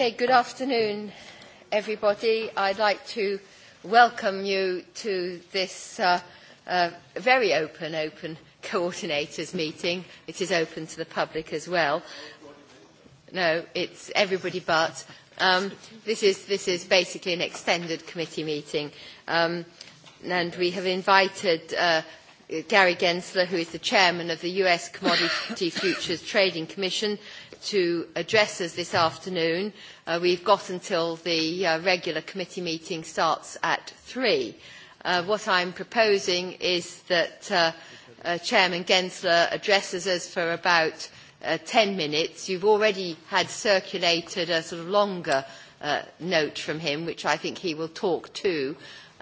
Okay, good afternoon, everybody. I'd like to welcome you to this uh, uh, very open, open coordinators meeting. It is open to the public as well. No, it's everybody but. Um, this, is, this is basically an extended committee meeting. Um, and we have invited uh, Gary Gensler, who is the chairman of the US Commodity Futures Trading Commission, to address us this afternoon. Uh, we've got until the uh, regular committee meeting starts at 3. Uh, what I'm proposing is that uh, uh, Chairman Gensler addresses us for about uh, 10 minutes. You've already had circulated a sort of longer uh, note from him, which I think he will talk to,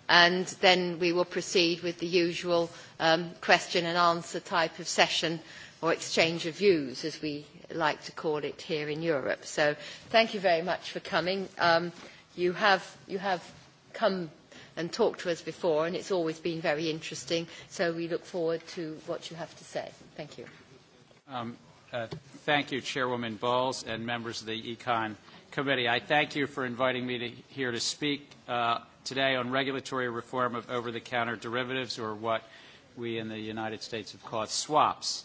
and then we will proceed with the usual um, question and answer type of session or exchange of views as we like to call it here in Europe. So thank you very much for coming. Um, you, have, you have come and talked to us before, and it's always been very interesting. So we look forward to what you have to say. Thank you. Um, uh, thank you, Chairwoman Bowles and members of the Econ Committee. I thank you for inviting me to, here to speak uh, today on regulatory reform of over-the-counter derivatives, or what we in the United States have called swaps.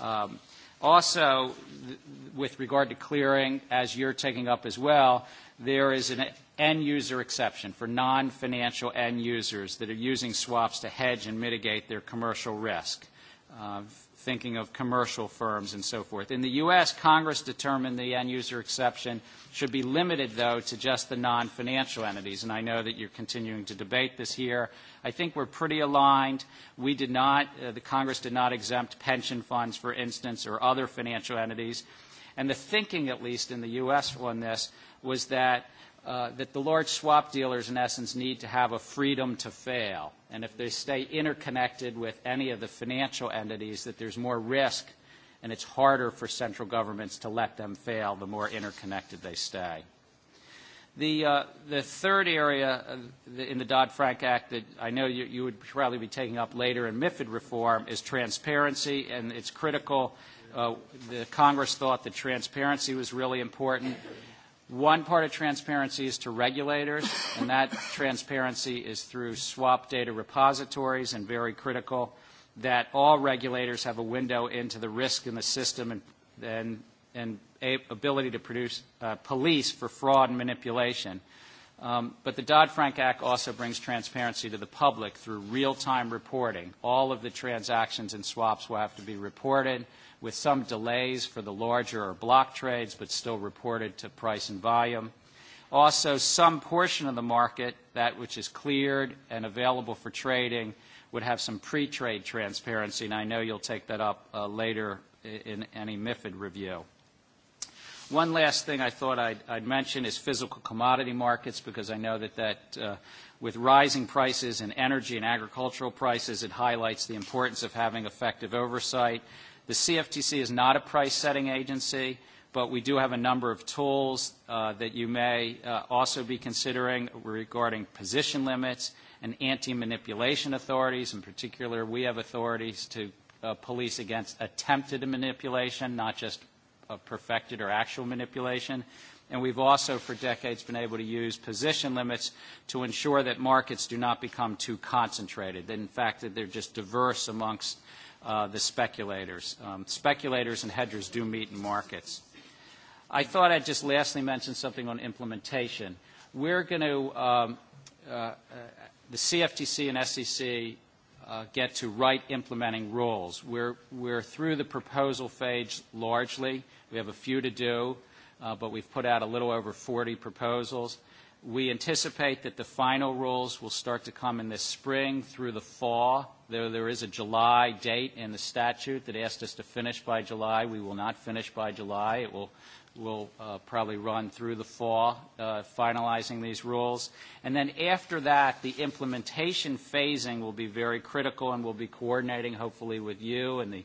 Um, also, th- with regard to clearing, as you're taking up as well, there is an end user exception for non financial end users that are using swaps to hedge and mitigate their commercial risk, uh, thinking of commercial firms and so forth. In the U.S., Congress determined the end user exception should be limited, though, to just the non financial entities, and I know that you're continuing to debate this here. Uh, I think we're pretty aligned. We did not, uh, the Congress did not exempt pension funds, for instance, or other financial entities. And the thinking, at least in the U.S. on this, was that uh, that the large swap dealers, in essence, need to have a freedom to fail. And if they stay interconnected with any of the financial entities, that there's more risk and it's harder for central governments to let them fail the more interconnected they stay. The, uh, the third area uh, in the Dodd-Frank Act that I know you, you would probably be taking up later in MIFID reform is transparency, and it's critical. Uh, the Congress thought that transparency was really important. One part of transparency is to regulators, and that transparency is through swap data repositories, and very critical that all regulators have a window into the risk in the system and, and, and ability to produce, uh, police for fraud and manipulation. Um, but the Dodd-Frank Act also brings transparency to the public through real-time reporting. All of the transactions and swaps will have to be reported with some delays for the larger or block trades, but still reported to price and volume. Also, some portion of the market, that which is cleared and available for trading, would have some pre-trade transparency, and I know you'll take that up uh, later in any MiFID review. One last thing I thought I'd, I'd mention is physical commodity markets, because I know that, that uh, with rising prices in energy and agricultural prices, it highlights the importance of having effective oversight. The CFTC is not a price-setting agency, but we do have a number of tools uh, that you may uh, also be considering regarding position limits and anti-manipulation authorities. In particular, we have authorities to uh, police against attempted manipulation, not just of perfected or actual manipulation. And we've also, for decades, been able to use position limits to ensure that markets do not become too concentrated, that in fact that they're just diverse amongst uh, the speculators. Um, speculators and hedgers do meet in markets. I thought I'd just lastly mention something on implementation. We're going to, um, uh, uh, the CFTC and SEC uh, get to right implementing rules. We're, we're through the proposal phase largely. Uh, We have a few to do, uh, but we've put out a little over 40 proposals. We anticipate that the final rules will start to come in this spring through the fall. There, there is a July date in the statute that asked us to finish by July. We will not finish by July. It will will uh, probably run through the fall, uh, finalizing these rules. And then after that, the implementation phasing will be very critical, and we'll be coordinating, hopefully, with you and the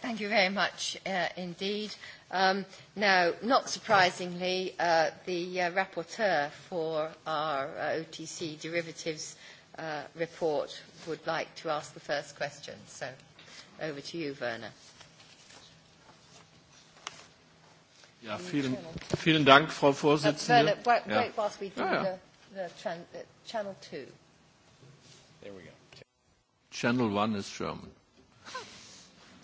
Thank you very much uh, indeed. Um, now, not surprisingly, uh, the uh, rapporteur for our uh, OTC derivatives uh, report would like to ask the first question. So over to you, Werner. Ja, vielen, vielen Dank, Frau Vorsitzende. Uh, Werner, wait, wait yeah. whilst we do ah, the, the tran uh, channel two. There we go. Channel one is German.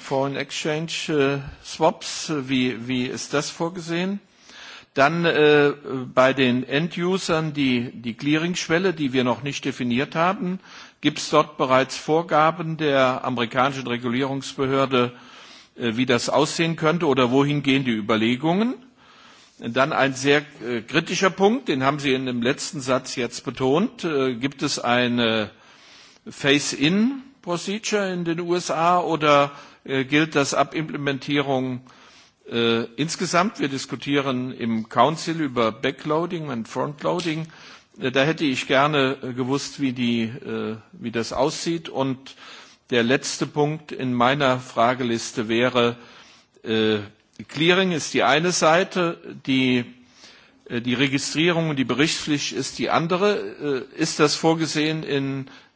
Foreign Exchange äh, Swaps, wie, wie ist das vorgesehen? Dann äh, bei den End-Usern die, die Clearingschwelle, die wir noch nicht definiert haben. Gibt es dort bereits Vorgaben der amerikanischen Regulierungsbehörde, äh, wie das aussehen könnte oder wohin gehen die Überlegungen? Dann ein sehr äh, kritischer Punkt, den haben Sie in dem letzten Satz jetzt betont. Äh, gibt es eine Face-in-Procedure in den USA oder äh, Äh, gilt das ab Implementierung äh, insgesamt. Wir diskutieren im Council über Backloading und Frontloading. Äh, da hätte ich gerne äh, gewusst, wie, die, äh, wie das aussieht. Und der letzte Punkt in meiner Frageliste wäre, äh, Clearing ist die eine Seite, die, äh, die Registrierung und die Berichtspflicht ist die andere. Äh, ist das vorgesehen in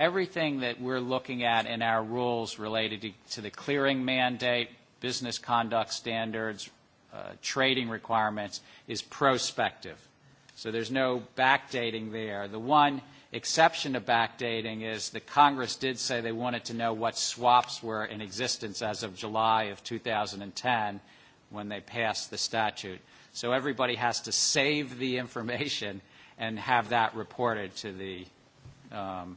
everything that we're looking at in our rules related to, to the clearing mandate, business conduct standards, uh, trading requirements is prospective. So there's no backdating there. The one exception to backdating is the Congress did say they wanted to know what swaps were in existence as of July of 2010 when they passed the statute. So everybody has to save the information and have that reported to the um,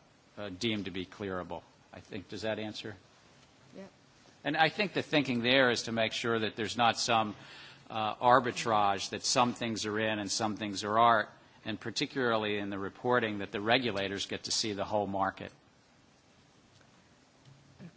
uh, deemed to be clearable. I think, does that answer? Yeah. And I think the thinking there is to make sure that there's not some uh, arbitrage that some things are in and some things are art, and particularly in the reporting that the regulators get to see the whole market.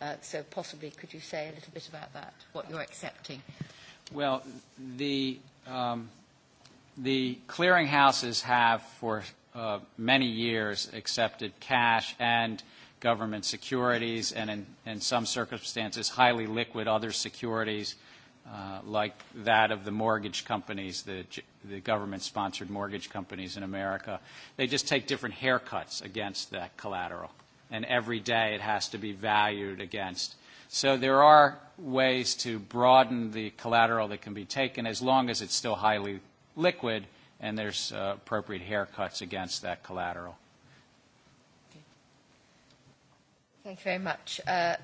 Uh, so possibly could you say a little bit about that, what you're accepting? Well, the, um, the clearinghouses have for uh, many years accepted cash and government securities and in, in some circumstances highly liquid other securities uh, like that of the mortgage companies, the, the government-sponsored mortgage companies in America. They just take different haircuts against that collateral and every day it has to be valued against. So there are ways to broaden the collateral that can be taken as long as it's still highly liquid and there's uh, appropriate haircuts against that collateral. Thank you very much. Uh,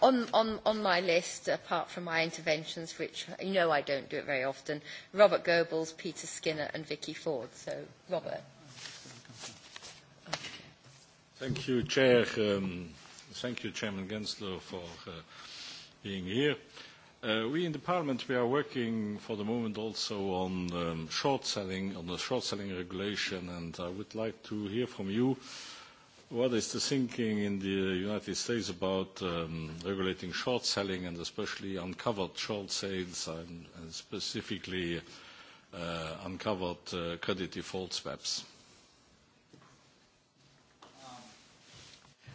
on, on, on my list, apart from my interventions, which you know I don't do it very often, Robert Goebbels, Peter Skinner and Vicky Ford. So, Robert. Thank you, Chair. Um, thank you, Chairman Gensler, for uh, being here. Uh, we in the Parliament, we are working for the moment also on um, short selling, on the short selling regulation, and I would like to hear from you what is the thinking in the United States about um, regulating short selling and especially uncovered short sales and, and specifically uh, uncovered uh, credit default swaps?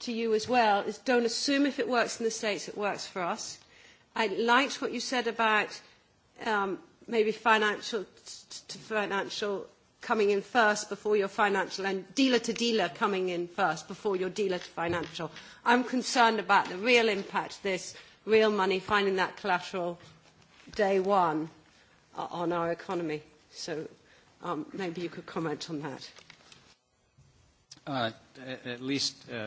to you as well is don't assume if it works in the States, it works for us. I liked what you said about um, maybe financial to financial coming in first before your financial and dealer to dealer coming in first before your dealer to financial. I'm concerned about the real impact of this, real money, finding that collateral day one uh, on our economy. So um, maybe you could comment on that. Uh, at least uh,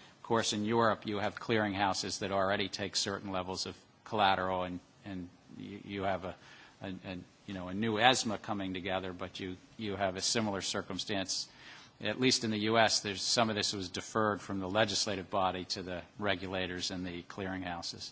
course, in Europe, you have clearinghouses that already take certain levels of collateral, and, and you, you have a, a, a, you know, a new ESMA coming together, but you, you have a similar circumstance. At least in the U.S., there's some of this was deferred from the legislative body to the regulators and the clearinghouses.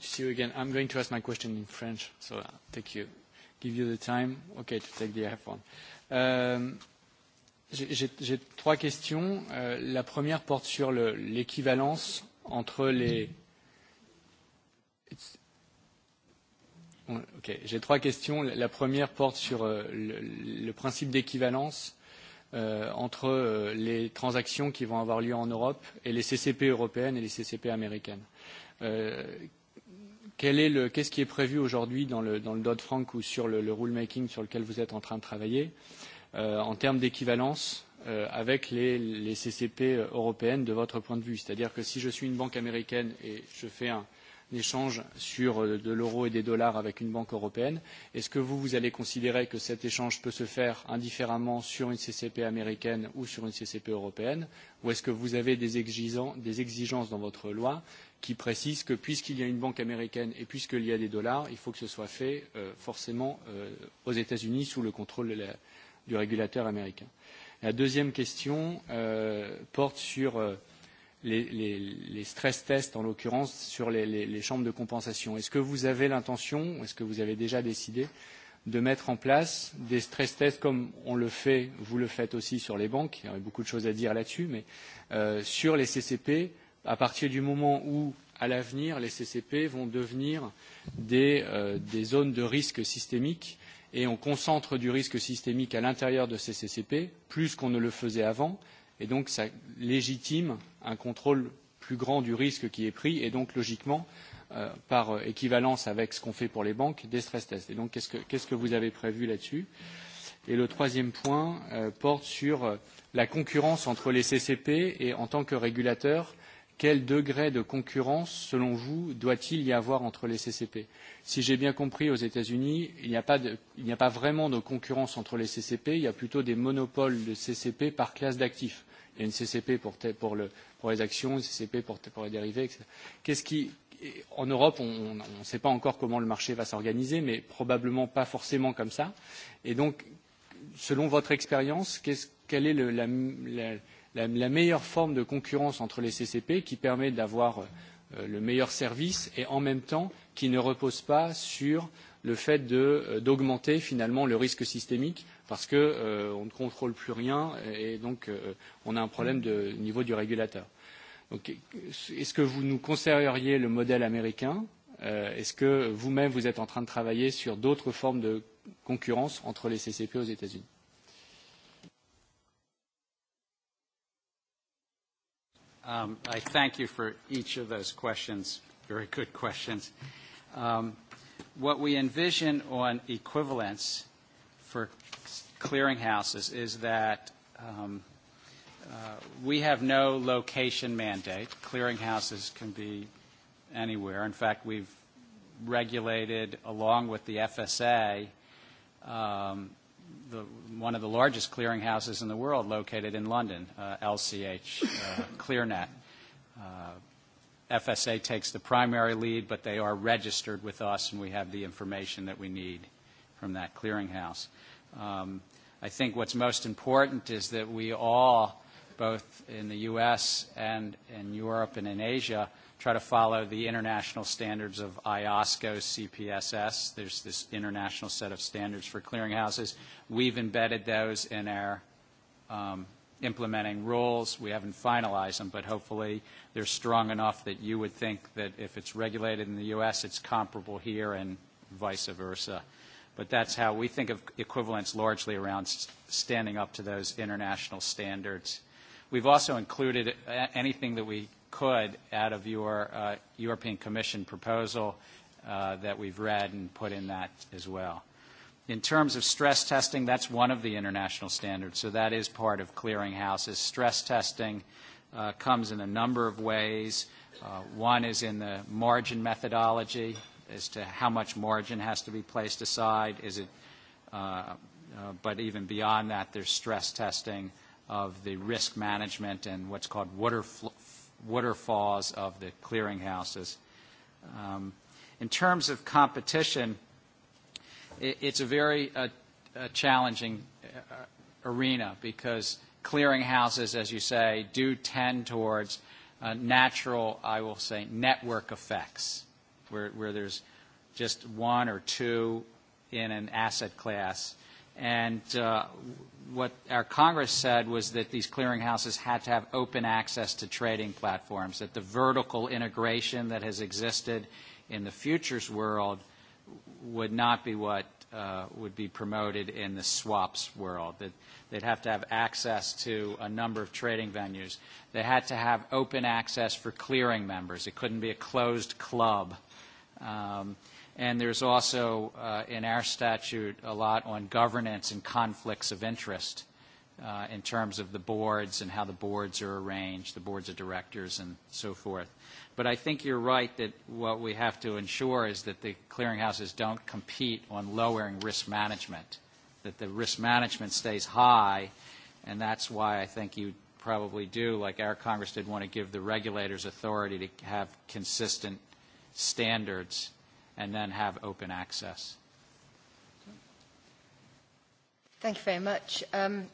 to see you again. I'm going to ask my question in French, so I'll take you, give you the time, okay, to take the iPhone. Um, J'ai trois questions. Euh, la première porte sur l'équivalence le, entre les. It's... Ok, j'ai trois questions. La première porte sur euh, le, le principe d'équivalence euh, entre euh, les transactions qui vont avoir lieu en Europe et les CCP européennes et les CCP américaines. Euh, Qu'est-ce qu qui est prévu aujourd'hui dans le, dans le Dodd-Frank ou sur le, le rulemaking sur lequel vous êtes en train de travailler euh, en termes d'équivalence euh, avec les, les CCP euh, européennes de votre point de vue C'est-à-dire que si je suis une banque américaine et je fais un, échange sur euh, de l'euro et des dollars avec une banque européenne. Est-ce que vous, vous allez considérer que cet échange peut se faire indifféremment sur une CCP américaine ou sur une CCP européenne Ou est-ce que vous avez des, exigeants, des exigences dans votre loi qui précisent que puisqu'il y a une banque américaine et puisqu'il y a des dollars, il faut que ce soit fait euh, forcément euh, aux États-Unis sous le contrôle de la, du régulateur américain La deuxième question euh, porte sur. Euh, les, les, les stress tests, en l'occurrence, sur les, les, les chambres de compensation. Est-ce que vous avez l'intention, est-ce que vous avez déjà décidé de mettre en place des stress tests comme on le fait, vous le faites aussi sur les banques, il y aurait beaucoup de choses à dire là-dessus, mais euh, sur les CCP, à partir du moment où, à l'avenir, les CCP vont devenir des, euh, des zones de risque systémique et on concentre du risque systémique à l'intérieur de ces CCP, plus qu'on ne le faisait avant, euh, et donc ça légitime un contrôle plus grand du risque qui est pris et donc logiquement euh, par euh, équivalence avec ce qu'on fait pour les banques des stress tests. Et donc qu'est-ce que, qu'est-ce que vous avez prévu là-dessus Et le troisième point euh, porte sur euh, la concurrence entre les CCP et en tant que régulateur, quel degré de concurrence, selon vous, doit-il y avoir entre les CCP Si j'ai bien compris, aux États-Unis, il n'y a, pas de, il a pas vraiment de concurrence entre les CCP, il y a plutôt des monopoles de CCP par classe d'actifs. Il y a une CCP pour, pour, le, pour les actions, une CCP pour, pour les dérivés, etc. Qu'est-ce qui, en Europe, on ne sait pas encore comment le marché va s'organiser, mais probablement pas forcément comme ça. Et donc, selon votre expérience, qu est quelle est le, la, la, la, la meilleure forme de concurrence entre les CCP qui permet d'avoir euh, le meilleur service et en même temps qui ne repose pas sur le fait euh, d'augmenter finalement le risque systémique parce qu'on euh, ne contrôle plus rien et, et donc euh, on a un problème de, au niveau du régulateur. Donc, est-ce que vous nous conseilleriez le modèle américain euh, Est-ce que vous-même, vous êtes en train de travailler sur d'autres formes de concurrence entre les CCP aux États-Unis Um, I thank you for each of those questions. Very good questions. Um, what we envision on equivalence for clearinghouses is that um, uh, we have no location mandate. Clearinghouses can be anywhere. In fact, we've regulated, along with the FSA, um, the, one of the largest clearinghouses in the world located in London, uh, LCH uh, ClearNet. Uh, FSA takes the primary lead, but they are registered with us, and we have the information that we need. Uh, from that clearinghouse. Um, I think what's most important is that we all, both in the U.S. and in Europe and in Asia, try to follow the international standards of IOSCO CPSS. There's this international set of standards for clearinghouses. We've embedded those in our um, implementing rules. We haven't finalized them, but hopefully they're strong enough that you would think that if it's regulated in the U.S., it's comparable here and vice versa. Uh, But that's how we think of equivalence largely around standing up to those international standards. We've also included anything that we could out of your uh, European Commission proposal uh, that we've read and put in that as well. In terms of stress testing, that's one of the international standards, so that is part of clearinghouses. Stress testing uh, comes in a number of ways. Uh, one is in the margin methodology, as to how much margin has to be placed aside. Is it, uh, uh, but even beyond that, there's stress testing of the risk management and what's called water waterfalls of the clearinghouses. Um, in terms of competition, it, it's a very uh, uh, challenging uh, arena because clearinghouses, as you say, do tend towards uh, natural, I will say, network effects where, where there's just one or two in an asset class. And uh, what our Congress said was that these clearinghouses had to have open access to trading platforms, that the vertical integration that has existed in the futures world would not be what uh, would be promoted in the swaps world, that they'd have to have access to a number of trading venues. They had to have open access for clearing members. It couldn't be a closed club. Uh, Um, and there's also uh, in our statute a lot on governance and conflicts of interest uh, in terms of the boards and how the boards are arranged, the boards of directors and so forth. But I think you're right that what we have to ensure is that the clearinghouses don't compete on lowering risk management, that the risk management stays high, and that's why I think you probably do, like our Congress did, want to give the regulators authority to have consistent standards and then have open access. Thank you very much. Um,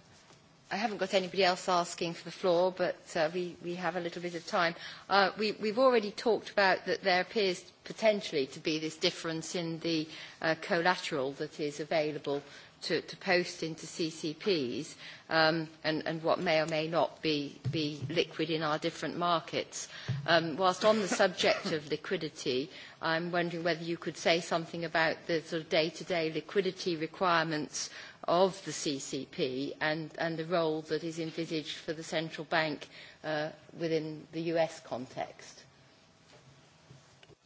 I haven't got anybody else asking for the floor, but uh, we, we have a little bit of time. Uh, we, we've already talked about that there appears potentially to be this difference in the uh, collateral that is available uh, to, to post into CCPs um, and, and what may or may not be, be liquid in our different markets. Um, whilst on the subject of liquidity, I'm wondering whether you could say something about the sort of day-to-day -day liquidity requirements of the CCP and, and the role that is envisaged for the central bank uh, within the US context.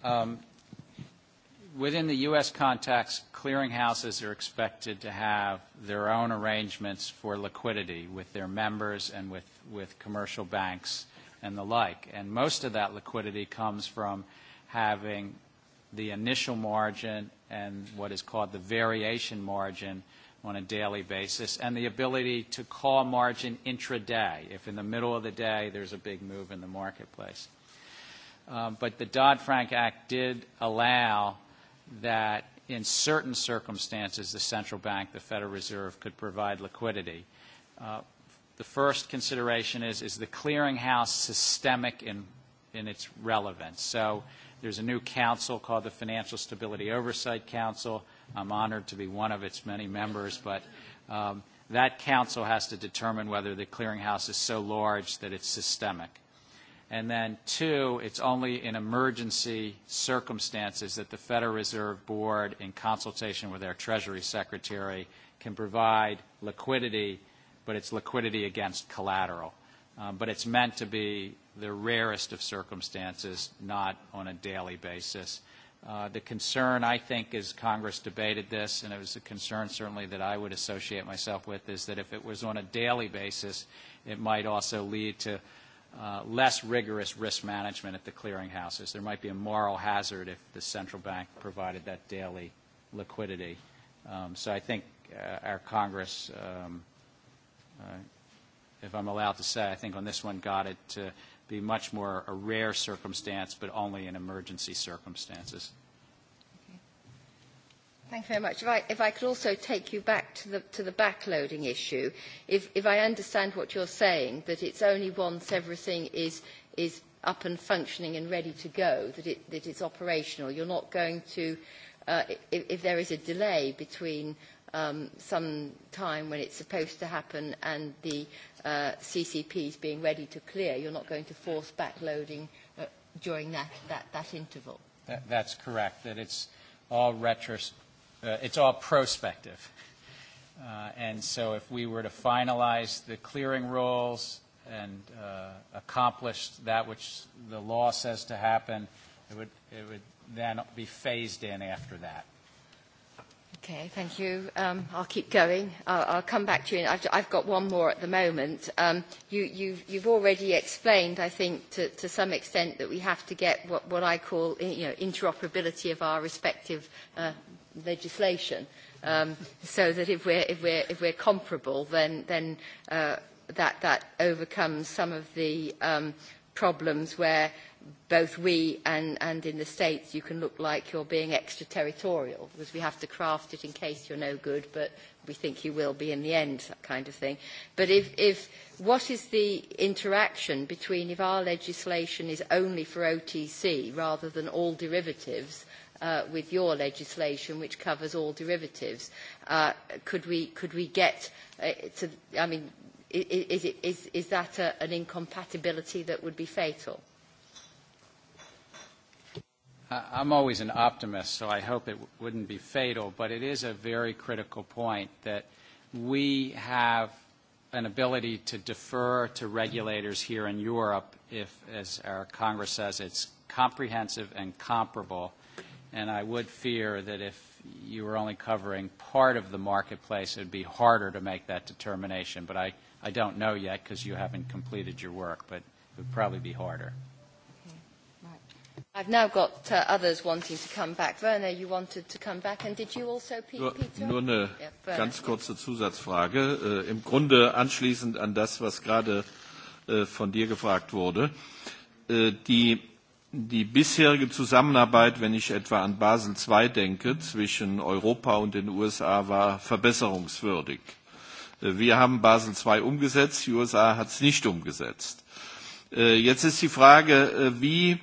Um, within the U.S. context, clearinghouses are expected to have their own arrangements for liquidity with their members and with, with commercial banks and the like. And most of that liquidity comes from having the initial margin and what is called the variation margin on a daily basis, and the ability to call margin intraday if in the middle of the day there's a big move in the marketplace. Um, but the Dodd-Frank Act did allow that in certain circumstances the central bank, the Federal Reserve, could provide liquidity. Uh, the first consideration is, is the clearinghouse systemic in, in its relevance? So there's a new council called the Financial Stability Oversight Council. I'm honored to be one of its many members, but um, that council has to determine whether the clearinghouse is so large that it's systemic. And then two, it's only in emergency circumstances that the Federal Reserve Board, in consultation with their Treasury Secretary, can provide liquidity, but it's liquidity against collateral. Um, but it's meant to be the rarest of circumstances, not on a daily basis. Uh, the concern, I think, as Congress debated this, and it was a concern certainly that I would associate myself with, is that if it was on a daily basis, it might also lead to uh, less rigorous risk management at the clearinghouses. There might be a moral hazard if the central bank provided that daily liquidity. Um, so I think uh, our Congress, um, uh, if I'm allowed to say, I think on this one got it to be much more a rare circumstance, but only in emergency circumstances. Thank you very much. If I, if I could also take you back to the, to the backloading issue, if, if I understand what you're saying, that it's only once everything is, is up and functioning and ready to go, that, it, that it's operational. You're not going to, uh, if, if there is a delay between um, some time when it's supposed to happen and the uh, CCPs being ready to clear, you're not going to force backloading uh, during that, that, that interval. That, that's correct, that it's all retrospective uh, it's all prospective. Uh, and so if we were to finalize the clearing rules and uh, accomplish that which the law says to happen, it would, it would then be phased in after that. Okay, thank you. Um, I'll keep going. I'll, I'll come back to you. I've, I've got one more at the moment. Um, you, you've, you've already explained, I think, to, to some extent that we have to get what, what I call you know, interoperability of our respective uh, legislation um, so that if we're, if we're, if we're comparable, then, then uh, that, that overcomes some of the um, problems where both we and, and in the States you can look like you're being extraterritorial because we have to craft it in case you're no good, but we think you will be in the end, that kind of thing. But if, if what is the interaction between if our legislation is only for OTC rather than all derivatives uh, with your legislation, which covers all derivatives. Uh, could we could we get uh, to? I mean, is, it, is, is that a, an incompatibility that would be fatal? I'm always an optimist, so I hope it wouldn't be fatal, but it is a very critical point that we have an ability to defer to regulators here in Europe if, as our Congress says, it's comprehensive and comparable and I would fear that if you were only covering part of the marketplace, it would be harder to make that determination. But I, I don't know yet because you haven't completed your work, but it would probably be harder. Okay. Right. I've now got uh, others wanting to come back. Werner, you wanted to come back, and did you also, Pete, nur, Peter? Nur eine ja, Werner. ganz kurze Zusatzfrage. Äh, Im Grunde anschließend an das, was gerade äh, von dir gefragt wurde. Äh, die die bisherige Zusammenarbeit, wenn ich etwa an Basel II denke, zwischen Europa und den USA war verbesserungswürdig. Äh, wir haben Basel II umgesetzt, die USA hat es nicht umgesetzt. Äh, jetzt ist die Frage, äh, wie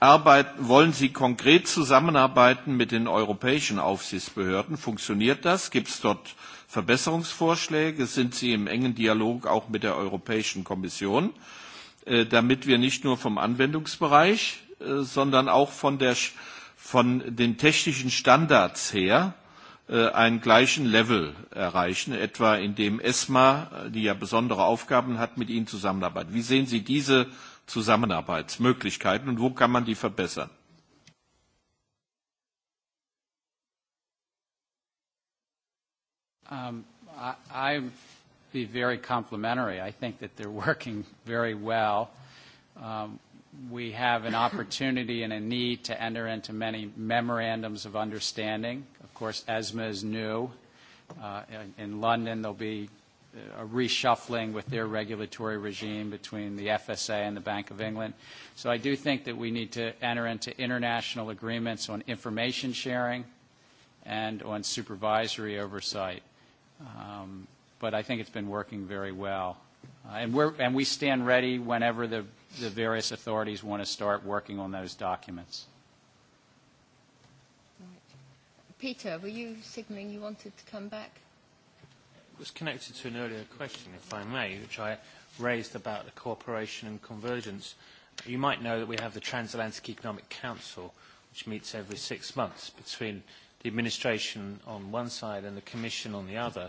arbeiten, wollen Sie konkret zusammenarbeiten mit den europäischen Aufsichtsbehörden? Funktioniert das? Gibt es dort Verbesserungsvorschläge? Sind Sie im engen Dialog auch mit der Europäischen Kommission? Äh, Äh, damit wir nicht nur vom Anwendungsbereich, äh, sondern auch von, der, von den technischen Standards her äh, einen gleichen Level erreichen, etwa indem ESMA, die ja besondere Aufgaben hat, mit Ihnen zusammenarbeitet. Wie sehen Sie diese Zusammenarbeitsmöglichkeiten und wo kann man die verbessern? Um, I, I'm be very complimentary. I think that they're working very well. Um, we have an opportunity and a need to enter into many memorandums of understanding. Of course, ESMA is new. Uh, in, in London, there'll be a reshuffling with their regulatory regime between the FSA and the Bank of England. So I do think that we need to enter into international agreements on information sharing and on supervisory oversight. Um, but I think it's been working very well. Uh, and, we're, and we stand ready whenever the, the various authorities want to start working on those documents. Peter, were you signaling you wanted to come back? It was connected to an earlier question, if I may, which I raised about the cooperation and convergence. You might know that we have the Transatlantic Economic Council, which meets every six months between the administration on one side and the Commission on the other,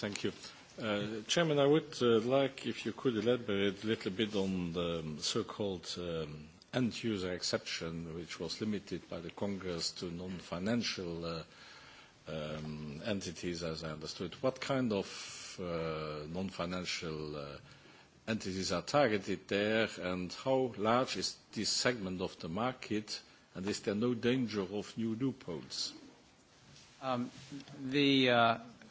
Thank you. Uh, Chairman, I would uh, like if you could elaborate a little bit on the um, so-called um, end-user exception, which was limited by the Congress to non-financial uh, um, entities, as I understood. What kind of uh, non-financial uh, entities are targeted there, and how large is this segment of the market, and is there no danger of new loopholes? Um, the uh,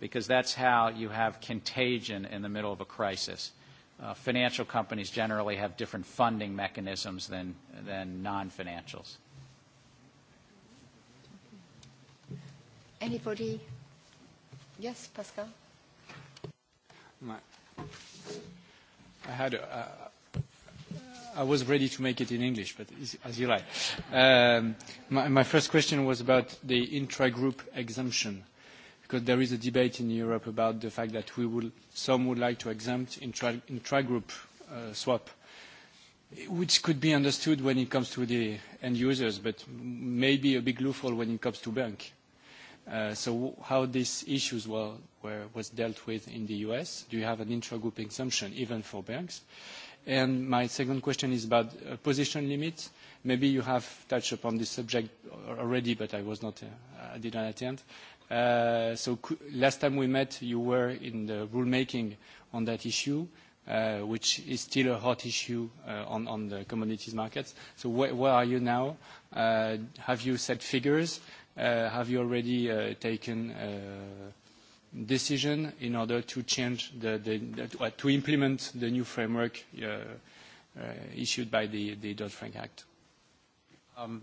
because that's how you have contagion in the middle of a crisis. Uh, financial companies generally have different funding mechanisms than, than non-financials. Anybody? Yes, Pascal? My, I had a, uh, I was ready to make it in English, but as you like. Um, my, my first question was about the intra-group exemption. Uh, because there is a debate in Europe about the fact that we will, some would like to exempt intra, intra-group uh, swap, which could be understood when it comes to the end users, but maybe a big loophole when it comes to bank. Uh, so how these issues were, were, was dealt with in the US? Do you have an intra-group exemption even for banks? And my second question is about uh, position limits. Maybe you have touched upon this subject already, but I was not, uh, I didn't attend. Uh, so last time we met, you were in the rulemaking on that issue, uh, which is still a hot issue uh, on, on the commodities markets. So wh where are you now? Uh, have you set figures? Uh, have you already uh, taken decision in order to change the, the, the to implement the new framework issued by the, the Dodd-Frank Act? Um,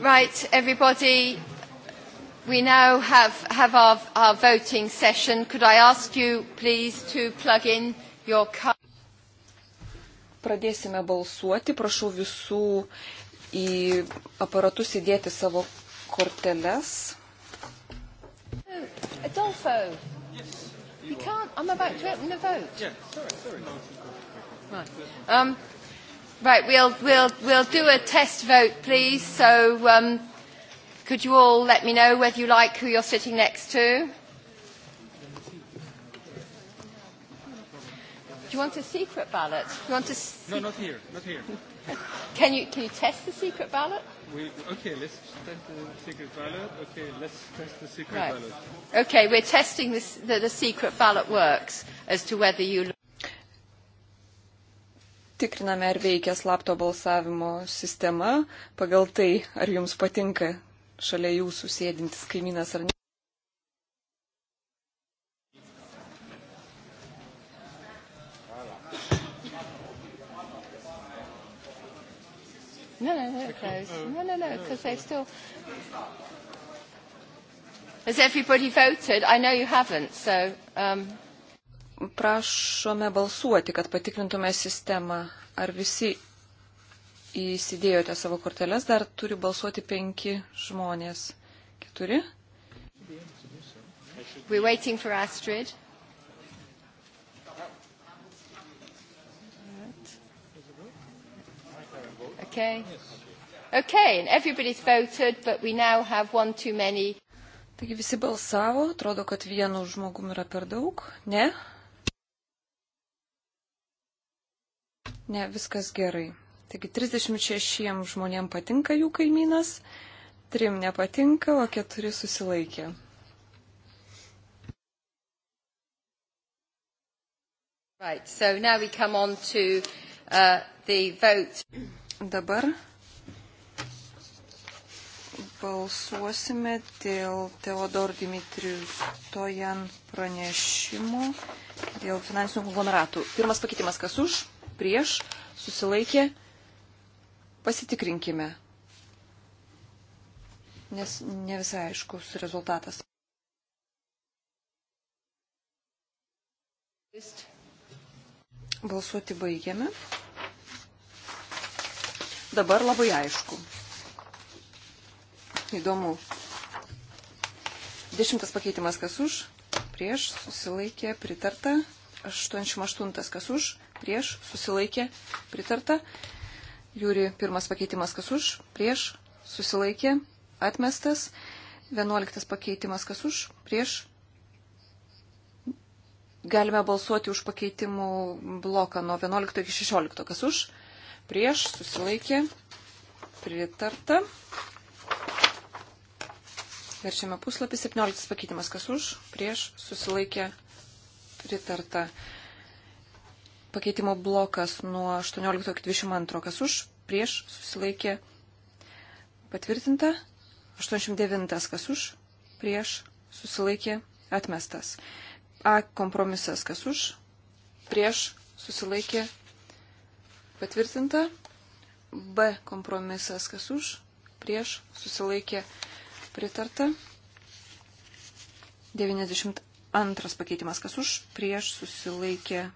Right, everybody, we now have, have our, our voting session. Could I ask you, please, to plug in your card? Pradėsime balsuoti. Prašau visų į aparatus įdėti savo korteles. Oh, Adolfo, yes, you, you can't. I'm about to open the vote. Yeah, sorry, sorry. Right. Um, Right, we'll, we'll, we'll do a test vote, please. So um, could you all let me know whether you like who you're sitting next to? Do you want a secret ballot? Do you want a se- no, not here, not here. can you can you test the secret ballot? We, okay, let's test the secret ballot. Okay, let's test the secret right. ballot. Okay, we're testing this, that the secret ballot works as to whether you. Tikriname, ar veikia slapto balsavimo sistema, pagal tai, ar jums patinka šalia jūsų sėdintis kaimynas ar ne. No, no, no, close. No, no, no, because they still. Has everybody voted? I know you haven't, so. Um prašome balsuoti, kad patikrintume sistemą. Ar visi įsidėjote savo korteles, dar turi balsuoti penki žmonės. Keturi? We're waiting for Astrid. Okay. Okay, and everybody's voted, but we now have one too many. Taigi visi balsavo, atrodo, kad vienu žmogum yra per daug. Ne? Ne, viskas gerai. Taigi 36 žmonėm patinka jų kaimynas, 3 nepatinka, o 4 susilaikė. Right, so now we come on to uh, the vote. Dabar balsuosime dėl Teodor Dimitrius Tojan pranešimo dėl finansinių konglomeratų. Pirmas pakeitimas, kas už? prieš, susilaikė, pasitikrinkime. Nes ne visai aiškus rezultatas. Balsuoti baigiame. Dabar labai aišku. Įdomu. Dešimtas pakeitimas kas už, prieš, susilaikė, pritarta. 88 kas už, prieš, susilaikė, pritarta. Jūri pirmas pakeitimas, kas už, prieš, susilaikė, atmestas. Vienuoliktas pakeitimas, kas už, prieš. Galime balsuoti už pakeitimų bloką nuo 11 iki 16, kas už, prieš, susilaikė, pritarta. Verčiame puslapį, 17 pakeitimas, kas už, prieš, susilaikė, pritarta pakeitimo blokas nuo 18 iki 22, kas už, prieš, susilaikė, patvirtinta, 89, kas už, prieš, susilaikė, atmestas. A kompromisas, kas už, prieš, susilaikė, patvirtinta. B kompromisas, kas už, prieš, susilaikė, pritarta. 92 pakeitimas, kas už, prieš, susilaikė,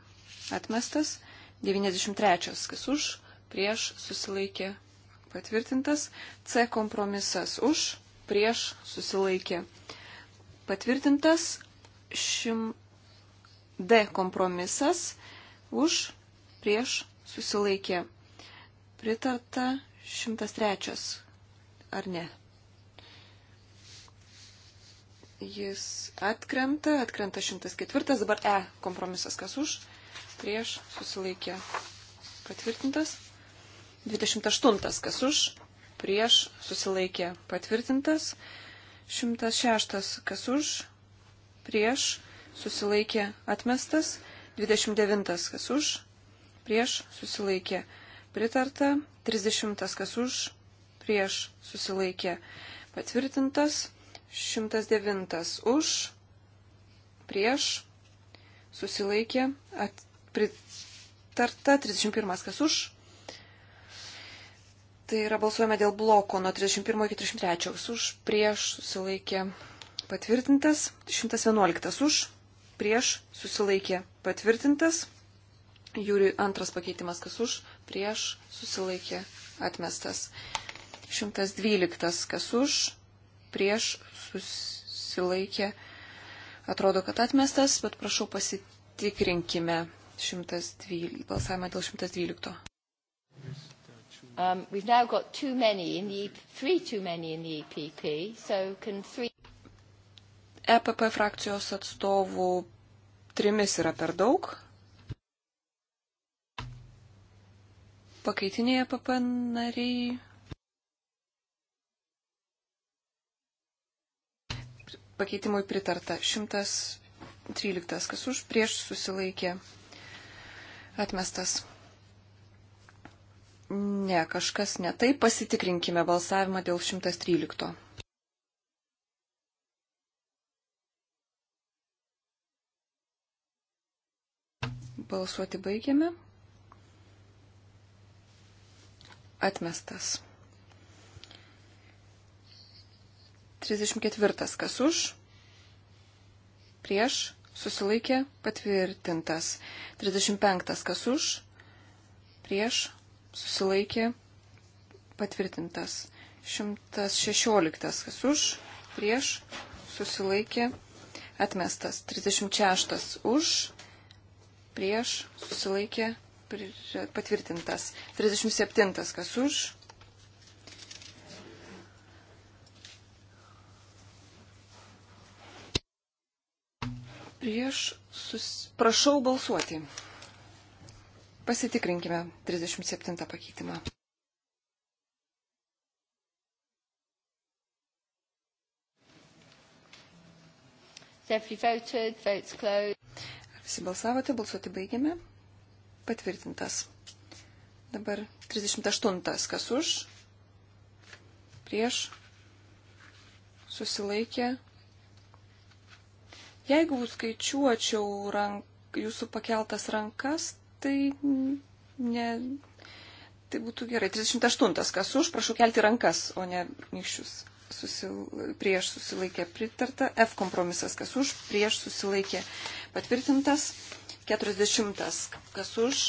atmestas, 93 kas už, prieš susilaikė patvirtintas, C kompromisas už, prieš susilaikė patvirtintas, šim D kompromisas už, prieš susilaikė pritarta 103 ar ne? jis atkrenta, atkrenta 104, dabar E kompromisas kas už, prieš susilaikė patvirtintas. 28. Kas už, prieš susilaikė patvirtintas. 106. Kas už, prieš susilaikė atmestas. 29. Kas už, prieš susilaikė pritarta. 30. Kas už, prieš susilaikė patvirtintas. 109. Už, prieš susilaikė atmestas susilaikė, at, pritarta, 31 kas už. Tai yra balsuojame dėl bloko nuo 31 iki 33 už, prieš susilaikė patvirtintas, 111 už, prieš susilaikė patvirtintas, jūri antras pakeitimas kas už, prieš susilaikė atmestas, 112 kas už, prieš susilaikė, atrodo, kad atmestas, bet prašau pasitikrinkime 112, balsavimą dėl 112. Um, we've now got too many in the, e three too many in the EPP, so can three... EPP frakcijos atstovų trimis yra per daug. Pakaitiniai EPP nariai. Pakeitimui pritarta 113, kas už prieš susilaikė Atmestas. Ne, kažkas ne taip. Pasitikrinkime balsavimą dėl 113. Balsuoti baigiame. Atmestas. 34. Kas už? Prieš? susilaikė patvirtintas. 35 kas už, prieš susilaikė patvirtintas. 116 kas už, prieš susilaikė atmestas. 36 už, prieš susilaikė patvirtintas. 37 kas už, prieš sus... Prašau balsuoti. Pasitikrinkime 37 pakeitimą. Voted, votes closed. Ar visi balsavote, balsuoti baigėme. Patvirtintas. Dabar 38. Kas už? Prieš? Susilaikė? Jeigu skaičiuočiau rank, jūsų pakeltas rankas, tai, ne, tai būtų gerai. 38. Kas už, prašau kelti rankas, o ne nykščius. Susil, prieš susilaikė pritarta. F kompromisas, kas už, prieš susilaikė patvirtintas. 40. Kas už,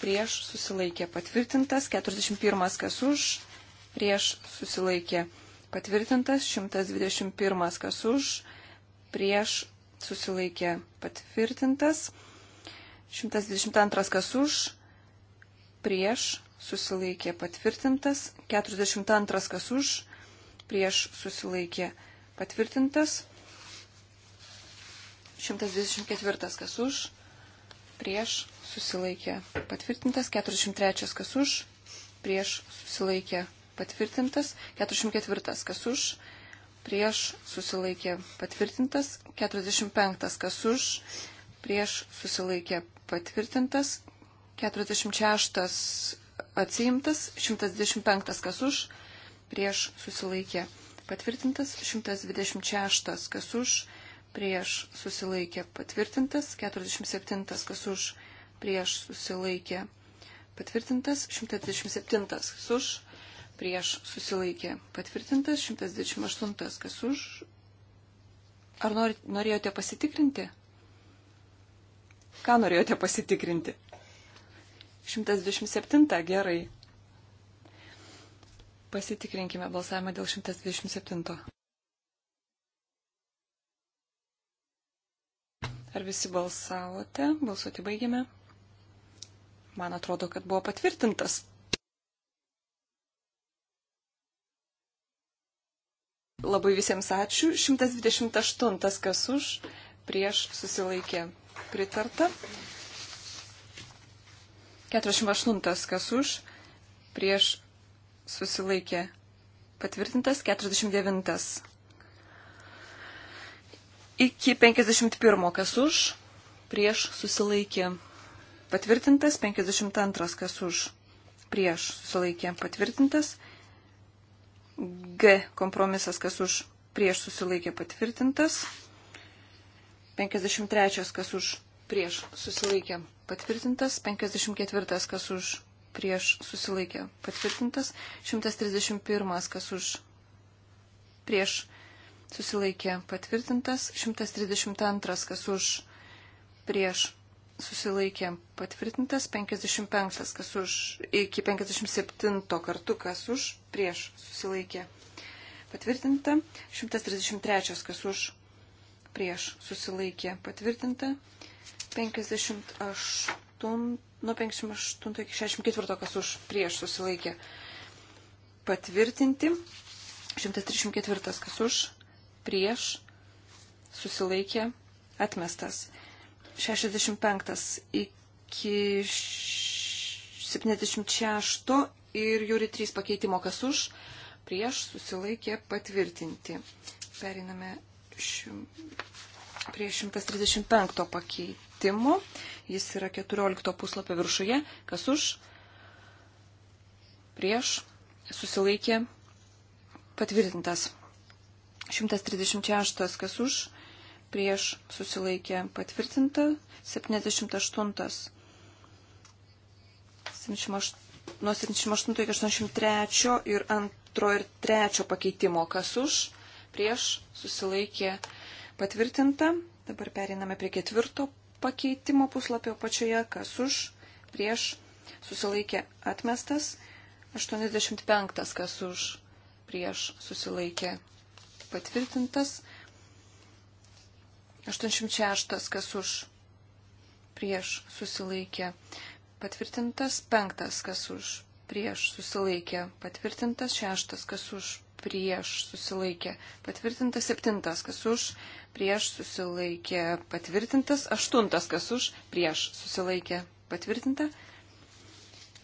prieš susilaikė patvirtintas. 41. Kas už, prieš susilaikė patvirtintas. 121. Kas už, prieš susilaikė patvirtintas. 122 kas už, prieš susilaikė patvirtintas. 42 kas už, prieš susilaikė patvirtintas. 124 kas už, prieš susilaikė patvirtintas. 43 kas už, prieš susilaikė patvirtintas. 44 kas už, prieš susilaikė patvirtintas, 45 kas už, prieš susilaikė patvirtintas, 46 atsiimtas, 125 kas už, prieš susilaikė patvirtintas, 126 kas už, prieš susilaikė patvirtintas, 47 kas už, prieš susilaikė patvirtintas, 127 kas už, prieš susilaikė patvirtintas, 128 kas už. Ar nor, norėjote pasitikrinti? Ką norėjote pasitikrinti? 127 gerai. Pasitikrinkime balsavimą dėl 127. Ar visi balsavote? Balsuoti baigėme. Man atrodo, kad buvo patvirtintas Labai visiems ačiū. 128 kas už, prieš susilaikė pritarta. 48 kas už, prieš susilaikė patvirtintas. 49 iki 51 kas už, prieš susilaikė patvirtintas. 52 kas už, prieš susilaikė patvirtintas. G kompromisas, kas už prieš susilaikė patvirtintas. 53, kas už prieš susilaikė patvirtintas. 54, kas už prieš susilaikė patvirtintas. 131, kas už prieš susilaikė patvirtintas. 132, kas už prieš susilaikė patvirtintas 55, kas už, iki 57 kartų, kas už, prieš susilaikė patvirtinta, 133, kas už, prieš susilaikė patvirtinta, 58, nuo 58 iki 64, kas už, prieš susilaikė patvirtinti, 134, kas už, prieš susilaikė atmestas. 65 iki 76 ir jūri 3 pakeitimo, kas už, prieš susilaikė patvirtinti. Periname šim, prie 135 pakeitimo. Jis yra 14 puslapio viršuje. Kas už, prieš susilaikė patvirtintas. 136 kas už, prieš susilaikė patvirtinta, 78. 78 nuo 78 iki 83 ir antro ir trečio pakeitimo, kas už, prieš susilaikė patvirtinta. Dabar pereiname prie ketvirto pakeitimo puslapio pačioje, kas už, prieš susilaikė atmestas. 85 kas už, prieš susilaikė patvirtintas. 86, kas už, prieš susilaikė patvirtintas, 5, kas už, prieš susilaikė patvirtintas, 6, kas už, prieš susilaikė patvirtintas, 7, kas už, prieš susilaikė patvirtintas, 8, kas už, prieš susilaikė patvirtinta,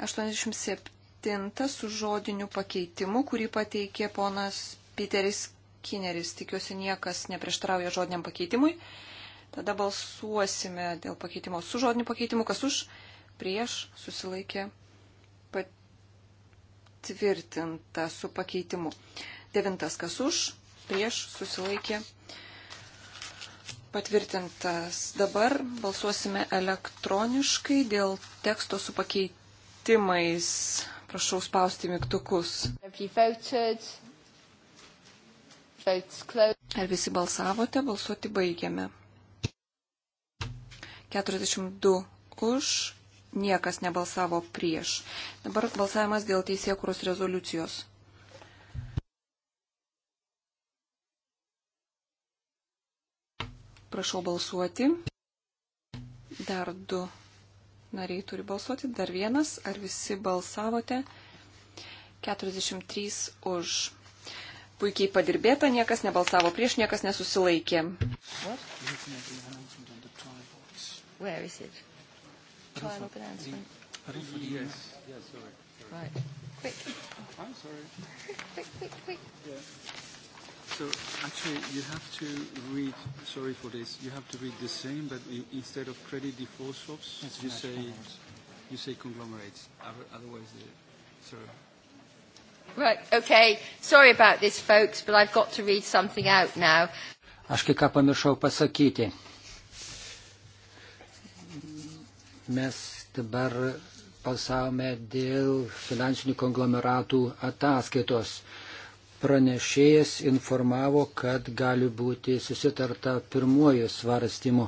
87 su žodiniu pakeitimu, kurį pateikė ponas Piteris Kineris. Tikiuosi, niekas neprieštarauja žodiniam pakeitimui. Tada balsuosime dėl pakeitimo su žodiniu pakeitimu. Kas už, prieš, susilaikė patvirtinta su pakeitimu. Devintas kas už, prieš, susilaikė patvirtintas. Dabar balsuosime elektroniškai dėl teksto su pakeitimais. Prašau spausti mygtukus. Ar visi balsavote? Balsuoti baigiame. 42 už, niekas nebalsavo prieš. Dabar balsavimas dėl teisėkuros rezoliucijos. Prašau balsuoti. Dar du nariai turi balsuoti. Dar vienas. Ar visi balsavote? 43 už puikiai padirbėta, niekas nebalsavo prieš, niekas nesusilaikė. So actually, you have to read. Sorry for this. You have to read the same, but you, instead of credit default swaps, That's you say, you say conglomerates. Otherwise, the, sorry. Right, okay. Sorry about this, folks, but I've got to read something out now. Aš kai ką pamiršau pasakyti. Mes dabar balsavome dėl finansinių konglomeratų ataskaitos. Pranešėjas informavo, kad gali būti susitarta pirmojų svarstymų.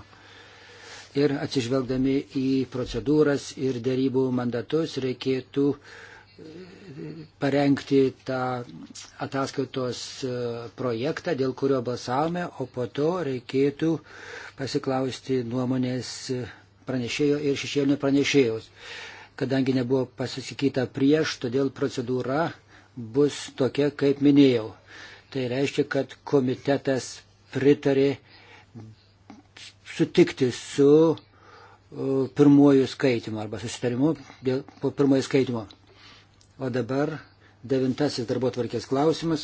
Ir atsižvelgdami į procedūras ir dėrybų mandatus reikėtų uh, parengti tą ataskaitos e, projektą, dėl kurio balsavome, o po to reikėtų pasiklausti nuomonės pranešėjo ir šešėlinio pranešėjos. Kadangi nebuvo pasisakyta prieš, todėl procedūra bus tokia, kaip minėjau. Tai reiškia, kad komitetas pritarė sutikti su e, pirmuoju skaitimu arba susitarimu dėl, po pirmojo skaitimo. O dabar devintasis darbo tvarkės klausimas.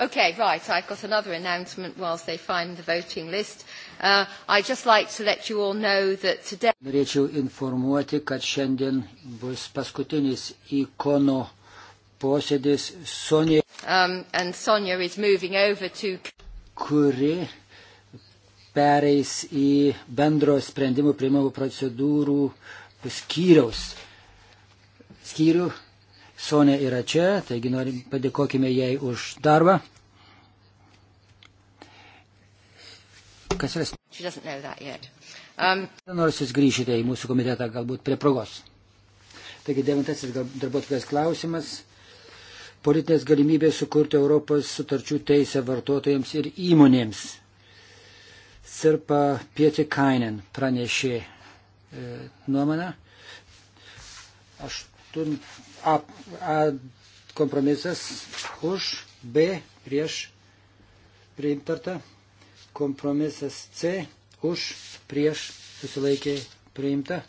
Okay, right. I've got another announcement whilst they find the voting list. Uh, I'd just like to let you all know that today... Norėčiau informuoti, kad šiandien bus paskutinis ikono posėdis Sonia. Um, and Sonia is moving over to... Kuri pereis į bendro sprendimų priimamų procedūrų skyriaus. Skyrių. Sonė yra čia, taigi norim padėkokime jai už darbą. Kas yra? Um... Nors jūs grįžite į mūsų komitetą galbūt prie progos. Taigi devintasis darbuotojas klausimas. Politinės galimybės sukurti Europos sutarčių teisę vartotojams ir įmonėms. Sirpa Pietikainen pranešė e, nuomonę. Aštun, a, a kompromisas už, B prieš priimtarta, kompromisas C už, prieš susilaikė priimta,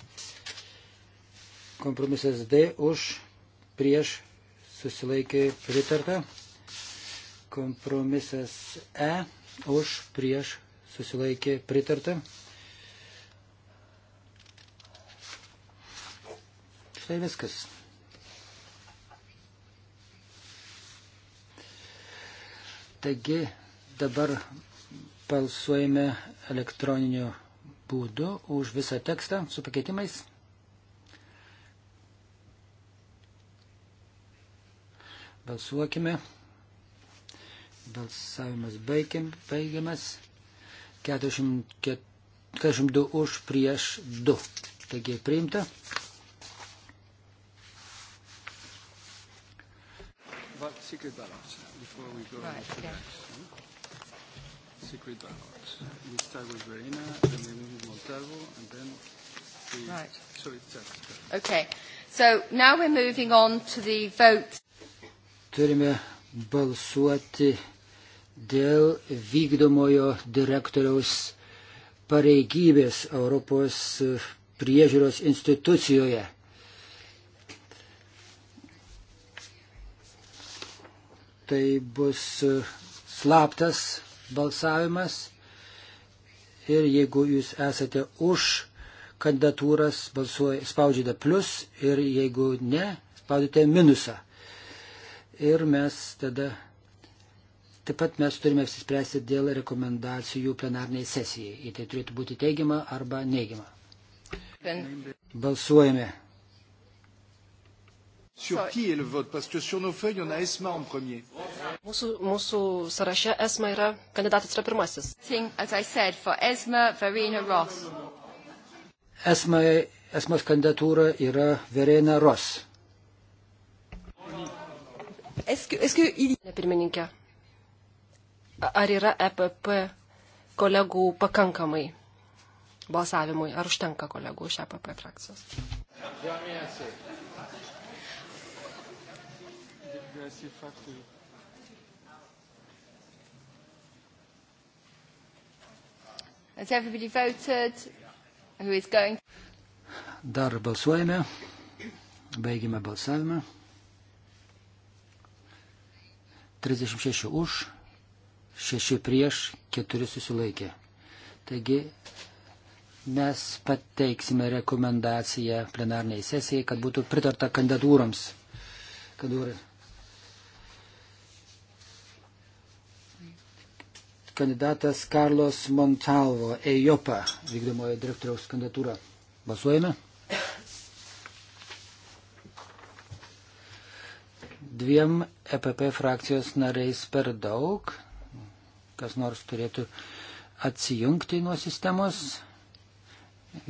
kompromisas D už, prieš susilaikė pritarta, kompromisas E už, prieš susilaikė pritarta. Štai viskas. Taigi dabar balsuojame elektroniniu būdu už visą tekstą su pakeitimais. Balsuokime. Balsavimas baigiam, baigiamas. 44, 42 už prieš 2. Taigi priimta. Secret ballots before we go right, into yeah. that. Secret ballots. We start with Verena, then we move to Montalvo, and then we. Right. So it's that. Okay. So now we're moving on to the vote. Turime balsuoti dėl vykdomojo direktoriaus pareigybės Europos priežiūros institucijoje. Tai bus slaptas balsavimas ir jeigu jūs esate už kandidatūras, balsuoja, spaudžiate plus ir jeigu ne, spaudite minusą. Ir mes tada Taip pat mes turime apsispręsti dėl rekomendacijų plenarniai sesijai. Į tai turėtų būti teigiama arba neigiama. Balsuojame. Sur qui est le vote Parce que sur nos feuilles, on a Esma en premier. Mūsų, mūsų sąraše Esma yra, kandidatas yra pirmasis. Said, Esma, Esma, Esmas kandidatūra yra Verena Ros. Eskiu, eskiu, il... Pirmininkė, ar yra EPP kolegų pakankamai balsavimui, ar užtenka kolegų iš EPP frakcijos. Dar balsuojame, baigime balsavimą. 36 už, 6 prieš, 4 susilaikė. Taigi mes pateiksime rekomendaciją plenarniai sesijai, kad būtų pritarta kandidatūroms. Kandidatūrai. Kandidatas Karlos Montalvo, EJOPA, vykdomojo direktoriaus kandidatūra. Balsuojame. 2 EPP frakcijos nariais per daug kas nors turėtų atsijungti nuo sistemos.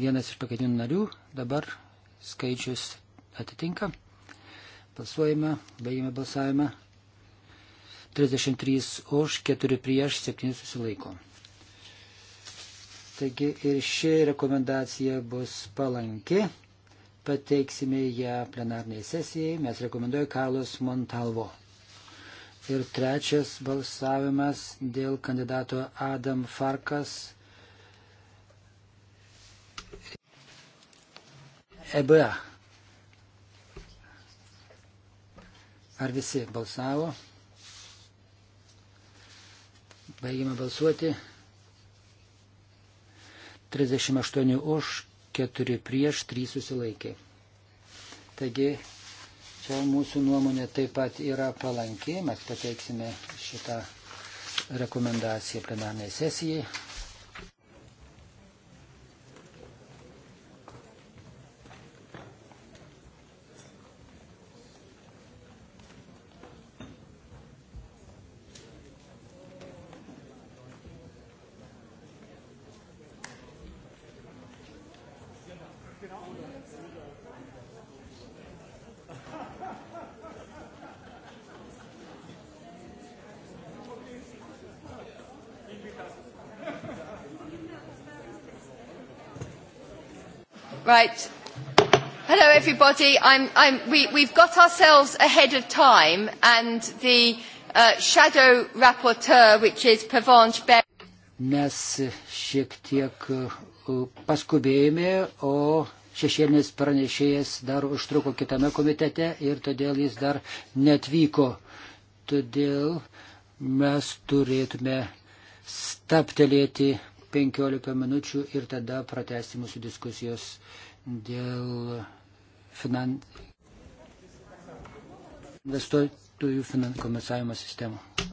Vienas iš pagrindinių narių dabar skaičius atitinka. Balsuojame, baigėme balsavimą. 33 už, 4 prieš, 7 susilaiko. Taigi ir ši rekomendacija bus palanki. Pateiksime ją plenarniai sesijai. Mes rekomenduoju Kalos Montalvo. Ir trečias balsavimas dėl kandidato Adam Farkas. EBA. Ar visi balsavo? Baigime balsuoti. 38 už, 4 prieš, 3 susilaikė. Taigi Čia mūsų nuomonė taip pat yra palanki, mes pateiksime šitą rekomendaciją plenarniai sesijai. Right. Hello, everybody. I'm, I'm, we, we've got ourselves ahead of time, and the uh, shadow rapporteur, which is Pavanche Ber. Mes šiek tiek uh, paskubėjome, o šešėlinis pranešėjas dar užtruko kitame komitete ir todėl jis dar netvyko. Todėl mes turėtume staptelėti 15 minučių ir tada pratesti mūsų diskusijos dėl finan... investuotojų finansavimo sistemų.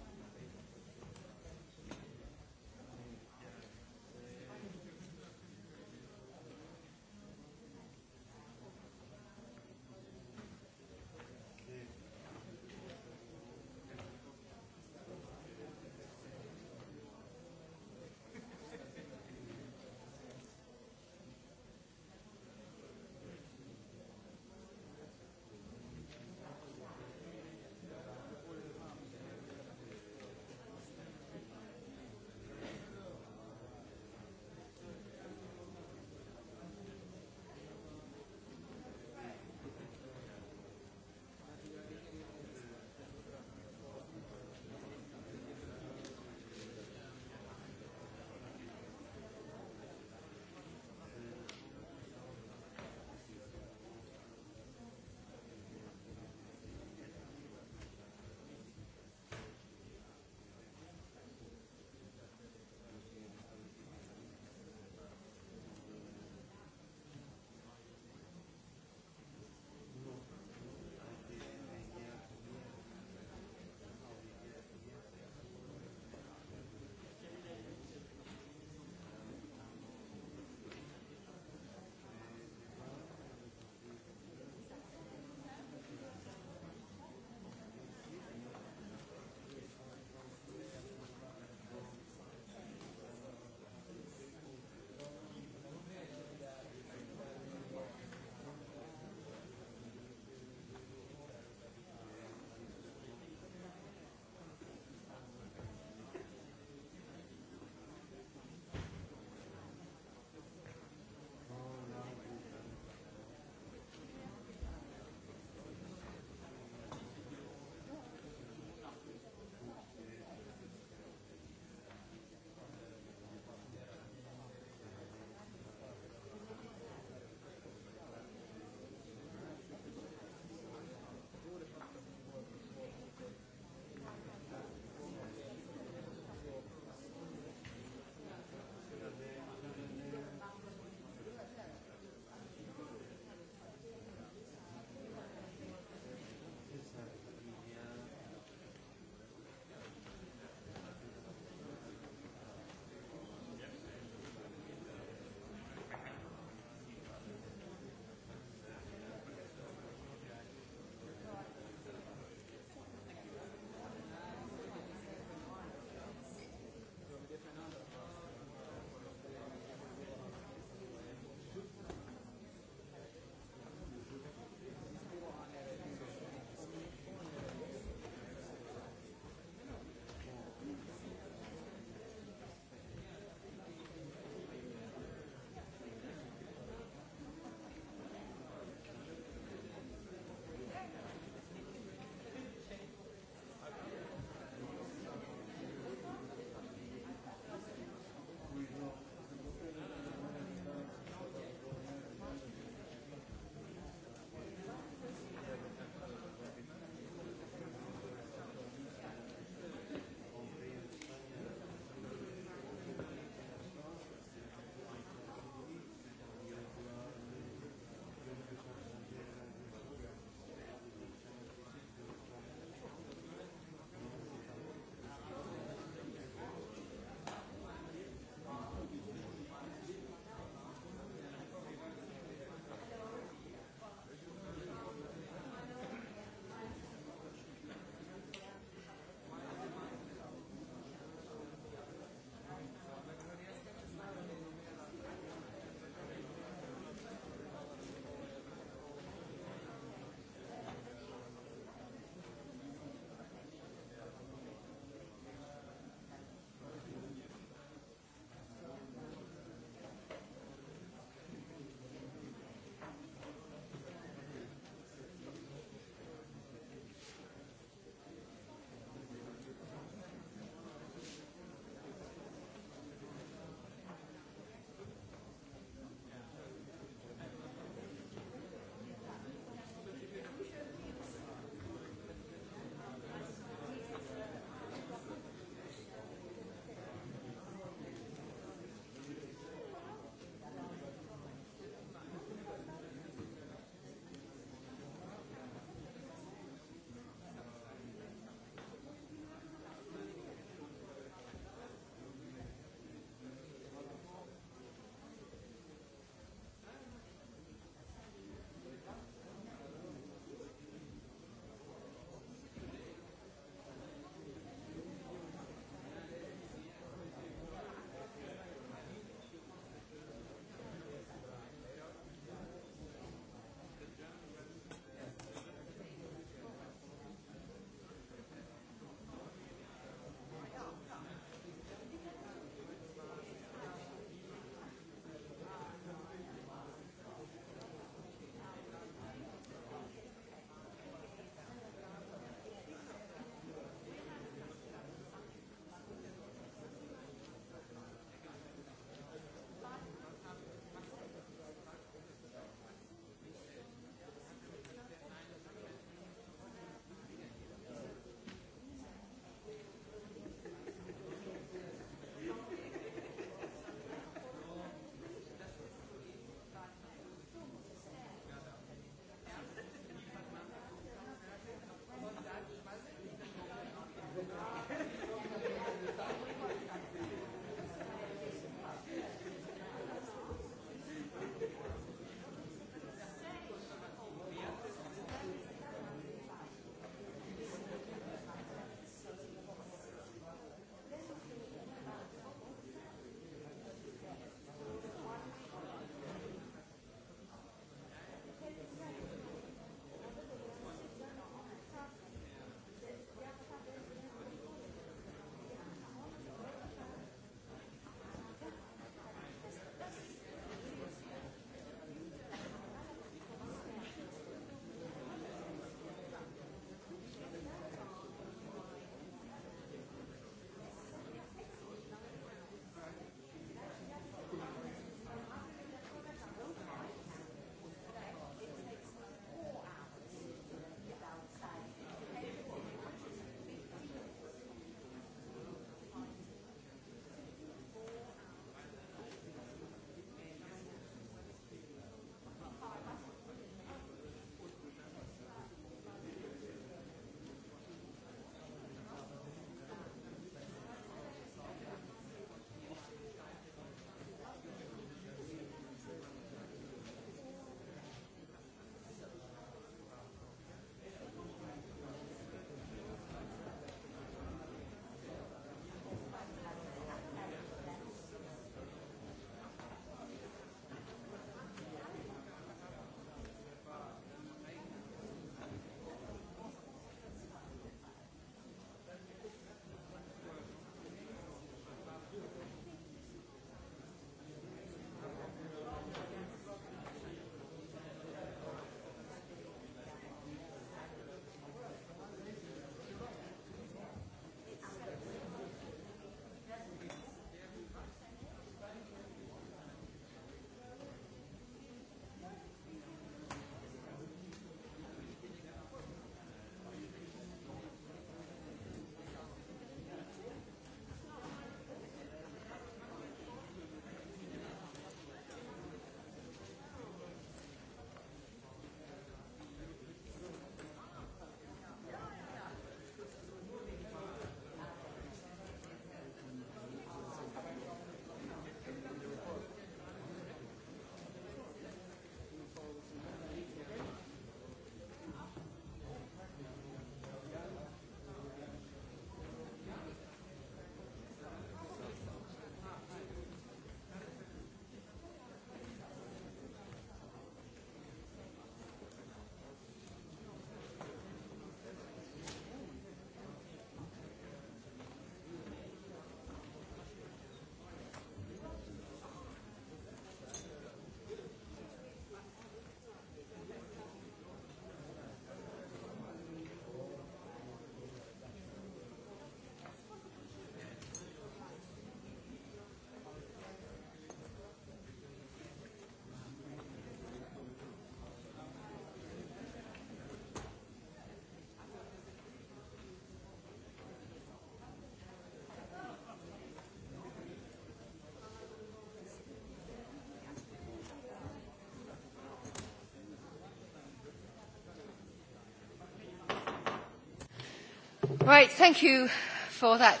Right, thank you for that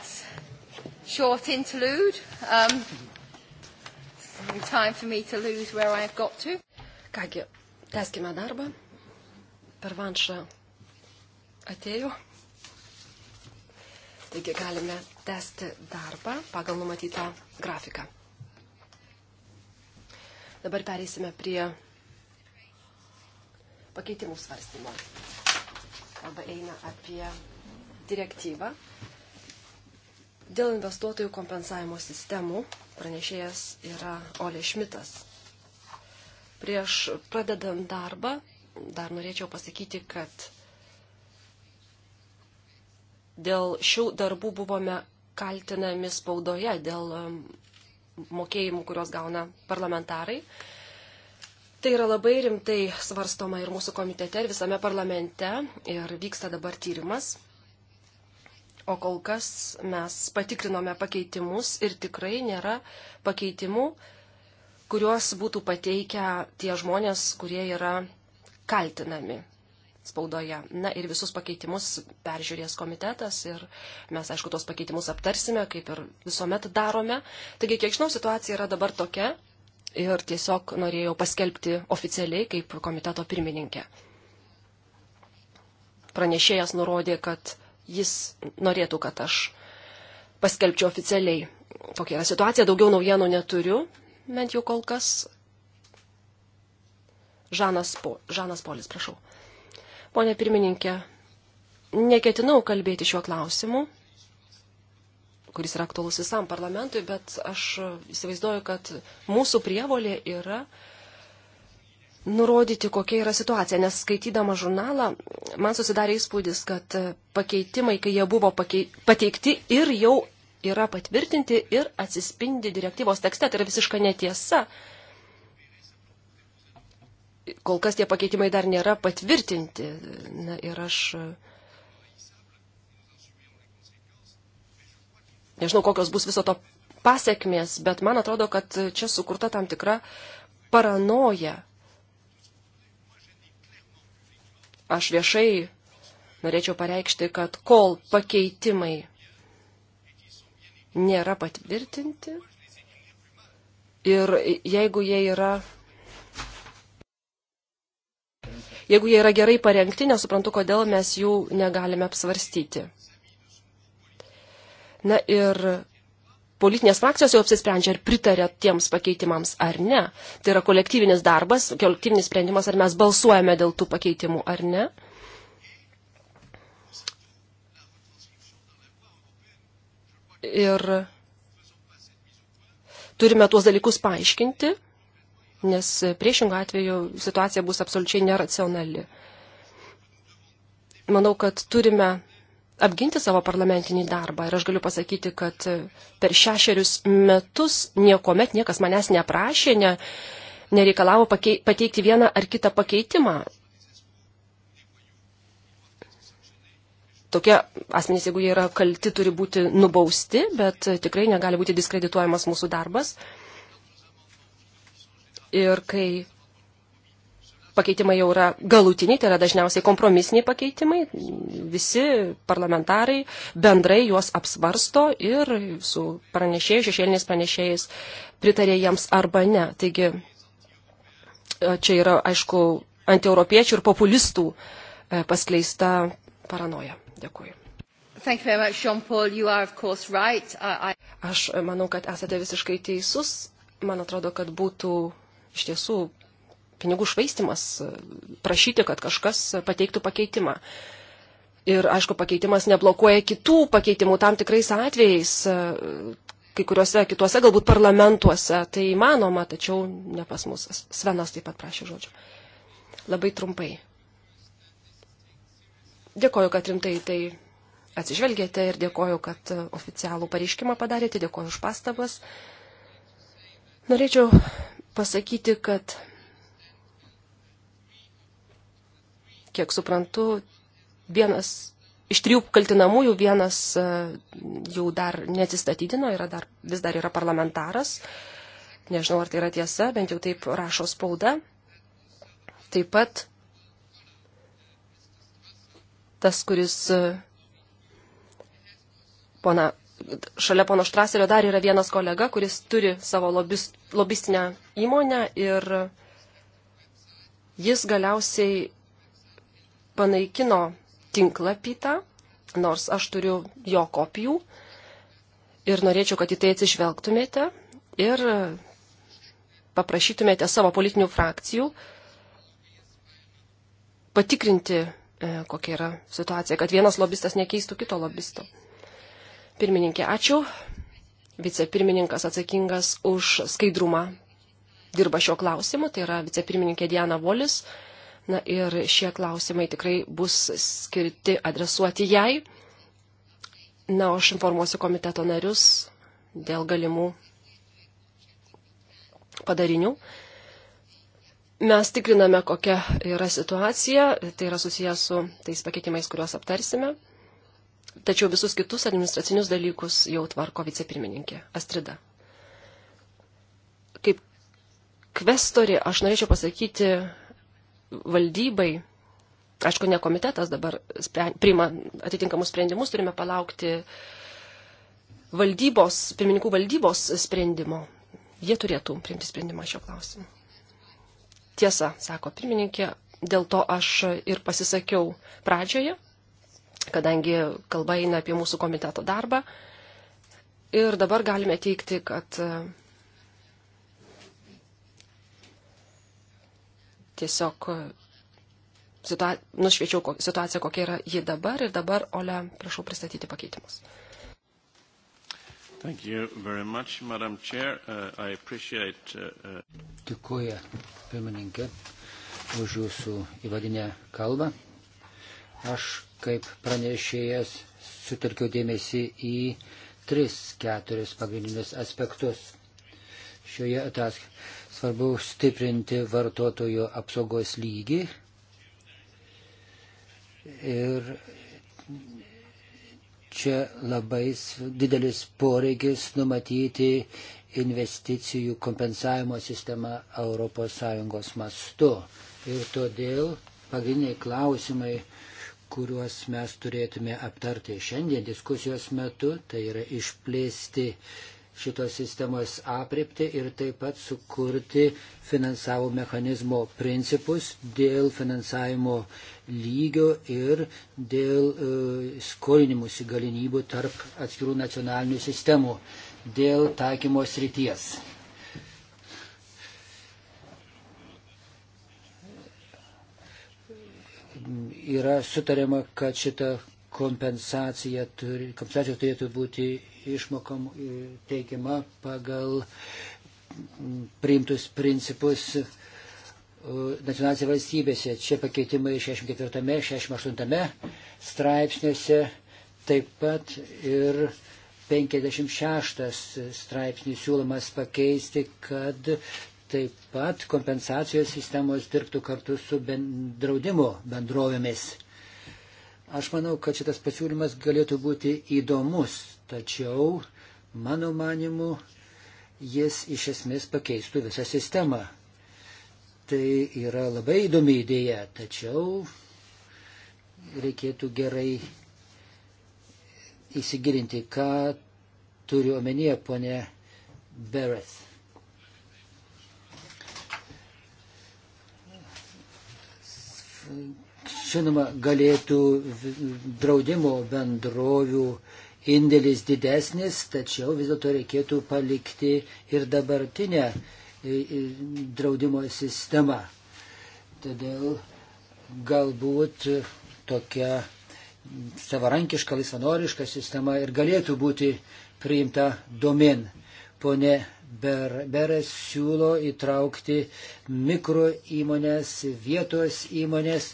short interlude. Um, in time for me to lose where I've got to. Kągi, tęskime darbą. Per vanšą atėjo. Taigi galime tęsti darbą pagal numatytą grafiką. Dabar pereisime prie pakeitimų svarstymo. Kalba eina apie direktyvą dėl investuotojų kompensavimo sistemų. Pranešėjas yra Olė Šmitas. Prieš pradedant darbą dar norėčiau pasakyti, kad dėl šių darbų buvome kaltinami spaudoje dėl um, mokėjimų, kuriuos gauna parlamentarai. Tai yra labai rimtai svarstoma ir mūsų komitete, ir visame parlamente, ir vyksta dabar tyrimas O kol kas mes patikrinome pakeitimus ir tikrai nėra pakeitimų, kuriuos būtų pateikę tie žmonės, kurie yra kaltinami spaudoje. Na ir visus pakeitimus peržiūrės komitetas ir mes, aišku, tos pakeitimus aptarsime, kaip ir visuomet darome. Taigi, kiek žinau, situacija yra dabar tokia ir tiesiog norėjau paskelbti oficialiai kaip komiteto pirmininkė. Pranešėjas nurodė, kad jis norėtų, kad aš paskelbčiau oficialiai. Tokia yra situacija, daugiau naujienų neturiu, bent jau kol kas. Žanas, po, Žanas Polis, prašau. Pone pirmininkė, neketinau kalbėti šiuo klausimu, kuris yra aktuolus visam parlamentui, bet aš įsivaizduoju, kad mūsų prievolė yra uh, nurodyti, kokia yra situacija, nes skaitydama žurnalą man susidarė įspūdis, kad pakeitimai, kai jie buvo pakei... pateikti ir jau yra patvirtinti ir atsispindi direktyvos tekste, tai yra visiška netiesa. Kol kas tie pakeitimai dar nėra patvirtinti. Na, ir aš nežinau, kokios bus viso to pasiekmės, bet man atrodo, kad čia sukurta tam tikra paranoja aš viešai norėčiau pareikšti, kad kol pakeitimai nėra patvirtinti ir jeigu jie yra. Jeigu jie yra gerai parengti, nesuprantu, kodėl mes jų negalime apsvarstyti. Na ir politinės frakcijos jau apsisprendžia, ar pritarė tiems pakeitimams ar ne. Tai yra kolektyvinis darbas, kolektyvinis sprendimas, ar mes balsuojame dėl tų pakeitimų ar ne. Ir turime tuos dalykus paaiškinti, nes priešingų atveju situacija bus absoliučiai neracionali. Manau, kad turime apginti savo parlamentinį darbą. Ir aš galiu pasakyti, kad e, per šešerius metus niekuomet niekas manęs neprašė, ne, nereikalavo pakei, pateikti vieną ar kitą pakeitimą. Tokie asmenys, jeigu jie yra kalti, turi būti nubausti, bet e, tikrai negali būti diskredituojamas mūsų darbas. Ir kai pakeitimai jau yra galutiniai, tai yra dažniausiai kompromisiniai pakeitimai. Visi parlamentarai bendrai juos apsvarsto ir su pranešėjais, šešėliniais pranešėjais pritarė jiems arba ne. Taigi e, čia yra, aišku, antieuropiečių ir populistų e, paskleista paranoja. Dėkuoju. Much, are, right. I, I... Aš manau, kad esate visiškai teisus. Man atrodo, kad būtų iš tiesų pinigų švaistimas prašyti, kad kažkas pateiktų pakeitimą. Ir, aišku, pakeitimas neblokuoja kitų pakeitimų tam tikrais atvejais, kai kuriuose kituose galbūt parlamentuose. Tai įmanoma, tačiau ne pas mus. Svenas taip pat prašė žodžio. Labai trumpai. Dėkoju, kad rimtai tai atsižvelgėte ir dėkoju, kad oficialų pareiškimą padarėte. Dėkoju už pastabas. Norėčiau pasakyti, kad kiek suprantu, vienas iš trijų kaltinamųjų vienas e, jau dar neatsistatydino, yra dar, vis dar yra parlamentaras. Nežinau, ar tai yra tiesa, bent jau taip rašo spauda. Taip pat tas, kuris e, pona, šalia pono Štraserio dar yra vienas kolega, kuris turi savo lobist, lobistinę įmonę ir jis galiausiai panaikino tinklapį tą, nors aš turiu jo kopijų ir norėčiau, kad į tai atsižvelgtumėte ir paprašytumėte savo politinių frakcijų patikrinti, e, kokia yra situacija, kad vienas lobistas nekeistų kito lobisto. Pirmininkė, ačiū. Vicepirmininkas atsakingas už skaidrumą dirba šio klausimu, tai yra vicepirmininkė Diana Volis. Na ir šie klausimai tikrai bus skirti adresuoti jai. Na, aš informuosiu komiteto narius dėl galimų padarinių. Mes tikriname, kokia yra situacija, tai yra susijęs su tais pakeitimais, kuriuos aptarsime. Tačiau visus kitus administracinius dalykus jau tvarko vicepirmininkė Astrida. Kaip kvestori, aš norėčiau pasakyti valdybai, aišku, ne komitetas dabar priima atitinkamus sprendimus, turime palaukti valdybos, pirmininkų valdybos sprendimo. Jie turėtų priimti sprendimą šio klausimu. Tiesa, sako pirmininkė, dėl to aš ir pasisakiau pradžioje, kadangi kalba eina apie mūsų komiteto darbą. Ir dabar galime teikti, kad tiesiog e, situa nušviečiau situaciją, kokia yra ji dabar ir dabar, Ole, prašau pristatyti pakeitimus. Thank you very much, Madam Chair. Uh, I appreciate. Uh, uh... Dėkuoju, pirmininkė, už jūsų įvadinę kalbą. Aš kaip pranešėjas sutelkiau dėmesį į tris, keturis pagrindinius aspektus. Šioje ataskaitoje Svarbu stiprinti vartotojų apsaugos lygį ir čia labai didelis poreikis numatyti investicijų kompensavimo sistemą ES mastu. Ir todėl pagrindiniai klausimai, kuriuos mes turėtume aptarti šiandien diskusijos metu, tai yra išplėsti šitos sistemos apriepti ir taip pat sukurti finansavo mechanizmo principus dėl finansavimo lygio ir dėl e, skolinimusi galimybių tarp atskirų nacionalinių sistemų dėl taikymo srities. Yra sutariama, kad šita kompensacija, turi, kompensacija turėtų būti išmokam e, teikiama pagal priimtus principus e, nacionalinėse valstybėse. Čia pakeitimai 64-68 straipsniuose, taip pat ir 56 straipsnis siūlomas pakeisti, kad taip pat kompensacijos sistemos dirbtų kartu su draudimo bendrovėmis. Aš manau, kad šitas pasiūlymas galėtų būti įdomus tačiau mano manimu jis iš esmės pakeistų visą sistemą. Tai yra labai įdomi idėja, tačiau reikėtų gerai įsigilinti, ką turi omenyje ponė Bereth. Žinoma, galėtų draudimo bendrovių indėlis didesnis, tačiau vis dėlto reikėtų palikti ir dabartinę e, e, draudimo sistemą. Todėl galbūt tokia savarankiška, laisvanoriška sistema ir galėtų būti priimta domin. Pone Beres siūlo įtraukti mikro įmonės, vietos įmonės,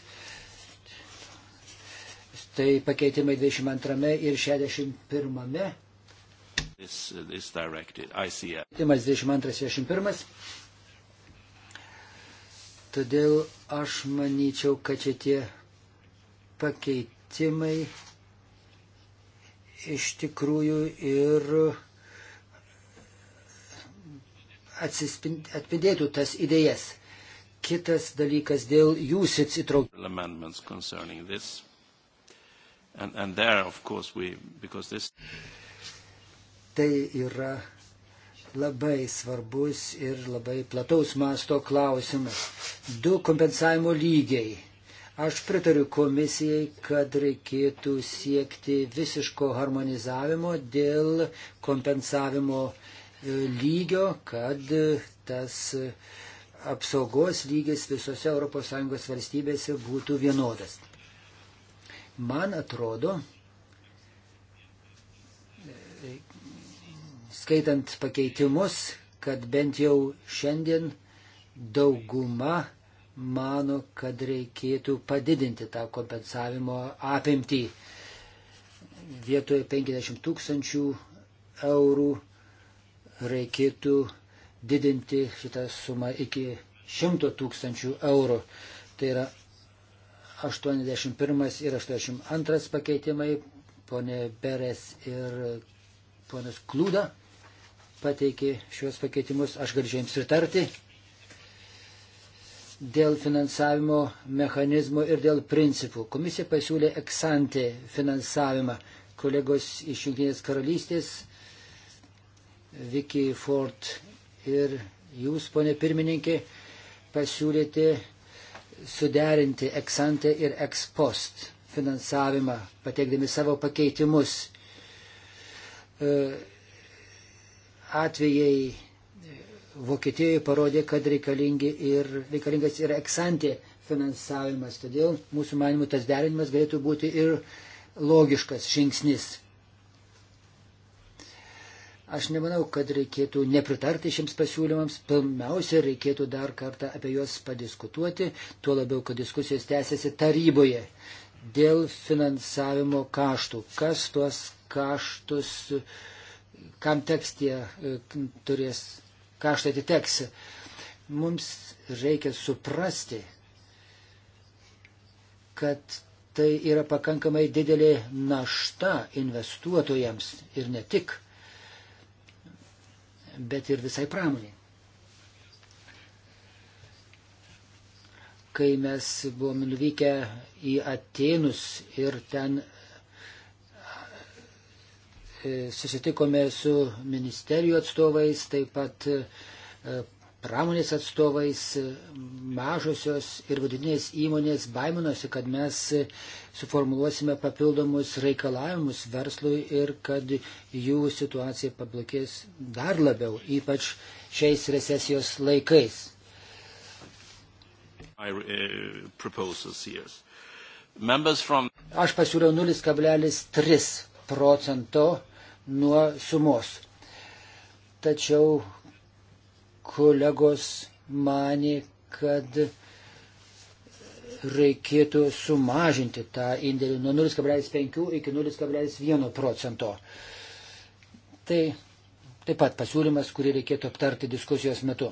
tai pakeitimai 22 ir 61. This, uh, this Pakeitimas 22-61. Todėl aš manyčiau, kad šitie pakeitimai iš tikrųjų ir atspindėtų tas idėjas. Kitas dalykas dėl jūsits įtraukimo. And, and there, of course, we, because this... Tai yra labai svarbus ir labai plataus masto klausimas. Du kompensavimo lygiai. Aš pritariu komisijai, kad reikėtų siekti visiško harmonizavimo dėl kompensavimo e, lygio, kad tas apsaugos lygis visose ES valstybėse būtų vienodas. Man atrodo, skaitant pakeitimus, kad bent jau šiandien dauguma mano, kad reikėtų padidinti tą kompensavimo apimtį vietoje 50 tūkstančių eurų reikėtų didinti šitą sumą iki 100 tūkstančių eurų. Tai yra 81 ir 82 pakeitimai, ponė Beres ir ponas Klūda pateikė šios pakeitimus, aš galiu jiems pritarti. Dėl finansavimo mechanizmo ir dėl principų. Komisija pasiūlė eksantį finansavimą. Kolegos iš Junktinės karalystės, Vicky Ford ir jūs, ponė pirmininkė, pasiūlėte suderinti eksantę ir ekspost finansavimą, pateikdami savo pakeitimus. E, atvejai Vokietijoje parodė, kad ir, reikalingas yra eksantė finansavimas. Todėl mūsų manimų tas derinimas galėtų būti ir logiškas žingsnis. Aš nemanau, kad reikėtų nepritarti šiems pasiūlymams. Pirmiausia, reikėtų dar kartą apie juos padiskutuoti, tuo labiau, kad diskusijos tęsiasi taryboje dėl finansavimo kaštų. Kas tuos kaštus, kam teks tie turės, kaštai atiteks. Mums reikia suprasti, kad tai yra pakankamai didelė našta investuotojams ir ne tik bet ir visai pramoniai. Kai mes buvome nuvykę į Atenus ir ten e, susitikome su ministerijų atstovais, taip pat e, pramonės atstovais, mažosios ir vidutinės įmonės baiminosi, kad mes suformuluosime papildomus reikalavimus verslui ir kad jų situacija pablokės dar labiau, ypač šiais recesijos laikais. Uh, Aš pasiūliau 0,3 procento nuo sumos. Tačiau kolegos mane, kad reikėtų sumažinti tą indėlį nuo 0,5 iki 0,1 procento. Tai taip pat pasiūlymas, kurį reikėtų aptarti diskusijos metu.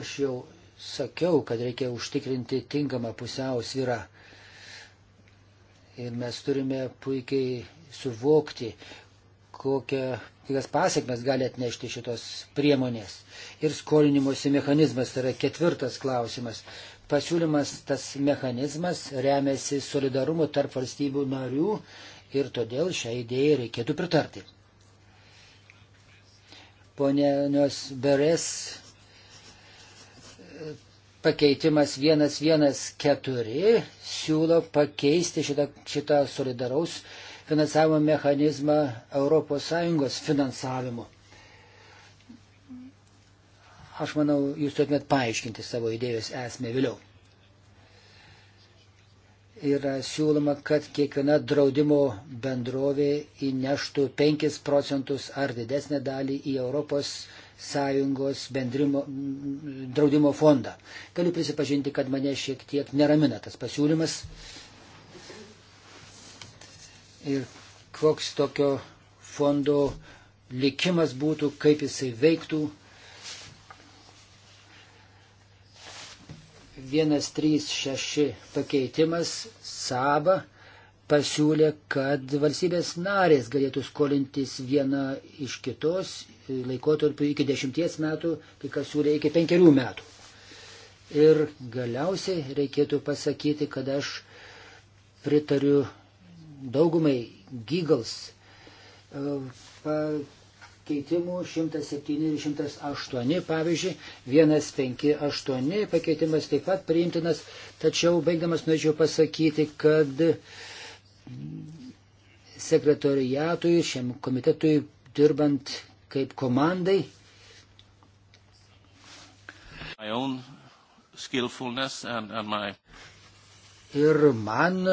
Aš jau sakiau, kad reikia užtikrinti tinkamą pusiausvyrą. Ir mes turime puikiai suvokti, kokią, kokias pasiekmes gali atnešti šitos priemonės. Ir skolinimuose mechanizmas tai yra ketvirtas klausimas. Pasiūlymas tas mechanizmas remiasi solidarumu tarp valstybių narių ir todėl šią idėją reikėtų pritarti. Ponios Beres pakeitimas 114 siūlo pakeisti šitą, šitą solidaraus uh, finansavimo mechanizmą ES finansavimu. Aš manau, jūs turėtumėt paaiškinti savo idėjos esmę vėliau. Yra siūloma, kad kiekviena draudimo bendrovė įneštų 5 procentus ar didesnę dalį į Europos sąjungos bendrimo, draudimo fondą. Galiu prisipažinti, kad mane šiek tiek neramina tas pasiūlymas. Uh, ir koks tokio fondo likimas būtų, kaip jisai veiktų. 136 pakeitimas Saba pasiūlė, kad valstybės narės galėtų skolintis viena iš kitos laikotarpiu iki 10 metų, kai kas siūlė iki 5 metų. Ir galiausiai reikėtų pasakyti, kad aš pritariu daugumai Gygals e, pakeitimų 107 ir 108, pavyzdžiui, 158 pakeitimas taip pat priimtinas, tačiau baigdamas norėčiau pasakyti, kad sekretoriatui, šiam komitetui dirbant kaip komandai. And, and my... Ir man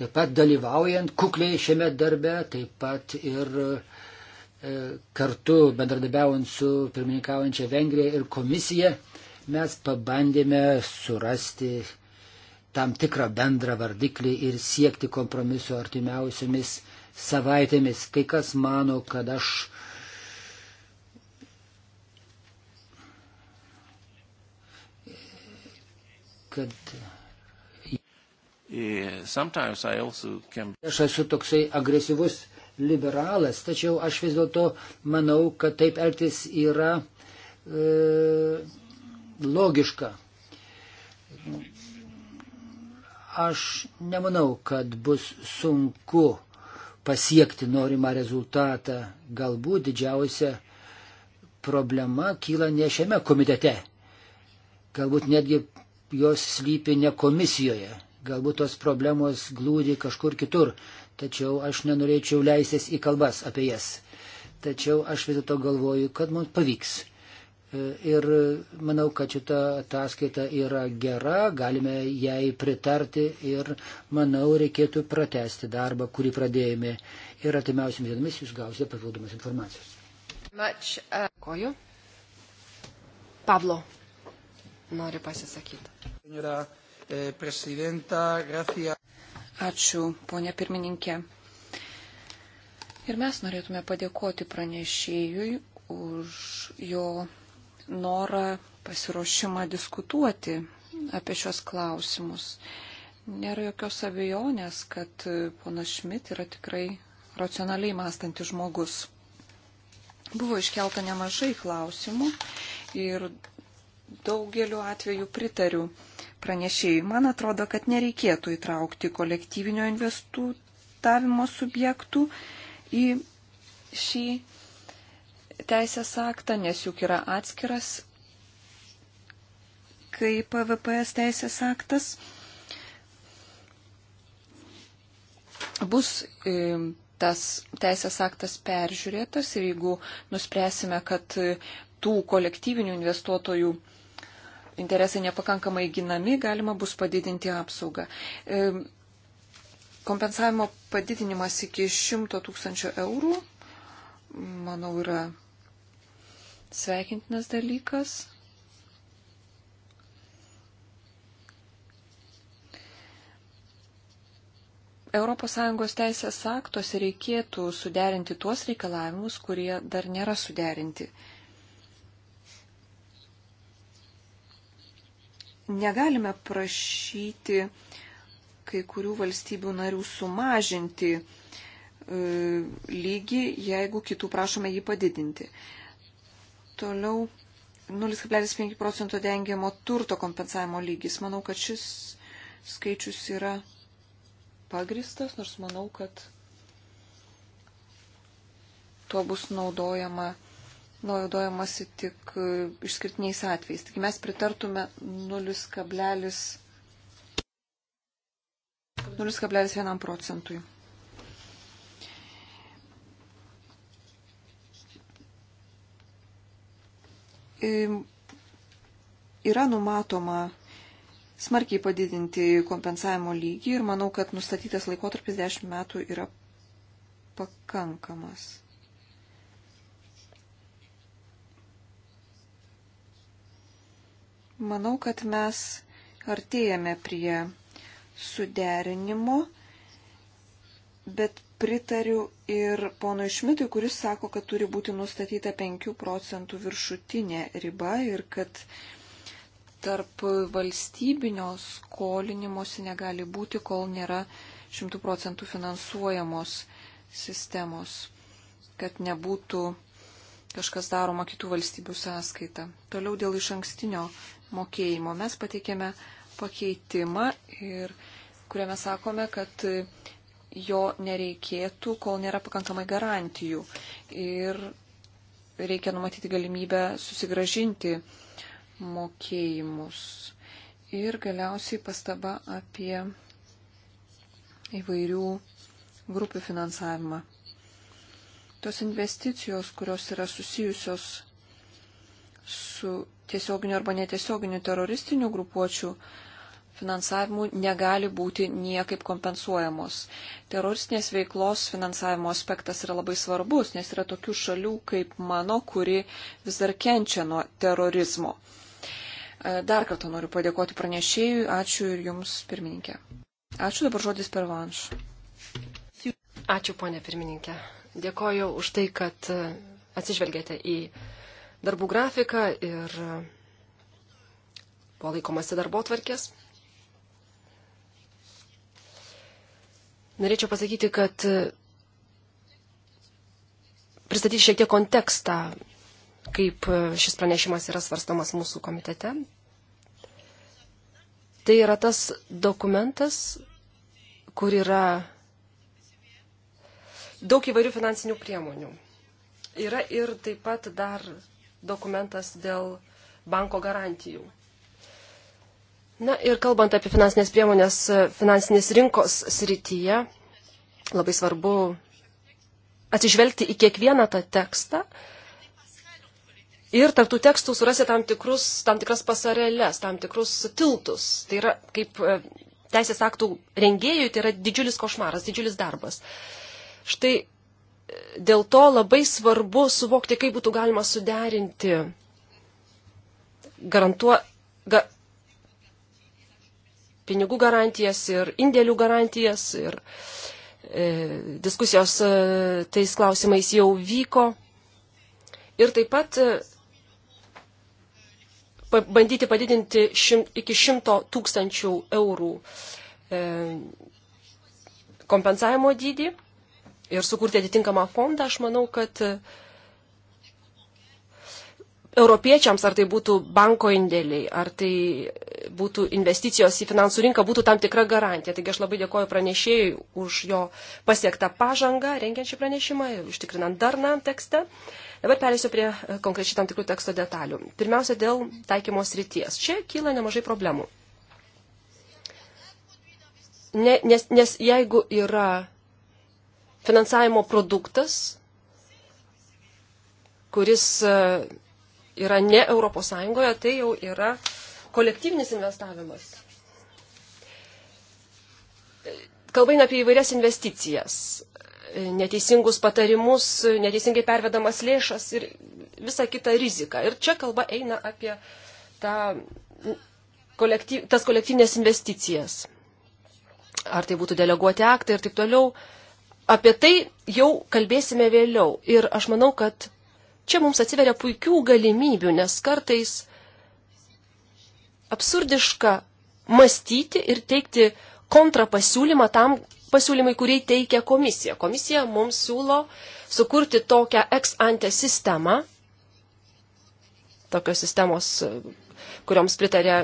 taip pat dalyvaujant kukliai šiame darbe, taip pat ir e, kartu bendradarbiaujant su pirmininkaujančia Vengrija ir komisija, mes pabandėme surasti tam tikrą bendrą vardiklį ir siekti kompromiso artimiausiamis savaitėmis. Kai kas mano, kad aš kad Can... Aš esu toksai agresyvus liberalas, tačiau aš vis dėlto manau, kad taip elgtis yra e, logiška. Aš nemanau, kad bus sunku pasiekti norimą rezultatą. Galbūt didžiausia problema kyla ne šiame komitete. Galbūt netgi jos slypi ne komisijoje Galbūt tos problemos glūdi kažkur kitur, tačiau aš nenorėčiau leistis į kalbas apie jas. Tačiau aš vis dėlto galvoju, kad mums pavyks. E, ir manau, kad šita ataskaita yra gera, galime jai pritarti ir manau, reikėtų pratesti darbą, kurį pradėjome. Ir atimiausiamis dienomis jūs gausite papildomas informacijos. Much, uh... Koju. Pablo nori pasisakyti. Eh, presidenta, gracias. Ačiū, ponė pirmininkė. Ir mes norėtume padėkoti pranešėjui už jo norą pasiruošimą diskutuoti apie šios klausimus. Nėra jokios abejonės, kad ponas Šmit yra tikrai racionaliai mąstantis žmogus. Buvo iškelta nemažai klausimų ir daugeliu atveju pritariu pranešėjui. Man atrodo, kad nereikėtų įtraukti kolektyvinio investavimo subjektų į šį teisės aktą, nes juk yra atskiras kaip PVPS teisės aktas. Bus e, tas teisės aktas peržiūrėtas ir jeigu nuspręsime, kad tų kolektyvinių investuotojų e, interesai nepakankamai ginami, galima bus padidinti apsaugą. E, kompensavimo padidinimas iki 100 tūkstančių eurų, manau, yra sveikintinas dalykas. ES teisės aktuose reikėtų suderinti tuos reikalavimus, kurie dar nėra suderinti. negalime prašyti kai kurių valstybių narių sumažinti e, lygį, jeigu kitų prašome jį padidinti. Toliau 0,5 procento dengiamo turto kompensavimo lygis. Manau, kad šis skaičius yra pagristas, nors manau, kad tuo bus naudojama naudojamasi tik e, išskirtiniais atvejais. Tik mes pritartume 0,1 procentui. E, yra numatoma smarkiai padidinti kompensavimo lygį ir manau, kad nustatytas laikotarpis 10 metų yra pakankamas. Manau, kad mes artėjame prie suderinimo, bet pritariu ir pono Išmitui, kuris sako, kad turi būti nustatyta 5 procentų viršutinė riba ir kad tarp valstybinio skolinimuose negali būti, kol nėra 100 procentų finansuojamos sistemos, kad nebūtų kažkas daroma kitų valstybių sąskaita. Toliau dėl iš ankstinio mokėjimo. Mes pateikėme pakeitimą ir kuriame sakome, kad jo nereikėtų, kol nėra pakankamai garantijų. Ir reikia numatyti galimybę susigražinti mokėjimus. Ir galiausiai pastaba apie įvairių grupių finansavimą. Tos investicijos, kurios yra susijusios su tiesioginių arba netiesioginių teroristinių grupuočių finansavimu negali būti niekaip kompensuojamos. Teroristinės veiklos finansavimo aspektas yra labai svarbus, nes yra tokių šalių kaip mano, kuri vis dar kenčia nuo terorizmo. E, dar kartą noriu padėkoti pranešėjui, ačiū ir jums, pirmininkė. Ačiū dabar žodis per vanš. Ačiū, ponė pirmininkė. Dėkoju už tai, kad e, atsižvelgėte į darbų grafiką ir buvo laikomasi darbo tvarkės. Norėčiau pasakyti, kad pristatyti šiek tiek kontekstą, kaip šis pranešimas yra svarstamas mūsų komitete. Tai yra tas dokumentas, kur yra daug įvairių finansinių priemonių. Yra ir taip pat dar dokumentas dėl banko garantijų. Na ir kalbant apie finansinės priemonės e, finansinės rinkos srityje, labai svarbu atsižvelgti į kiekvieną tą tekstą ir tarptų tekstų surasti tam, tikrus, tam tikras pasarelės, tam tikrus tiltus. Tai yra kaip e, teisės aktų rengėjų, tai yra didžiulis košmaras, didžiulis darbas. Štai dėl to labai svarbu suvokti, kaip būtų galima suderinti garantuo, ga, pinigų garantijas ir indėlių garantijas. Ir e, diskusijos e, tais klausimais jau vyko. Ir taip pat e, bandyti padidinti šim, iki šimto tūkstančių eurų e, kompensavimo dydį ir sukurti atitinkamą fondą, aš manau, kad e, europiečiams, ar tai būtų banko indėliai, ar tai būtų investicijos į finansų rinką, būtų tam tikra garantija. Taigi aš labai dėkoju pranešėjui už jo pasiektą pažangą, rengiant šį pranešimą, užtikrinant darną tekste. Dabar perėsiu prie e, konkrečiai tam tikrų teksto detalių. Pirmiausia, dėl taikymos ryties. Čia kyla nemažai problemų. Ne, nes, nes jeigu yra finansavimo produktas, kuris e, yra ne Europos Sąjungoje, tai jau yra kolektyvinis investavimas. Kalbain apie įvairias investicijas, e, neteisingus patarimus, e, neteisingai pervedamas lėšas ir visą kitą riziką. Ir čia kalba eina apie tą, kolektyv, tas kolektyvinės investicijas. Ar tai būtų deleguoti aktai ir taip toliau apie tai jau kalbėsime vėliau. Ir aš manau, kad čia mums atsiveria puikių galimybių, nes kartais absurdiška mąstyti ir teikti kontrapasiūlymą tam pasiūlymai, kurį teikia komisija. Komisija mums siūlo sukurti tokią ex ante sistemą, tokios sistemos, kurioms pritarė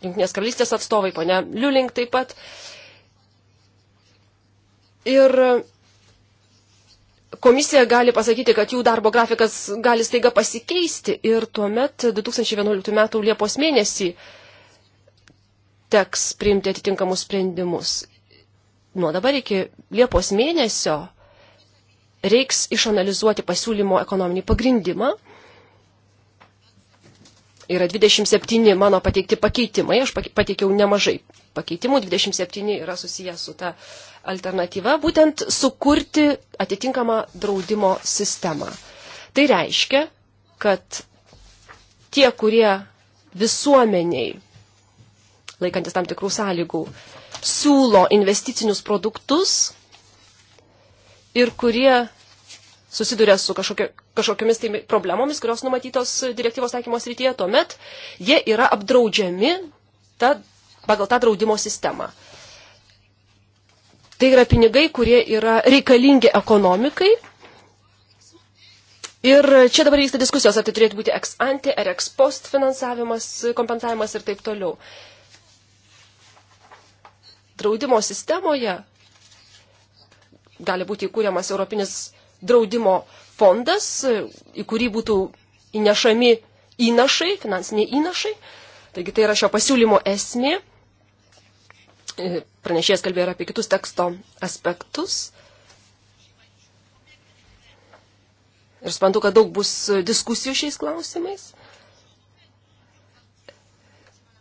Junktinės karalystės atstovai, ponia Liulink taip pat. Uh, Ir komisija gali pasakyti, kad jų darbo grafikas gali staiga pasikeisti ir tuomet 2011 m. Liepos mėnesį teks priimti atitinkamus sprendimus. Nuo dabar iki Liepos mėnesio reiks išanalizuoti pasiūlymo ekonominį pagrindimą. Yra 27 mano pateikti pakeitimai, aš pateikiau nemažai pakeitimų, 27 yra susijęs su ta uh, alternatyva būtent sukurti atitinkamą draudimo sistemą. Tai reiškia, kad tie, kurie visuomeniai, laikantis tam tikrų sąlygų, siūlo investicinius produktus ir kurie susiduria su kažkokio, kažkokiamis tai problemomis, kurios numatytos direktyvos taikymos rytyje, tuomet jie yra apdraudžiami ta, pagal tą draudimo sistemą. Tai yra pinigai, kurie yra reikalingi ekonomikai. Ir čia dabar vyksta diskusijos, ar tai turėtų būti ex ante ar ex post finansavimas, kompensavimas ir taip toliau. Draudimo sistemoje gali būti įkūriamas Europinis draudimo fondas, į kurį būtų įnešami įnašai, finansiniai įnašai. Taigi tai yra šio pasiūlymo esmė. Pranešėjas kalbėjo ir apie kitus teksto aspektus. Ir suprantu, kad daug bus diskusijų šiais klausimais.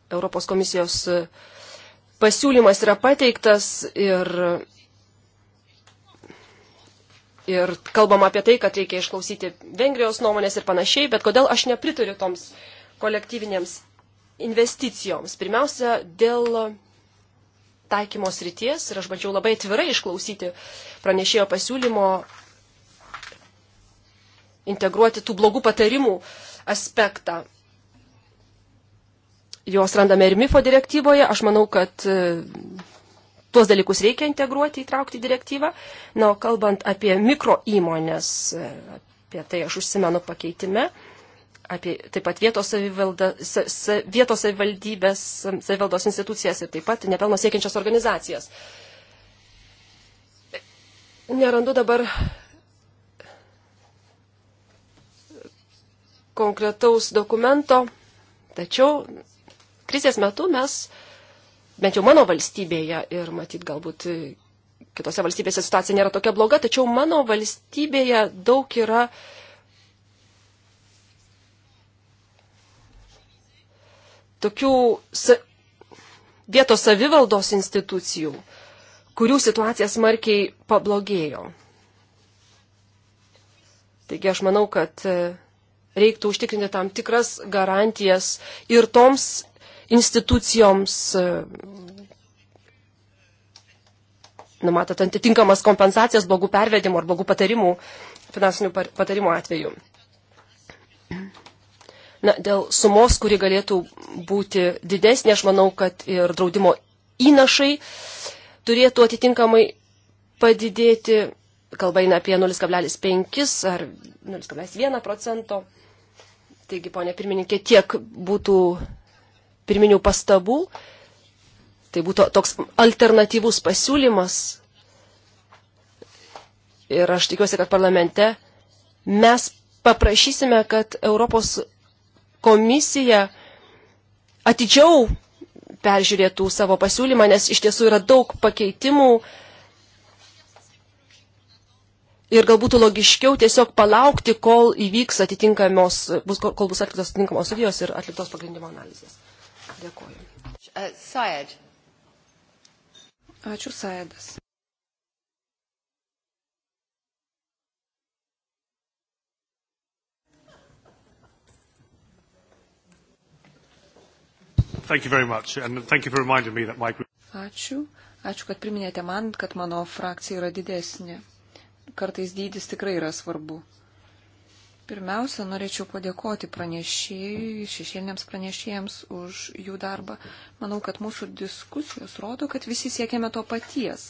Europos komisijos pasiūlymas yra pateiktas ir, ir kalbam apie tai, kad reikia išklausyti Vengrijos nuomonės ir panašiai, bet kodėl aš nepritariu toms kolektyvinėms investicijoms. Pirmiausia, dėl taikymos ryties ir aš bandžiau labai atvirai išklausyti pranešėjo pasiūlymo integruoti tų blogų patarimų aspektą. Jos randame ir MIFO direktyvoje. Aš manau, kad e, tuos dalykus reikia integruoti, įtraukti į direktyvą. Na, o kalbant apie mikro įmonės, e, apie tai aš užsimenu pakeitime apie taip pat vietos, savivalda, sa, sa, vietos savivaldybės, savivaldos institucijas ir taip pat nepelno siekiančias organizacijas. Nerandu dabar konkretaus dokumento, tačiau krizės metu mes, bent jau mano valstybėje ir matyt galbūt kitose valstybėse situacija nėra tokia bloga, tačiau mano valstybėje daug yra uh, tokių sa vietos savivaldos institucijų, kurių situacija smarkiai pablogėjo. Taigi aš manau, kad e, reiktų užtikrinti tam tikras garantijas ir toms institucijoms, e, numatant atitinkamas kompensacijas blogų pervedimų ar blogų patarimų, finansinių patarimų atveju. Na, dėl sumos, kuri galėtų būti didesnė, aš manau, kad ir draudimo įnašai turėtų atitinkamai padidėti, kalba eina apie 0,5 ar 0,1 procento. Taigi, ponė pirmininkė, tiek būtų pirminių pastabų. Tai būtų toks alternatyvus pasiūlymas. Ir aš tikiuosi, kad parlamente mes paprašysime, kad Europos komisija atidžiau peržiūrėtų savo pasiūlymą, nes iš tiesų yra daug pakeitimų ir galbūt logiškiau tiesiog palaukti, kol įvyks atitinkamos, bus, kol bus atliktos atitinkamos studijos ir atliktos pagrindimo analizės. Dėkuoju. Uh, Sajed. Ačiū, Sajedas. Thank you very much, and thank you for reminding me that my group. Ačiū. Ačiū, kad priminėte man, kad mano frakcija yra didesnė. Kartais dydis tikrai yra svarbu. Pirmiausia, norėčiau padėkoti pranešėjai, šešėliniams pranešėjams už jų darbą. Manau, kad mūsų diskusijos rodo, kad visi siekiame to paties.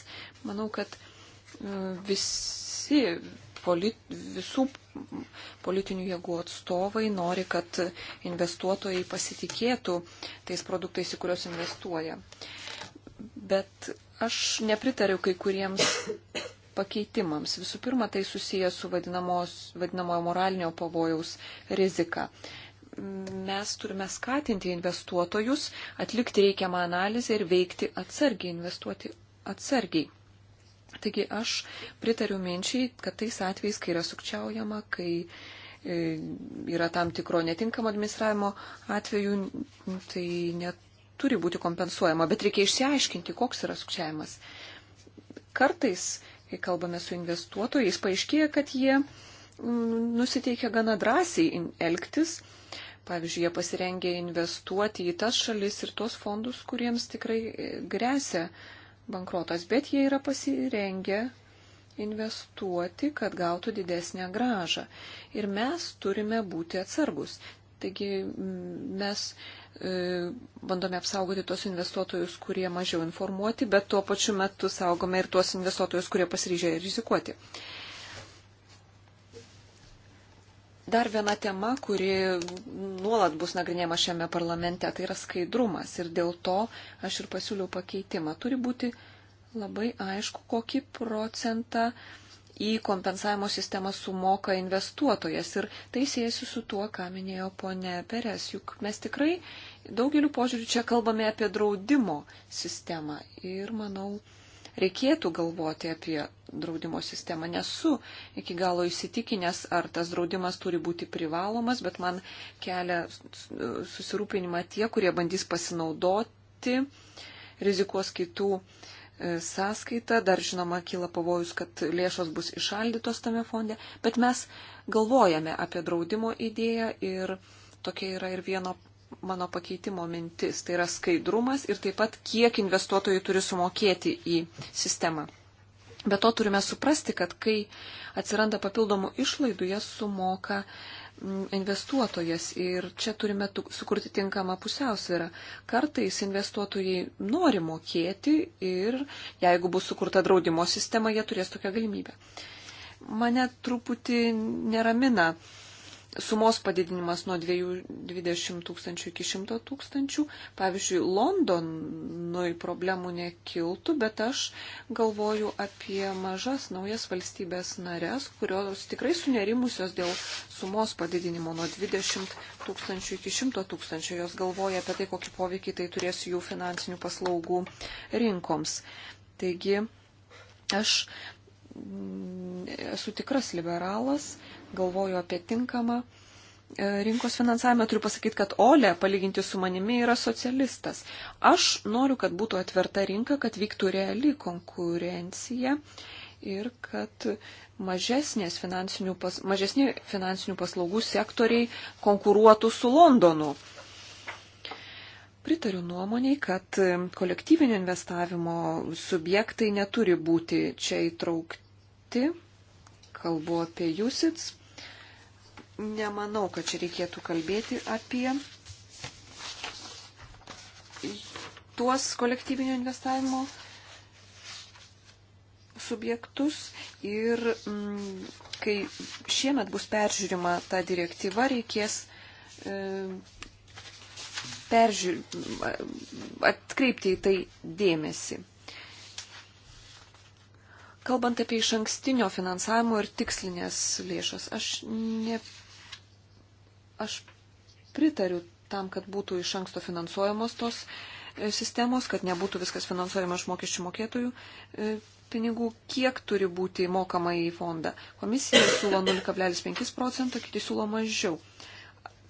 Manau, kad e, visi polit, visų politinių jėgų atstovai nori, kad investuotojai pasitikėtų tais produktais, į kuriuos investuoja. Bet aš nepritariu kai kuriems pakeitimams. Visų pirma, tai susijęs su vadinamojo moralinio pavojaus rizika mes turime skatinti investuotojus atlikti reikiamą analizę ir veikti atsargiai, investuoti atsargiai. Taigi aš pritariu minčiai, kad tais atvejais, kai yra sukčiaujama, kai e, yra tam tikro netinkamo administravimo atveju, tai neturi būti kompensuojama, bet reikia išsiaiškinti, koks yra sukčiavimas. Kartais, kai kalbame su investuotojais, paaiškėja, kad jie mm, nusiteikia gana drąsiai elgtis. Pavyzdžiui, jie pasirengia investuoti į tas šalis ir tuos fondus, kuriems tikrai e, grėsia bankrotas, bet jie yra pasirengę investuoti, kad gautų didesnę gražą. Ir mes turime būti atsargus. Taigi mm, mes e, bandome apsaugoti tos investuotojus, kurie mažiau informuoti, bet tuo pačiu metu saugome ir tuos investuotojus, kurie pasiryžę rizikuoti. E, Dar viena tema, kuri nuolat bus nagrinėjama šiame parlamente, tai yra skaidrumas. Ir dėl to aš ir pasiūliau pakeitimą. Turi būti labai aišku, kokį procentą į kompensavimo sistemą sumoka investuotojas. Ir tai siejasi su tuo, ką minėjo ponė Peres. Juk mes tikrai daugeliu požiūrių čia kalbame apie draudimo sistemą. Ir manau, reikėtų galvoti apie draudimo sistemą. Nesu iki galo įsitikinęs, ar tas draudimas turi būti privalomas, bet man kelia susirūpinimą tie, kurie bandys pasinaudoti, rizikuos kitų e, sąskaita, dar žinoma kyla pavojus, kad lėšos bus išaldytos tame fonde, bet mes galvojame apie draudimo idėją ir tokia yra ir vieno mano pakeitimo mintis. Tai yra skaidrumas ir taip pat, kiek investuotojai turi sumokėti į sistemą. Be to turime suprasti, kad kai atsiranda papildomų išlaidų, jas sumoka mm, investuotojas ir čia turime sukurti tinkamą pusiausvyrą. Kartais investuotojai nori mokėti ir jeigu bus sukurta draudimo sistema, jie turės tokią galimybę. Mane truputį neramina uh, sumos padidinimas nuo 220 tūkstančių iki 100 tūkstančių. Pavyzdžiui, Londonui problemų nekiltų, bet aš galvoju apie mažas naujas valstybės narės, kurios tikrai sunerimusios dėl sumos padidinimo nuo 20 tūkstančių iki 100 tūkstančių. Jos galvoja apie tai, kokį poveikį tai turės jų finansinių paslaugų rinkoms. Taigi, aš mm, esu tikras liberalas, galvoju apie tinkamą e, rinkos finansavimą, turiu pasakyti, kad Olė, palyginti su manimi, yra socialistas. Aš noriu, kad būtų atverta rinka, kad vyktų reali konkurencija ir kad finansinių pas, mažesni finansinių paslaugų sektoriai konkuruotų su Londonu. Pritariu nuomoniai, kad kolektyvinio investavimo subjektai neturi būti čia įtraukti. Kalbu apie Jusits nemanau, kad čia reikėtų kalbėti apie tuos kolektyvinio investavimo subjektus ir m, mm, kai šiemet bus peržiūrima ta direktyva, reikės e, peržiūr, mm, atkreipti į tai dėmesį. Kalbant apie iš ankstinio finansavimo ir tikslinės lėšas, aš ne, Aš pritariu tam, kad būtų iš anksto finansuojamos tos e, sistemos, kad nebūtų viskas finansuojama iš mokesčių mokėtojų e, pinigų, kiek turi būti mokama į fondą. Komisija siūlo 0,5 procento, kiti siūlo mažiau.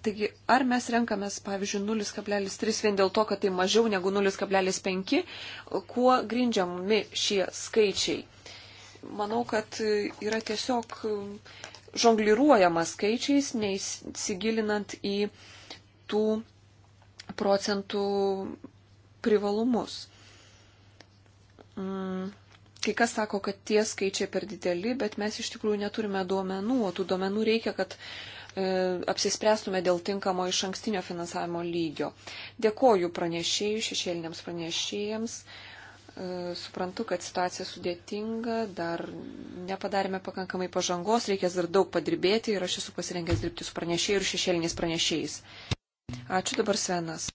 Taigi, ar mes renkamės, pavyzdžiui, 0,3 vien dėl to, kad tai mažiau negu 0,5, kuo grindžiami šie skaičiai? Manau, kad yra tiesiog žongliruojama skaičiais, neįsigilinant į tų procentų privalumus. Mm, kai kas sako, kad tie skaičiai per dideli, bet mes iš tikrųjų neturime duomenų, o tų duomenų reikia, kad e, apsispręstume dėl tinkamo iš ankstinio finansavimo lygio. Dėkoju pranešėjų, šešėliniams pranešėjams. E, E, suprantu, kad situacija sudėtinga, dar nepadarėme pakankamai pažangos, reikės dar daug padirbėti ir aš esu pasirengęs dirbti su pranešėjai ir šešėliniais pranešėjais. Ačiū dabar Svenas.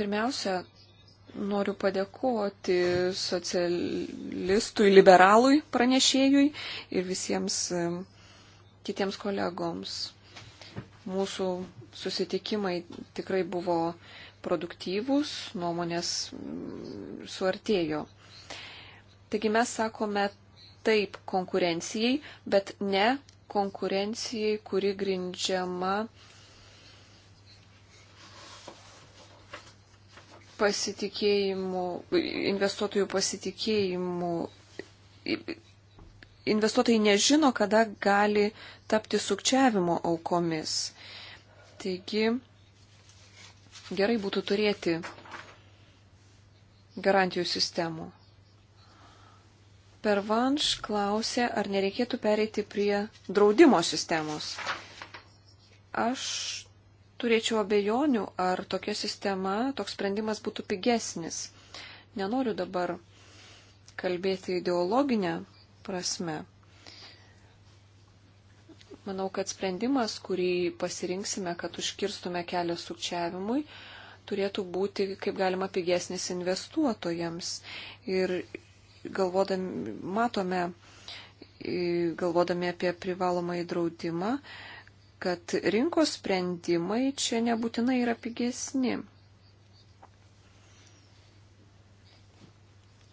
Pirmiausia, noriu padėkoti socialistui, liberalui pranešėjui ir visiems e, kitiems kolegoms. Mūsų susitikimai tikrai buvo produktyvūs, nuomonės mm, suartėjo. Taigi mes sakome taip konkurencijai, bet ne konkurencijai, kuri grindžiama pasitikėjimu, investuotojų pasitikėjimu. Investuotojai nežino, kada gali tapti sukčiavimo aukomis. Taigi gerai būtų turėti garantijų sistemų. Pervanš klausė, ar nereikėtų pereiti prie draudimo sistemos. Aš turėčiau abejonių, ar tokia sistema, toks sprendimas būtų pigesnis. Nenoriu dabar kalbėti ideologinę prasme manau, kad sprendimas, kurį pasirinksime, kad užkirstume kelią sukčiavimui, turėtų būti kaip galima pigesnis investuotojams. Ir galvodami, matome, galvodami apie privalomą įdraudimą, kad rinkos sprendimai čia nebūtinai yra pigesni.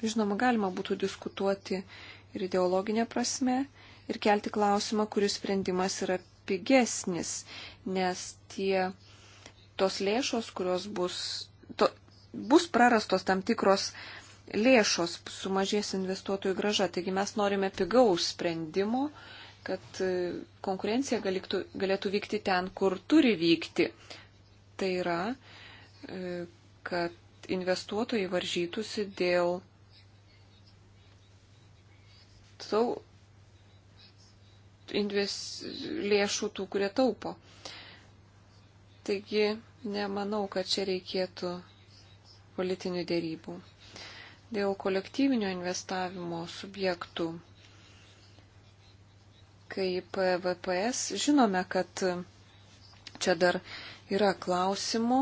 Žinoma, galima būtų diskutuoti ir ideologinė prasme, ir kelti klausimą, kuris sprendimas yra pigesnis, nes tie tos lėšos, kurios bus, to, bus prarastos tam tikros lėšos, sumažės investuotojų graža. Taigi mes norime pigaus sprendimo, kad e, konkurencija galėtų, galėtų vykti ten, kur turi vykti. Tai yra, e, kad investuotojai varžytųsi dėl savo inves, lėšų tų, kurie taupo. Taigi nemanau, kad čia reikėtų politinių dėrybų. Dėl kolektyvinio investavimo subjektų, kaip VPS, žinome, kad čia dar yra klausimų,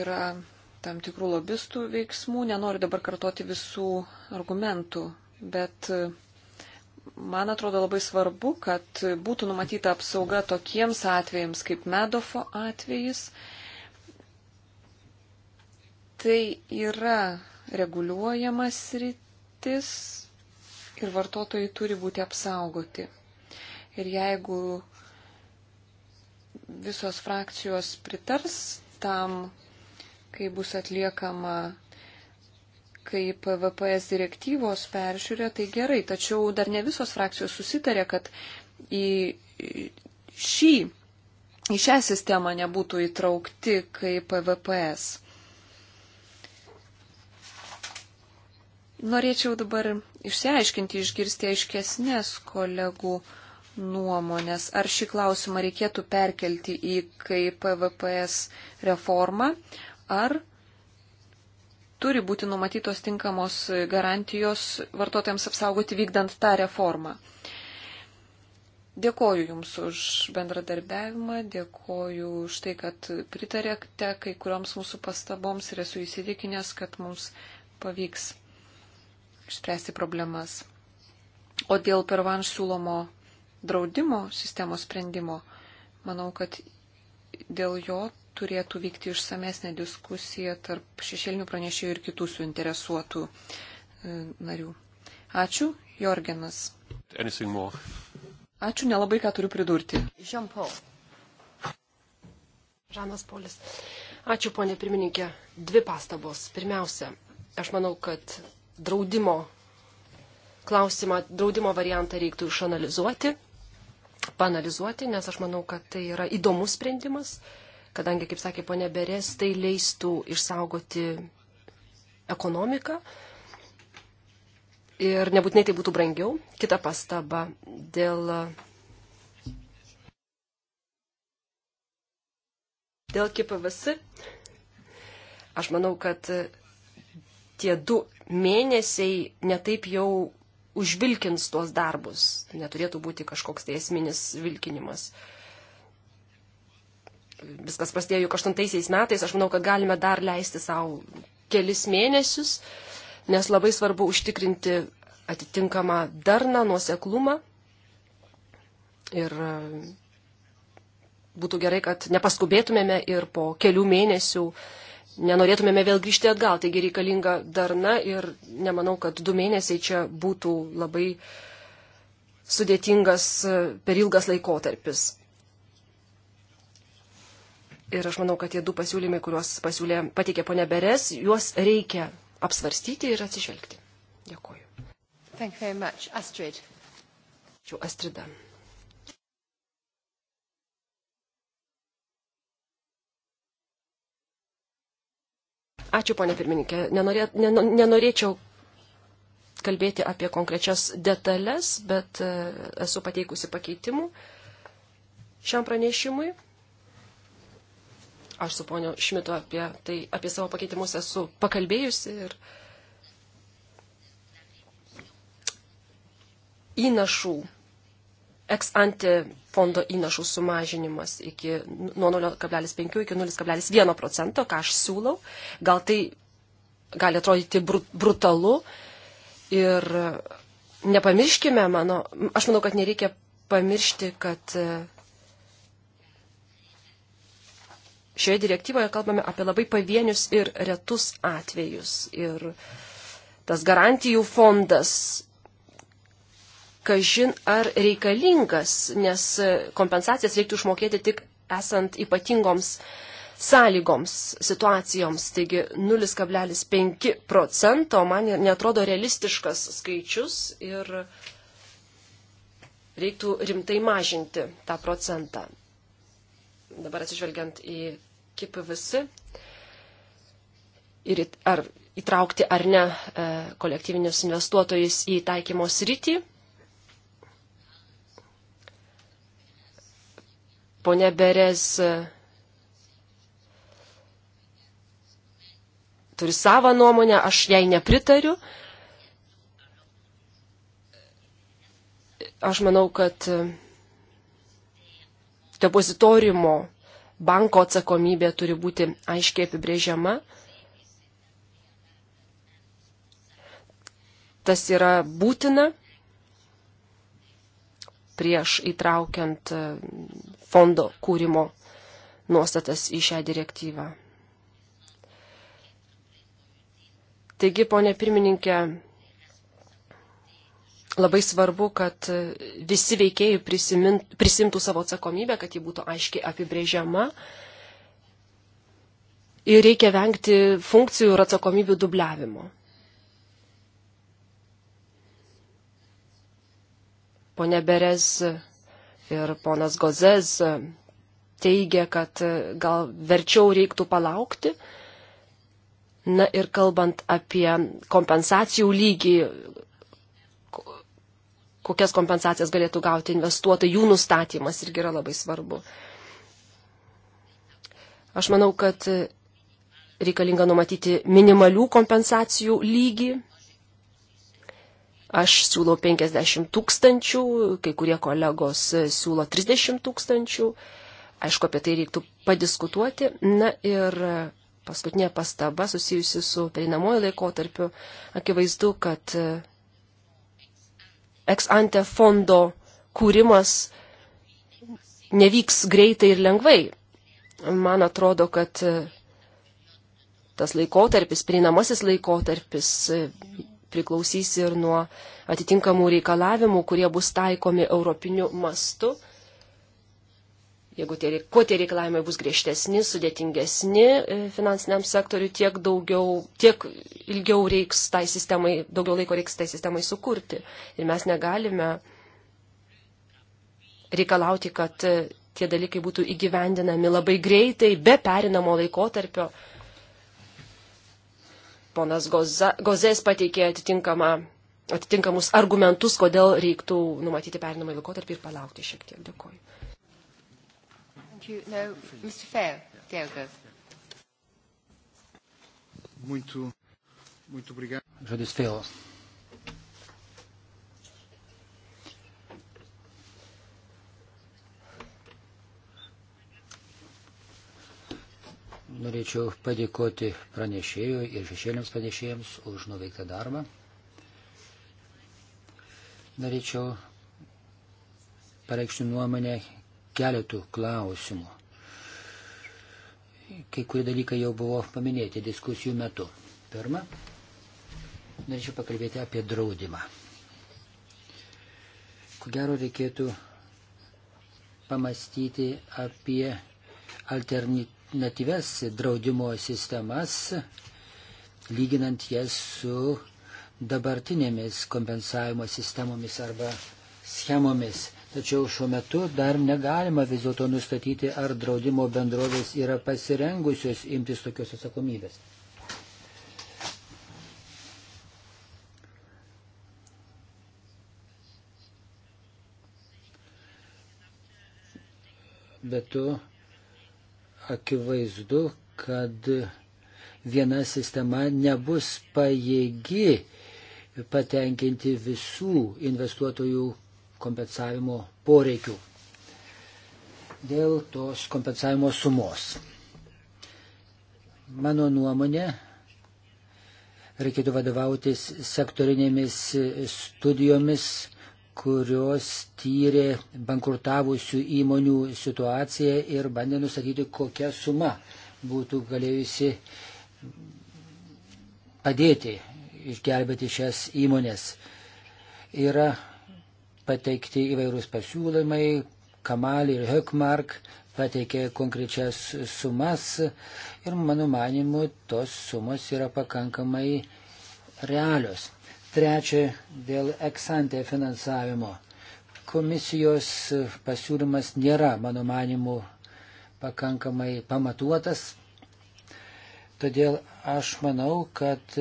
yra tam tikrų lobistų veiksmų, nenoriu dabar kartoti visų argumentų, bet man atrodo labai svarbu, kad būtų numatyta apsauga tokiems atvejams kaip Medofo atvejis. Tai yra reguliuojamas rytis ir vartotojai turi būti apsaugoti. Ir jeigu visos frakcijos pritars tam, kai bus atliekama kai PVPS direktyvos peržiūrė, tai gerai, tačiau dar ne visos frakcijos susitarė, kad į šį, į šią sistemą nebūtų įtraukti kaip PVPS. Norėčiau dabar išsiaiškinti, išgirsti aiškesnės kolegų nuomonės, ar šį klausimą reikėtų perkelti į kaip PVPS reformą, ar turi būti numatytos tinkamos garantijos vartotojams apsaugoti vykdant tą reformą. Dėkoju Jums už bendradarbiavimą, dėkoju už tai, kad pritarėte kai kurioms mūsų pastaboms ir esu įsitikinęs, kad mums pavyks išspręsti problemas. O dėl pervanš siūlomo draudimo sistemos sprendimo, manau, kad dėl jo turėtų vykti išsamesnė diskusija tarp šešėlinių pranešėjų ir kitų suinteresuotų e, narių. Ačiū, Jorgenas. Ačiū, nelabai ką turiu pridurti. Jean-Paul. Žanas Polis. Ačiū, ponė pirmininkė. Dvi pastabos. Pirmiausia, aš manau, kad draudimo klausimą, draudimo variantą reiktų išanalizuoti, panalizuoti, nes aš manau, kad tai yra įdomus sprendimas. Uh, kadangi, kaip sakė ponė Berės, tai leistų išsaugoti ekonomiką ir nebūtinai tai būtų brangiau. Kita pastaba dėl. Dėl KPVS aš manau, kad tie du mėnesiai netaip jau užvilkins tuos darbus. Neturėtų būti kažkoks tai esminis vilkinimas. Uh, viskas prasidėjo juk 8 metais, aš manau, kad galime dar leisti savo kelis mėnesius, nes labai svarbu užtikrinti atitinkamą darną, nuoseklumą. Ir e, būtų gerai, kad nepaskubėtumėme ir po kelių mėnesių nenorėtumėme vėl grįžti atgal. Taigi reikalinga darna ir nemanau, kad du mėnesiai čia būtų labai sudėtingas e, per ilgas laikotarpis. Ir aš manau, kad tie du pasiūlymai, kuriuos pasiūlė, patikė ponė Beres, juos reikia apsvarstyti ir atsižvelgti. Dėkuoju. Astrid. Ačiū, Astrida. Ačiū, ponė pirmininkė. Nenorė, nenor, nenorėčiau kalbėti apie konkrečias detalės, bet e, esu pateikusi pakeitimų šiam pranešimui. Aš su ponio Šmitu apie, tai, apie savo pakeitimus esu pakalbėjusi ir įnašų, ex ante fondo įnašų sumažinimas iki, nuo 0,5 iki 0,1 procento, ką aš siūlau. Gal tai gali atrodyti brutalu ir nepamirškime mano, aš manau, kad nereikia pamiršti, kad šioje direktyvoje kalbame apie labai pavienius ir retus atvejus. Ir tas garantijų fondas, kažin ar reikalingas, nes kompensacijas reiktų išmokėti tik esant ypatingoms sąlygoms, situacijoms. Taigi 0,5 procento man netrodo realistiškas skaičius ir reiktų rimtai mažinti tą procentą dabar atsižvelgiant į KPVS ir ar įtraukti ar ne e, kolektyvinius investuotojus į taikymo sritį. Pone Berės e, turi savo nuomonę, aš jai nepritariu. Aš manau, kad e, depozitorimo banko atsakomybė turi būti aiškiai apibrėžiama. Tas yra būtina prieš įtraukiant e, fondo kūrimo nuostatas į šią direktyvą. Taigi, ponė pirmininkė, labai svarbu, kad visi veikėjai prisimint, prisimtų savo atsakomybę, kad ji būtų aiškiai apibrėžiama. Ir reikia vengti funkcijų ir atsakomybių dubliavimo. Pone Berez ir ponas Gozez teigia, kad gal verčiau reiktų palaukti. Na ir kalbant apie kompensacijų lygį, kokias kompensacijas galėtų gauti investuotojai, jų nustatymas irgi yra labai svarbu. Aš manau, kad reikalinga numatyti minimalių kompensacijų lygį. Aš siūlau 50 tūkstančių, kai kurie kolegos siūlo 30 tūkstančių. Aišku, apie tai reiktų padiskutuoti. Na ir paskutinė pastaba susijusi su perinamojo laikotarpiu. Akivaizdu, kad eksante fondo kūrimas nevyks greitai ir lengvai. Man atrodo, kad e, tas laikotarpis, prieinamasis laikotarpis e, priklausys ir nuo atitinkamų reikalavimų, kurie bus taikomi europiniu mastu Jeigu tie, kuo tie reikalavimai bus griežtesni, sudėtingesni e, finansiniam sektoriu, tiek, daugiau, tiek ilgiau reiks tai sistemai, daugiau laiko reiks tai sistemai sukurti. Ir mes negalime reikalauti, kad e, tie dalykai būtų įgyvendinami labai greitai, be perinamo laikotarpio. Ponas Goza, Gozės pateikė atitinkamą, atitinkamus argumentus, kodėl reiktų numatyti perinamą laikotarpį ir palaukti šiek tiek. Dėkuoju. Thank you. No, Mr. Feio, Diogo. Muito, muito obrigado. Judith Feio. Norėčiau padėkoti pranešėjui ir šešėliams pranešėjams už nuveiktą darbą. Norėčiau pareikšti nuomonę keletų klausimų. Kai kurie dalykai jau buvo paminėti diskusijų metu. Pirma, norėčiau pakalbėti apie draudimą. Ko gero reikėtų pamastyti apie alternatyves draudimo sistemas, lyginant jas su dabartinėmis kompensavimo sistemomis arba schemomis. Tačiau šiuo metu dar negalima vis dėlto nustatyti, ar draudimo bendrovės yra pasirengusios imtis tokios atsakomybės. Bet tu akivaizdu, kad viena sistema nebus pajėgi patenkinti visų investuotojų kompensavimo poreikių. Dėl tos kompensavimo sumos. Mano nuomonė, reikėtų vadovautis sektorinėmis studijomis, kurios tyrė bankrutavusių įmonių situaciją ir bandė nustatyti, kokia suma būtų galėjusi padėti išgelbėti šias įmonės. Yra pateikti įvairūs pasiūlymai, Kamal ir Hökmark pateikė konkrečias sumas ir mano manimu tos sumos yra pakankamai realios. Trečia, dėl eksantė finansavimo. Komisijos pasiūlymas nėra, mano manimu, pakankamai pamatuotas. Todėl aš manau, kad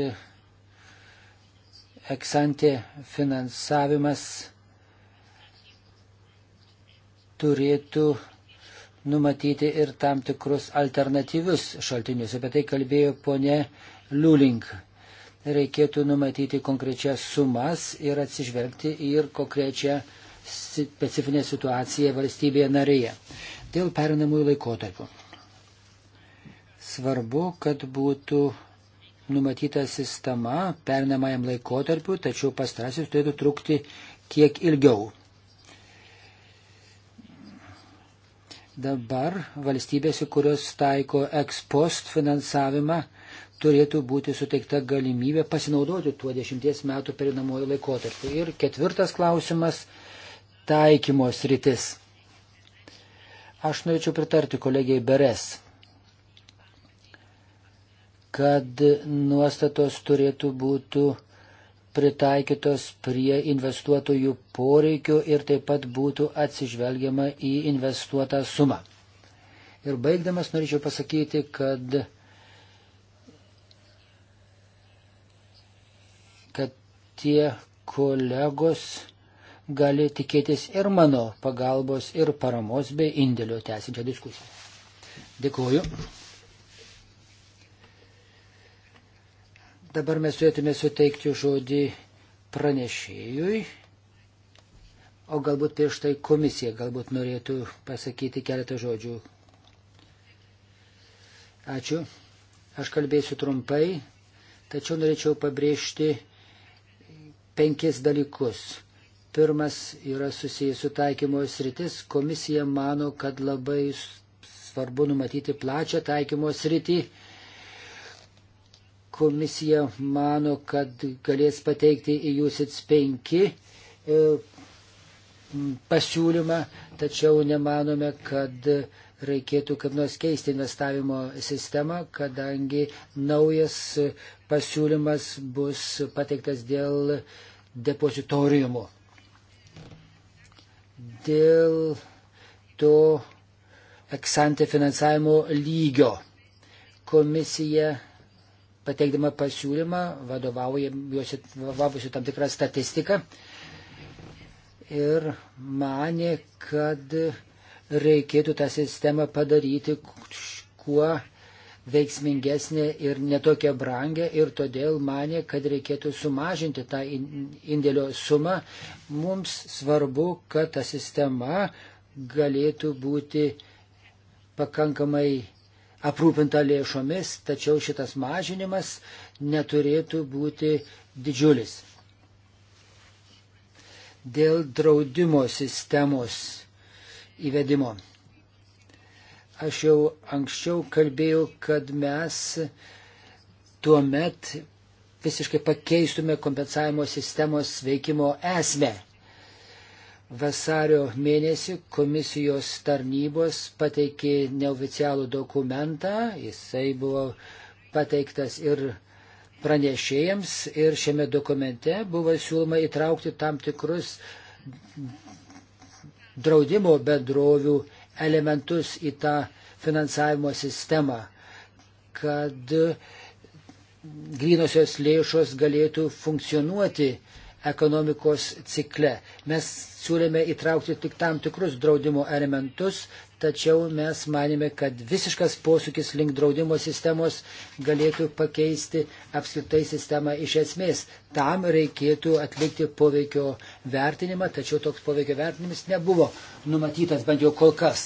eksantė finansavimas turėtų numatyti ir tam tikrus alternatyvius šaltinius. Apie tai kalbėjo ponė Liulink. Reikėtų numatyti konkrečias sumas ir atsižvelgti ir konkrečią specifinę situaciją valstybėje narėje. Dėl perinamųjų laikotarpių. Svarbu, kad būtų numatyta sistema perinamajam laikotarpiu, tačiau pastrasis turėtų trukti kiek ilgiau. Dabar valstybėse, kurios taiko ekspost finansavimą, turėtų būti suteikta galimybė pasinaudoti tuo dešimties metų perinamojo laikotarpiu. Ir ketvirtas klausimas - taikymos rytis. Aš norėčiau pritarti kolegijai Beres, kad nuostatos turėtų būti pritaikytos prie investuotojų poreikių ir taip pat būtų atsižvelgiama į investuotą sumą. Ir baigdamas norėčiau pasakyti, kad, kad tie kolegos gali tikėtis ir mano pagalbos, ir paramos bei indėlio tęsinčią diskusiją. Dėkuoju. Dabar mes turėtume suteikti žodį pranešėjui, o galbūt prieš tai komisija galbūt norėtų pasakyti keletą žodžių. Ačiū. Aš kalbėsiu trumpai, tačiau norėčiau pabrėžti penkis dalykus. Pirmas yra susijęs su taikymo sritis. Komisija mano, kad labai svarbu numatyti plačią taikymo sritį Komisija mano, kad galės pateikti į jūsits penki e, pasiūlymą, tačiau nemanome, kad reikėtų kaip nors keisti investavimo sistemą, kadangi naujas pasiūlymas bus pateiktas dėl depozitoriumų. Dėl to eksantė finansavimo lygio komisija pateikdama pasiūlymą vadovavosi tam tikrą statistiką ir manė, kad reikėtų tą sistemą padaryti kuo veiksmingesnė ir netokia brangia ir todėl manė, kad reikėtų sumažinti tą indėlio sumą. Mums svarbu, kad ta sistema galėtų būti pakankamai aprūpinta lėšomis, tačiau šitas mažinimas neturėtų būti didžiulis. Dėl draudimo sistemos įvedimo. Aš jau anksčiau kalbėjau, kad mes tuo met visiškai pakeistume kompensavimo sistemos veikimo esmę Vasario mėnesį komisijos tarnybos pateikė neoficialų dokumentą, jisai buvo pateiktas ir pranešėjams ir šiame dokumente buvo siūloma įtraukti tam tikrus draudimo bendrovių elementus į tą finansavimo sistemą, kad grynosios lėšos galėtų funkcionuoti ekonomikos cikle. Mes siūlėme įtraukti tik tam tikrus draudimo elementus, tačiau mes manėme, kad visiškas posūkis link draudimo sistemos galėtų pakeisti apskritai sistemą iš esmės. Tam reikėtų atlikti poveikio vertinimą, tačiau toks poveikio vertinimas nebuvo numatytas bent jau kol kas.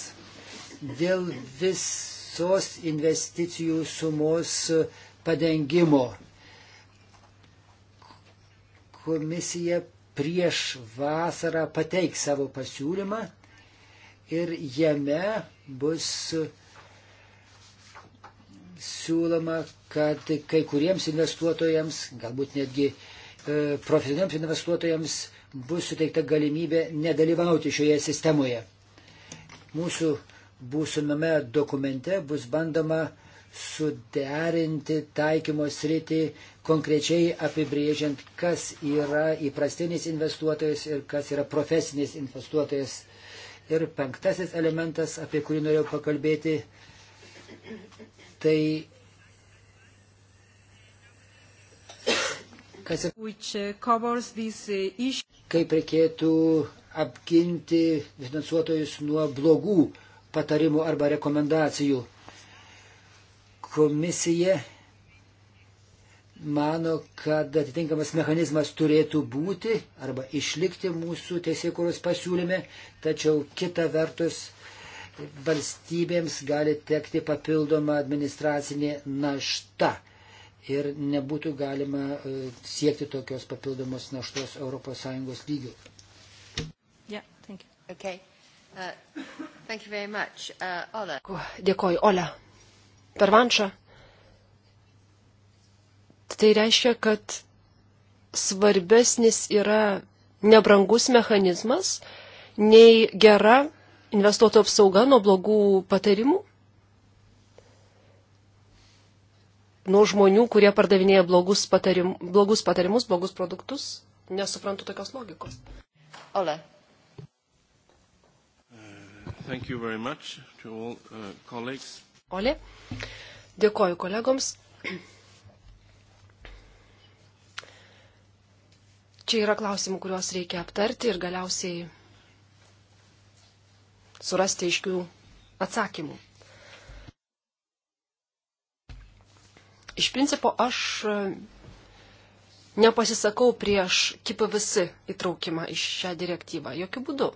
Dėl visos investicijų sumos padengimo komisija prieš vasarą pateiks savo pasiūlymą ir jame bus siūloma, kad kai kuriems investuotojams, galbūt netgi e, profesionaliams investuotojams bus suteikta galimybė nedalyvauti šioje sistemoje. Mūsų būsimame dokumente bus bandoma suderinti taikymo sritį konkrečiai apibrėžiant, kas yra įprastinis investuotojas ir kas yra profesinis investuotojas. Ir penktasis elementas, apie kurį norėjau pakalbėti, tai kas yra, uh, uh, kaip reikėtų apginti finansuotojus nuo blogų patarimų arba rekomendacijų. Komisija mano, kad atitinkamas mechanizmas turėtų būti arba išlikti mūsų teisėkūros pasiūlyme, tačiau kita vertus valstybėms gali tekti papildoma administracinė našta ir nebūtų galima e, siekti tokios papildomos naštos ES lygių. Yeah, okay. uh, uh, Dėkoju, Ole. Pervanša. Tai reiškia, kad svarbesnis yra nebrangus mechanizmas, nei gera investuotojų apsauga nuo blogų patarimų, nuo žmonių, kurie pardavinėja blogus, patarim, blogus patarimus, blogus produktus. Nesuprantu tokios logikos. Ole. Uh, all, uh, Ole. Dėkoju kolegoms. Čia yra klausimų, kuriuos reikia aptarti ir galiausiai surasti iškių atsakymų. Iš principo aš nepasisakau prieš KPVS įtraukimą į šią direktyvą. Jokių būdų.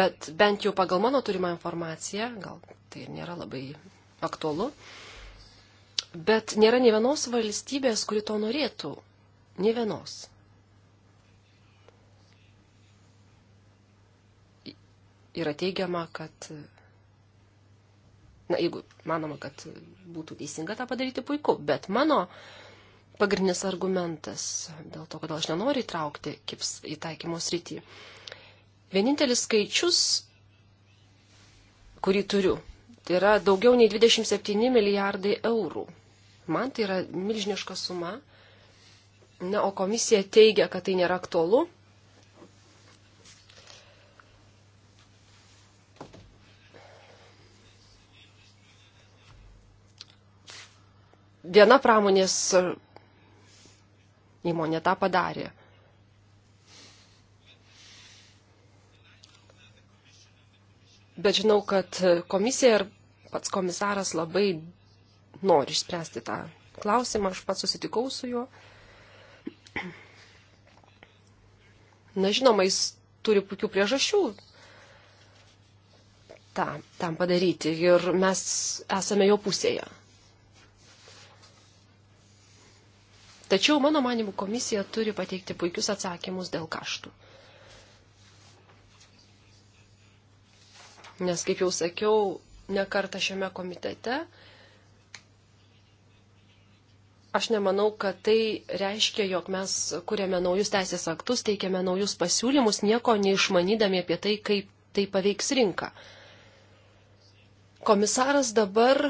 Bet bent jau pagal mano turimą informaciją, gal tai nėra labai aktualu. Bet nėra ne vienos valstybės, kuri to norėtų. Ne vienos. Yra teigiama, kad. Na, jeigu manoma, kad būtų teisinga tą padaryti, puiku. Bet mano pagrindinis argumentas dėl to, kodėl aš nenoriu įtraukti kips į taikymos rytį. Vienintelis skaičius, kurį turiu Tai yra daugiau nei 27 milijardai eurų. Man tai yra milžiniška suma. Na, o komisija teigia, kad tai nėra aktualu. Viena pramonės įmonė tą padarė. Bet žinau, kad komisija ir Pats komisaras labai nori išspręsti tą klausimą, aš pats susitikau su juo. Na, žinoma, jis turi puikių priežasčių tam, tam padaryti ir mes esame jo pusėje. Tačiau, mano manimų, komisija turi pateikti puikius atsakymus dėl kaštų. Nes, kaip jau sakiau, nekartą šiame komitete. Aš nemanau, kad tai reiškia, jog mes kuriame naujus teisės aktus, teikiame naujus pasiūlymus, nieko neišmanydami apie tai, kaip tai paveiks rinką. Komisaras dabar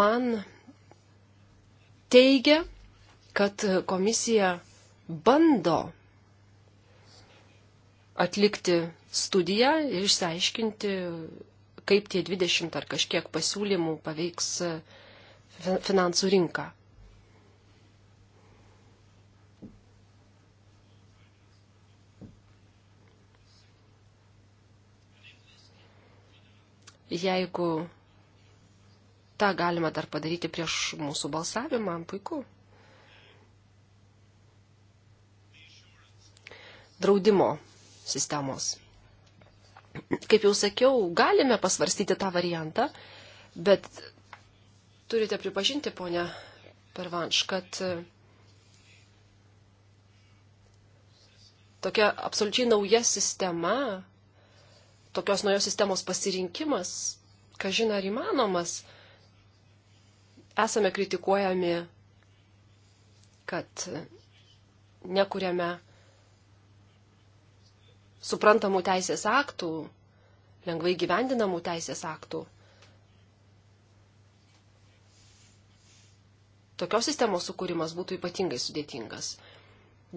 man teigia, kad komisija bando atlikti studiją ir išsiaiškinti, kaip tie 20 ar kažkiek pasiūlymų paveiks e, finansų rinką. Jeigu tą galima dar padaryti prieš mūsų balsavimą, puiku. Draudimo sistemos. Kaip jau sakiau, galime pasvarstyti tą variantą, bet turite pripažinti, ponia Pervanš, kad e, tokia absoliučiai nauja sistema, tokios naujos sistemos pasirinkimas, kažin ar įmanomas, esame kritikuojami, kad e, nekuriame suprantamų teisės aktų, lengvai gyvendinamų teisės aktų. Tokios sistemos sukūrimas būtų ypatingai sudėtingas.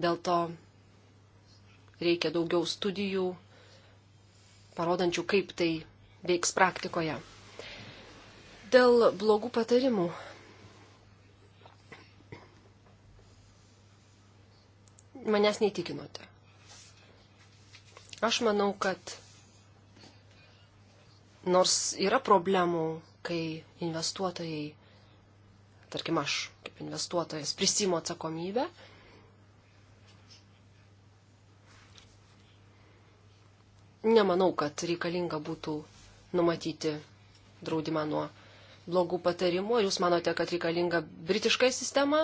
Dėl to reikia daugiau studijų, parodančių, kaip tai veiks praktikoje. Dėl blogų patarimų. Manęs neįtikinote. Aš manau, kad nors yra problemų, kai investuotojai, tarkim aš kaip investuotojas, prisimo atsakomybę, nemanau, kad reikalinga būtų numatyti draudimą nuo blogų patarimų. Jūs manote, kad reikalinga britiška sistema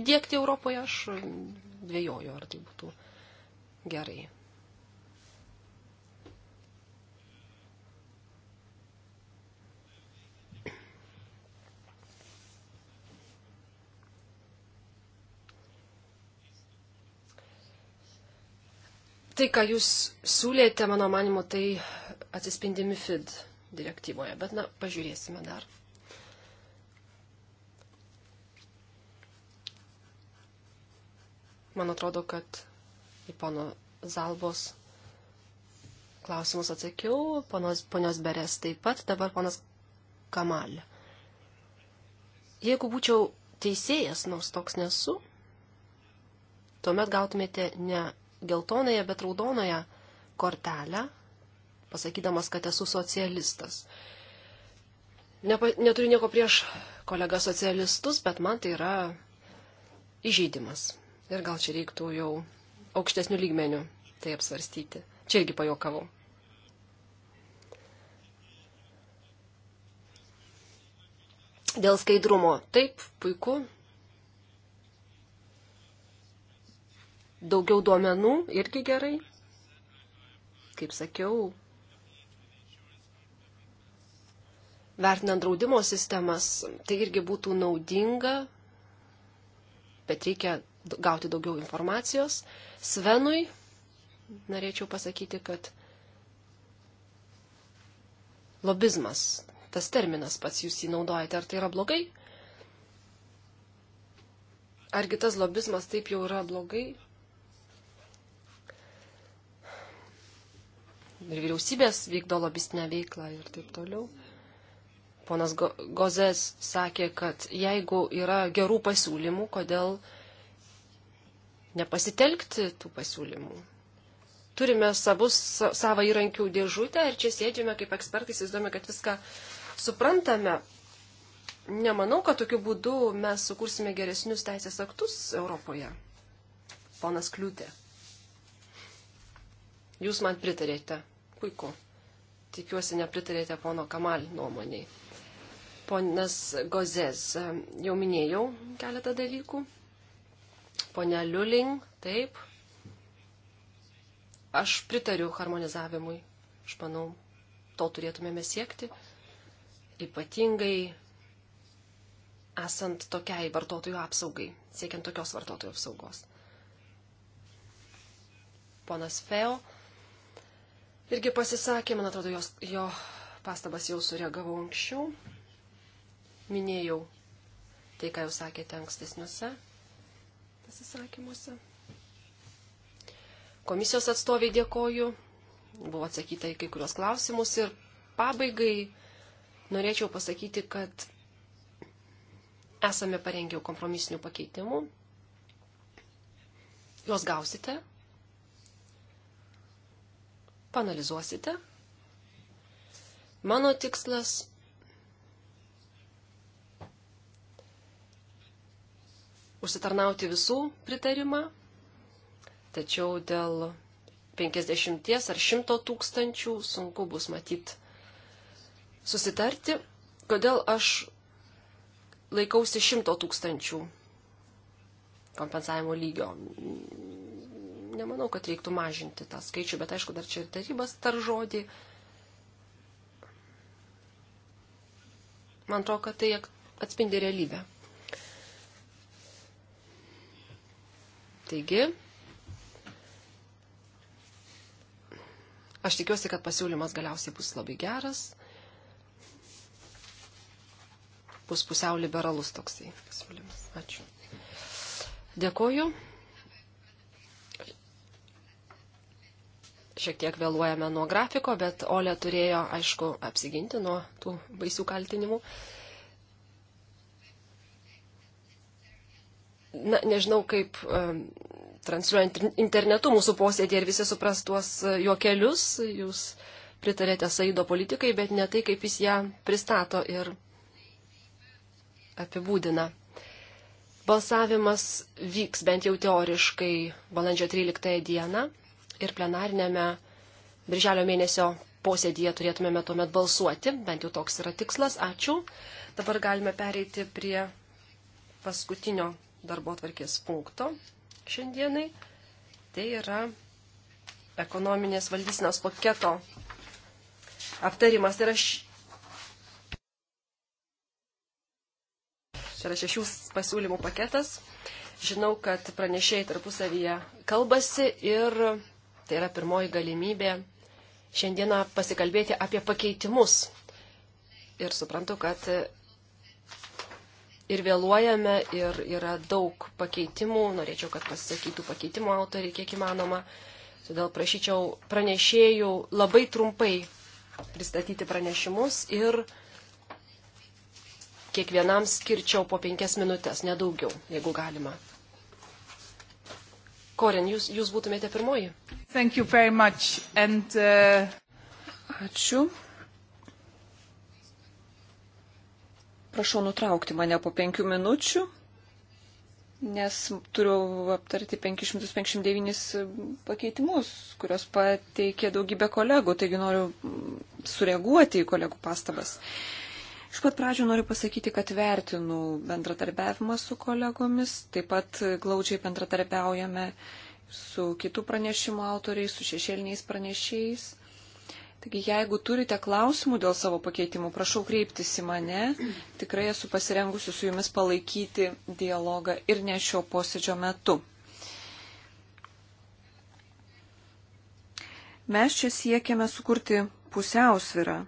įdėkti Europoje? Aš dvėjoju, ar tai būtų gerai. Tai, ką jūs siūlėte, mano manimu, tai atsispindi MIFID direktyvoje, bet, na, pažiūrėsime dar. Man atrodo, kad į pono Zalbos klausimus atsakiau, ponos, ponios Beres taip pat, dabar ponas Kamalė. Jeigu būčiau teisėjas, nors toks nesu, tuomet gautumėte ne geltonąją, bet raudonąją kortelę, pasakydamas, kad esu socialistas. Nepa, neturiu nieko prieš kolegą socialistus, bet man tai yra įžeidimas. Ir gal čia reiktų jau aukštesnių lygmenių tai apsvarstyti. Čia irgi pajokavau. Dėl skaidrumo. Taip, puiku, Daugiau duomenų irgi gerai. Kaip sakiau, vertinant draudimo sistemas, tai irgi būtų naudinga, bet reikia gauti daugiau informacijos. Svenui norėčiau pasakyti, kad lobizmas, tas terminas pats jūs jį naudojate, ar tai yra blogai? Argi tas lobizmas taip jau yra blogai? ir vyriausybės vykdo lobistinę veiklą ir taip toliau. Ponas Go Gozes sakė, kad jeigu yra gerų pasiūlymų, kodėl nepasitelkti tų pasiūlymų. Turime savus, savo įrankių dėžutę ir čia sėdžiame kaip ekspertai, įsivaizduojame, kad viską suprantame. Nemanau, kad tokiu būdu mes sukursime geresnius teisės aktus Europoje. Ponas Kliūtė. Jūs man pritarėte. Puiku. Tikiuosi, nepritarėte pono Kamal nuomoniai. Ponas Gozės, jau minėjau keletą dalykų. Pone Liuling, taip. Aš pritariu harmonizavimui. Aš manau, to turėtumėme siekti. Ypatingai esant tokiai vartotojų apsaugai, siekiant tokios vartotojų apsaugos. Ponas Feo irgi pasisakė, man atrodo, jos, jo pastabas jau sureagavau anksčiau. Minėjau tai, ką jūs sakėte ankstesniuose pasisakymuose. Komisijos atstoviai dėkoju, buvo atsakyta į kai kurios klausimus ir pabaigai norėčiau pasakyti, kad esame parengę kompromisinių pakeitimų. Juos gausite panalizuosite. Mano tikslas užsitarnauti visų pritarimą, tačiau dėl 50 ar 100 tūkstančių sunku bus matyti susitarti, kodėl aš laikausi 100 tūkstančių kompensavimo lygio nemanau, kad reiktų mažinti tą skaičių, bet aišku, dar čia ir tarybas tar žodį. Man atrodo, kad tai atspindi realybę. Taigi, aš tikiuosi, kad pasiūlymas galiausiai bus labai geras, bus pusiau liberalus toksai pasiūlymas. Ačiū. Dėkoju. šiek tiek vėluojame nuo grafiko, bet Olė turėjo, aišku, apsiginti nuo tų baisių kaltinimų. Na, nežinau, kaip um, transliuojant internetu mūsų posėdį ir visi supras tuos e, juokelius, jūs pritarėte Saido politikai, bet ne tai, kaip jis ją pristato ir apibūdina. Balsavimas vyks bent jau teoriškai balandžio 13 dieną ir plenarinėme birželio mėnesio posėdėje turėtumėme tuomet balsuoti, bent jau toks yra tikslas. Ačiū. Dabar galime pereiti prie paskutinio darbo atvarkės punkto šiandienai. Tai yra ekonominės valdysinos paketo aptarimas. Tai yra, š... tai yra šešių pasiūlymų paketas. Žinau, kad pranešėjai tarpusavyje kalbasi ir Tai yra pirmoji galimybė šiandieną pasikalbėti apie pakeitimus. Ir suprantu, kad ir vėluojame, ir yra daug pakeitimų. Norėčiau, kad pasisakytų pakeitimų autoriai, kiek įmanoma. Todėl prašyčiau pranešėjų labai trumpai pristatyti pranešimus ir kiekvienam skirčiau po penkias minutės, nedaugiau, jeigu galima. Korin, jūs, jūs būtumėte pirmoji. Thank you very much. And, uh... Ačiū. Prašau nutraukti mane po penkių minučių, nes turiu aptarti 559 pakeitimus, kurios pateikė daugybė kolegų, taigi noriu sureaguoti į kolegų pastabas. Uh, Iš pat pradžių noriu pasakyti, kad vertinu bendratarbiavimą su kolegomis, taip pat glaudžiai bendratarbiaujame su kitų pranešimų autoriais, su šešėliniais pranešėjais. Taigi, jeigu turite klausimų dėl savo pakeitimų, prašau kreiptis į mane. Tikrai esu pasirengusi su jumis palaikyti dialogą ir ne šio posėdžio metu. Mes čia siekiame sukurti pusiausvirą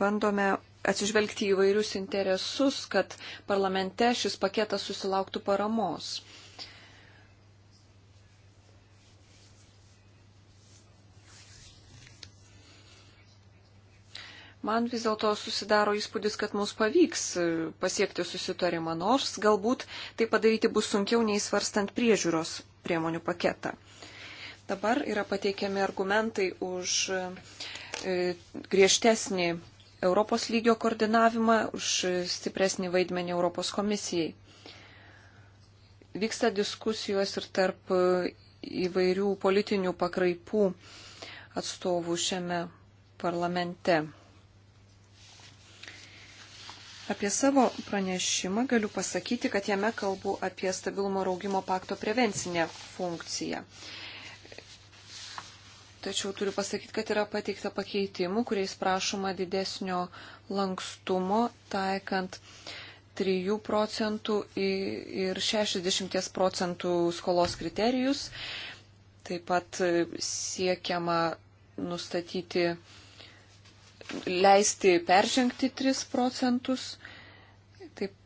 bandome atsižvelgti į vairius interesus, kad parlamente šis paketas susilauktų paramos. Man vis dėlto susidaro įspūdis, kad mums pavyks pasiekti susitarimą, nors galbūt tai padaryti bus sunkiau nei svarstant priežiūros priemonių paketą. Dabar yra pateikiami argumentai už e, griežtesnį Europos lygio koordinavimą, už stipresnį vaidmenį Europos komisijai. Vyksta diskusijos ir tarp įvairių politinių pakraipų atstovų šiame parlamente. Apie savo pranešimą galiu pasakyti, kad jame kalbu apie stabilumo raugimo pakto prevencinę funkciją. Tačiau turiu pasakyti, kad yra pateikta pakeitimų, kuriais prašoma didesnio lankstumo, taikant 3 procentų ir 60 procentų skolos kriterijus. Taip pat siekiama nustatyti, leisti peržengti 3 procentus. Taip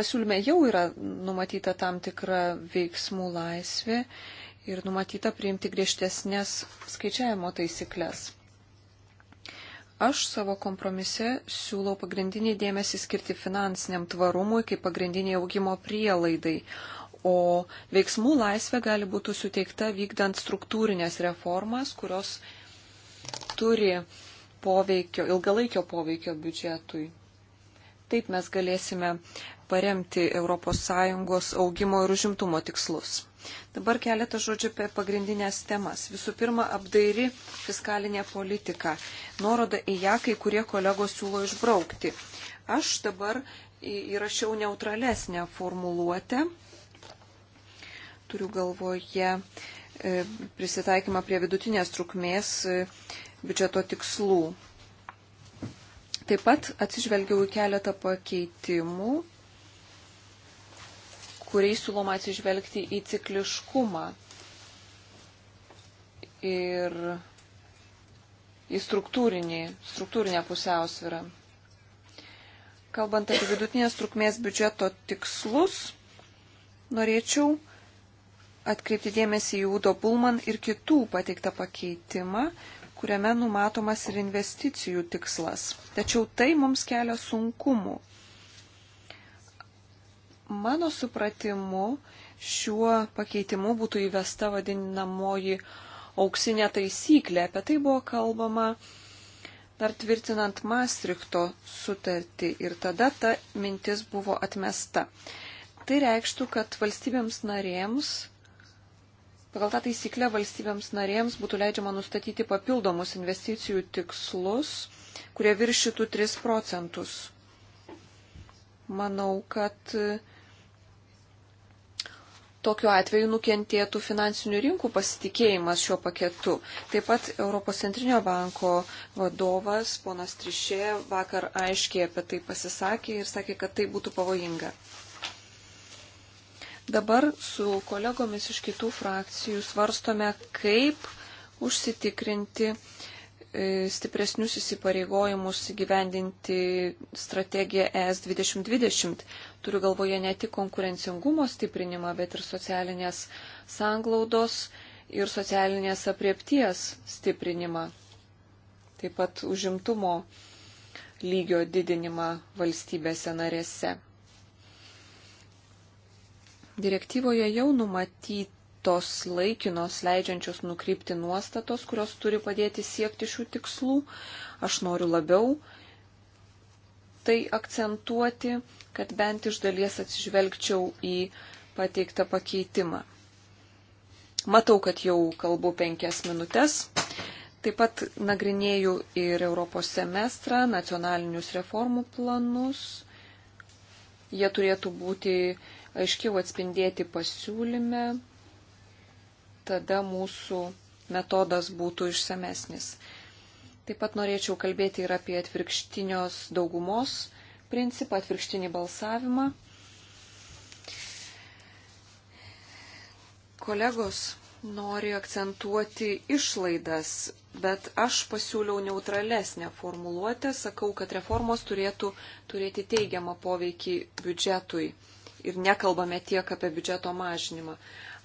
pasiūlyme jau yra numatyta tam tikra veiksmų laisvė ir numatyta priimti griežtesnės skaičiavimo taisyklės. Aš savo kompromise siūlau pagrindinį dėmesį skirti finansiniam tvarumui kaip pagrindiniai augimo prielaidai, o veiksmų laisvė gali būti suteikta vykdant struktūrinės reformas, kurios turi poveikio, ilgalaikio poveikio biudžetui. Taip mes galėsime paremti ES augimo ir užimtumo tikslus. Dabar keletą žodžių apie pagrindinės temas. Visų pirma, apdairi fiskalinė politika. Nuoroda į ją kai kurie kolegos siūlo išbraukti. Aš dabar įrašiau neutralesnę formuluotę. Turiu galvoje e, prisitaikymą prie vidutinės trukmės e, biudžeto tikslų. Taip pat atsižvelgiau į keletą pakeitimų, kuriais siūloma atsižvelgti į cikliškumą ir į struktūrinį, struktūrinę pusiausvyrą. Kalbant apie vidutinės trukmės biudžeto tikslus, norėčiau atkreipti dėmesį į Udo Bulman ir kitų pateiktą pakeitimą, kuriame numatomas ir investicijų tikslas. Tačiau tai mums kelia sunkumų. Mano supratimu, šiuo pakeitimu būtų įvesta vadinamoji auksinė taisyklė. Apie tai buvo kalbama dar tvirtinant Maastrichto sutartį ir tada ta mintis buvo atmesta. Tai reikštų, kad valstybėms narėms Pagal tą taisyklę valstybėms narėms būtų leidžiama nustatyti papildomus investicijų tikslus, kurie viršytų 3 procentus. Manau, kad e, Tokiu atveju nukentėtų finansinių rinkų pasitikėjimas šiuo paketu. Taip pat Europos centrinio banko vadovas ponas Trišė vakar aiškiai apie tai pasisakė ir sakė, kad tai būtų pavojinga. Dabar su kolegomis iš kitų frakcijų svarstome, kaip užsitikrinti e, stipresnius įsipareigojimus įgyvendinti strategiją ES 2020. Turiu galvoje ne tik konkurencingumo stiprinimą, bet ir socialinės sanglaudos ir socialinės apriepties stiprinimą. Taip pat užimtumo lygio didinimą valstybėse narėse. Direktyvoje jau numatytos laikinos leidžiančios nukrypti nuostatos, kurios turi padėti siekti šių tikslų. Aš noriu labiau tai akcentuoti, kad bent iš dalies atsižvelgčiau į pateiktą pakeitimą. Matau, kad jau kalbu penkias minutės. Taip pat nagrinėjau ir Europos semestrą, nacionalinius reformų planus. Jie turėtų būti aiškiau atspindėti pasiūlyme, tada mūsų metodas būtų išsamesnis. Taip pat norėčiau kalbėti ir apie atvirkštinios daugumos principą, atvirkštinį balsavimą. Kolegos nori akcentuoti išlaidas, bet aš pasiūliau neutralesnę formuluotę, sakau, kad reformos turėtų turėti teigiamą poveikį biudžetui ir nekalbame tiek apie biudžeto mažinimą.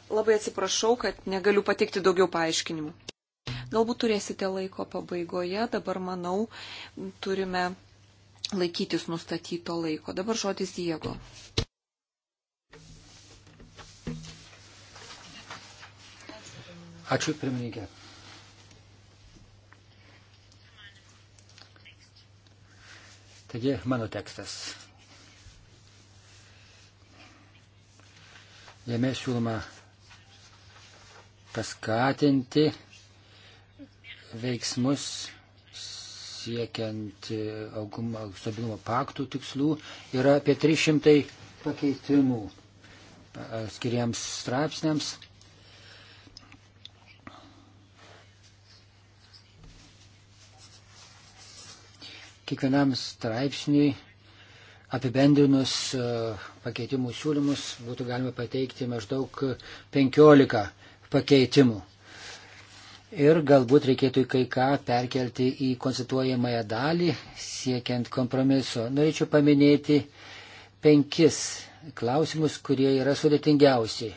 Labai atsiprašau, kad negaliu pateikti daugiau paaiškinimų. Galbūt turėsite laiko pabaigoje, dabar manau, turime laikytis nustatyto laiko. Dabar žodis Diego. Ačiū, pirmininkė. Taigi, mano tekstas. Jame siūloma paskatinti veiksmus siekiant e, augumo, stabilumo paktų tikslų yra apie 300 pakeitimų e, skiriams straipsniams. Kiekvienam straipsniui apibendrinus e, pakeitimų siūlymus būtų galima pateikti maždaug 15 pakeitimų. Ir galbūt reikėtų kai ką perkelti į konstituojamąją dalį, siekiant kompromiso. Norėčiau paminėti penkis klausimus, kurie yra sudėtingiausi.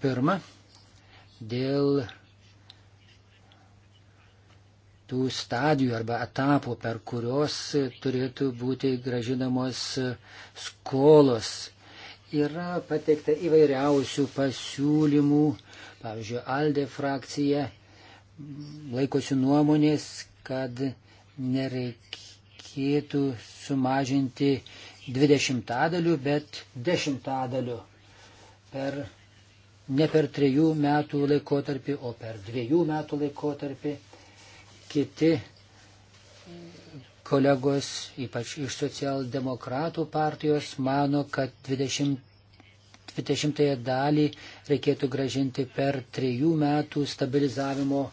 Pirma, dėl tų stadijų arba etapų, per kurios turėtų būti gražinamos skolos. Yra pateikta įvairiausių pasiūlymų, pavyzdžiui, Alde frakcija laikosi nuomonės, kad nereikėtų sumažinti dvidešimtadalių, bet dešimtadalių per ne per trejų metų laikotarpį, o per dviejų metų laikotarpį kiti kolegos, ypač iš socialdemokratų partijos, mano, kad 20, 20 dalį reikėtų gražinti per trejų metų stabilizavimo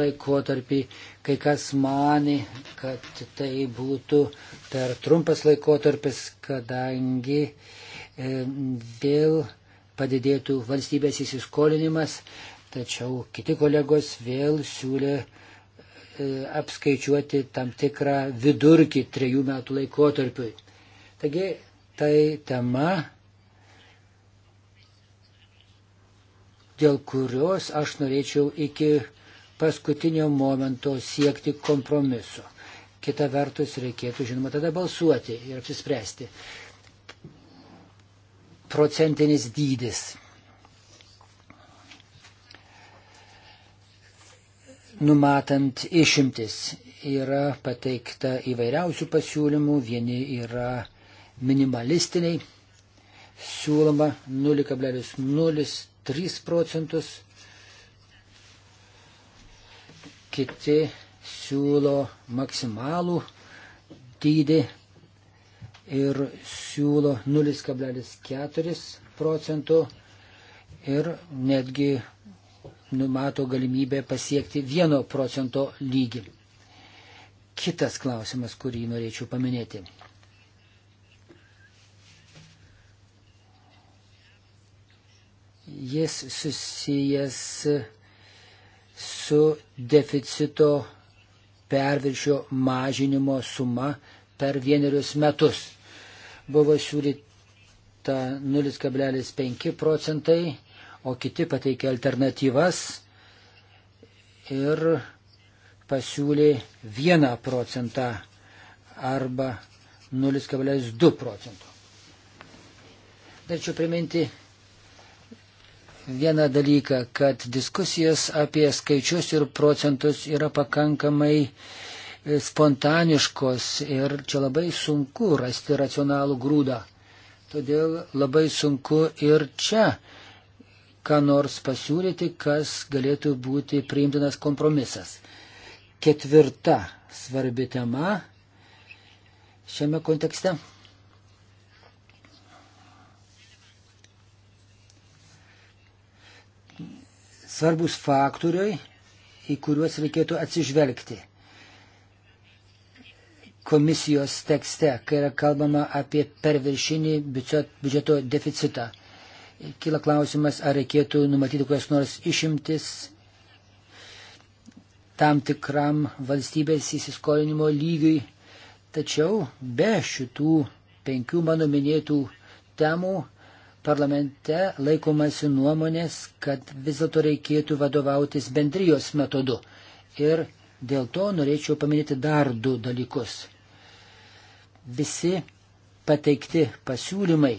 laikotarpį. Kai kas mani, kad tai būtų per trumpas laikotarpis, kadangi e, vėl padidėtų valstybės įsiskolinimas, tačiau kiti kolegos vėl siūlė E, apskaičiuoti tam tikrą vidurkį trejų metų laikotarpiui. Taigi tai tema, dėl kurios aš norėčiau iki paskutinio momento siekti kompromiso. Kita vertus, reikėtų, žinoma, tada balsuoti ir apsispręsti. Procentinis dydis numatant išimtis. Yra pateikta įvairiausių pasiūlymų, vieni yra minimalistiniai, siūloma 0,03 procentus, kiti siūlo maksimalų dydį ir siūlo 0,4 procentų ir netgi numato galimybę pasiekti 1 procento lygį. Kitas klausimas, kurį norėčiau paminėti. Jis susijęs su deficito perviršio mažinimo suma per vienerius metus. Buvo siūlyta 0,5 procentai o kiti pateikė alternatyvas ir pasiūlė 1 procentą arba 0,2 procento. Norėčiau priminti vieną dalyką, kad diskusijas apie skaičius ir procentus yra pakankamai e, spontaniškos ir čia labai sunku rasti racionalų grūdą. Todėl labai sunku ir čia ką nors pasiūlyti, kas galėtų būti priimtinas kompromisas. Ketvirta svarbi tema šiame kontekste. Svarbus faktoriai, į kuriuos reikėtų atsižvelgti komisijos tekste, kai yra kalbama apie perviršinį biudžeto deficitą. Kila klausimas, ar reikėtų numatyti kokias nors išimtis tam tikram valstybės įsiskolinimo lygiui. Tačiau be šitų penkių mano minėtų temų parlamente laikomasi nuomonės, kad vis dėlto reikėtų vadovautis bendrijos metodu. Ir dėl to norėčiau paminėti dar du dalykus. Visi pateikti pasiūlymai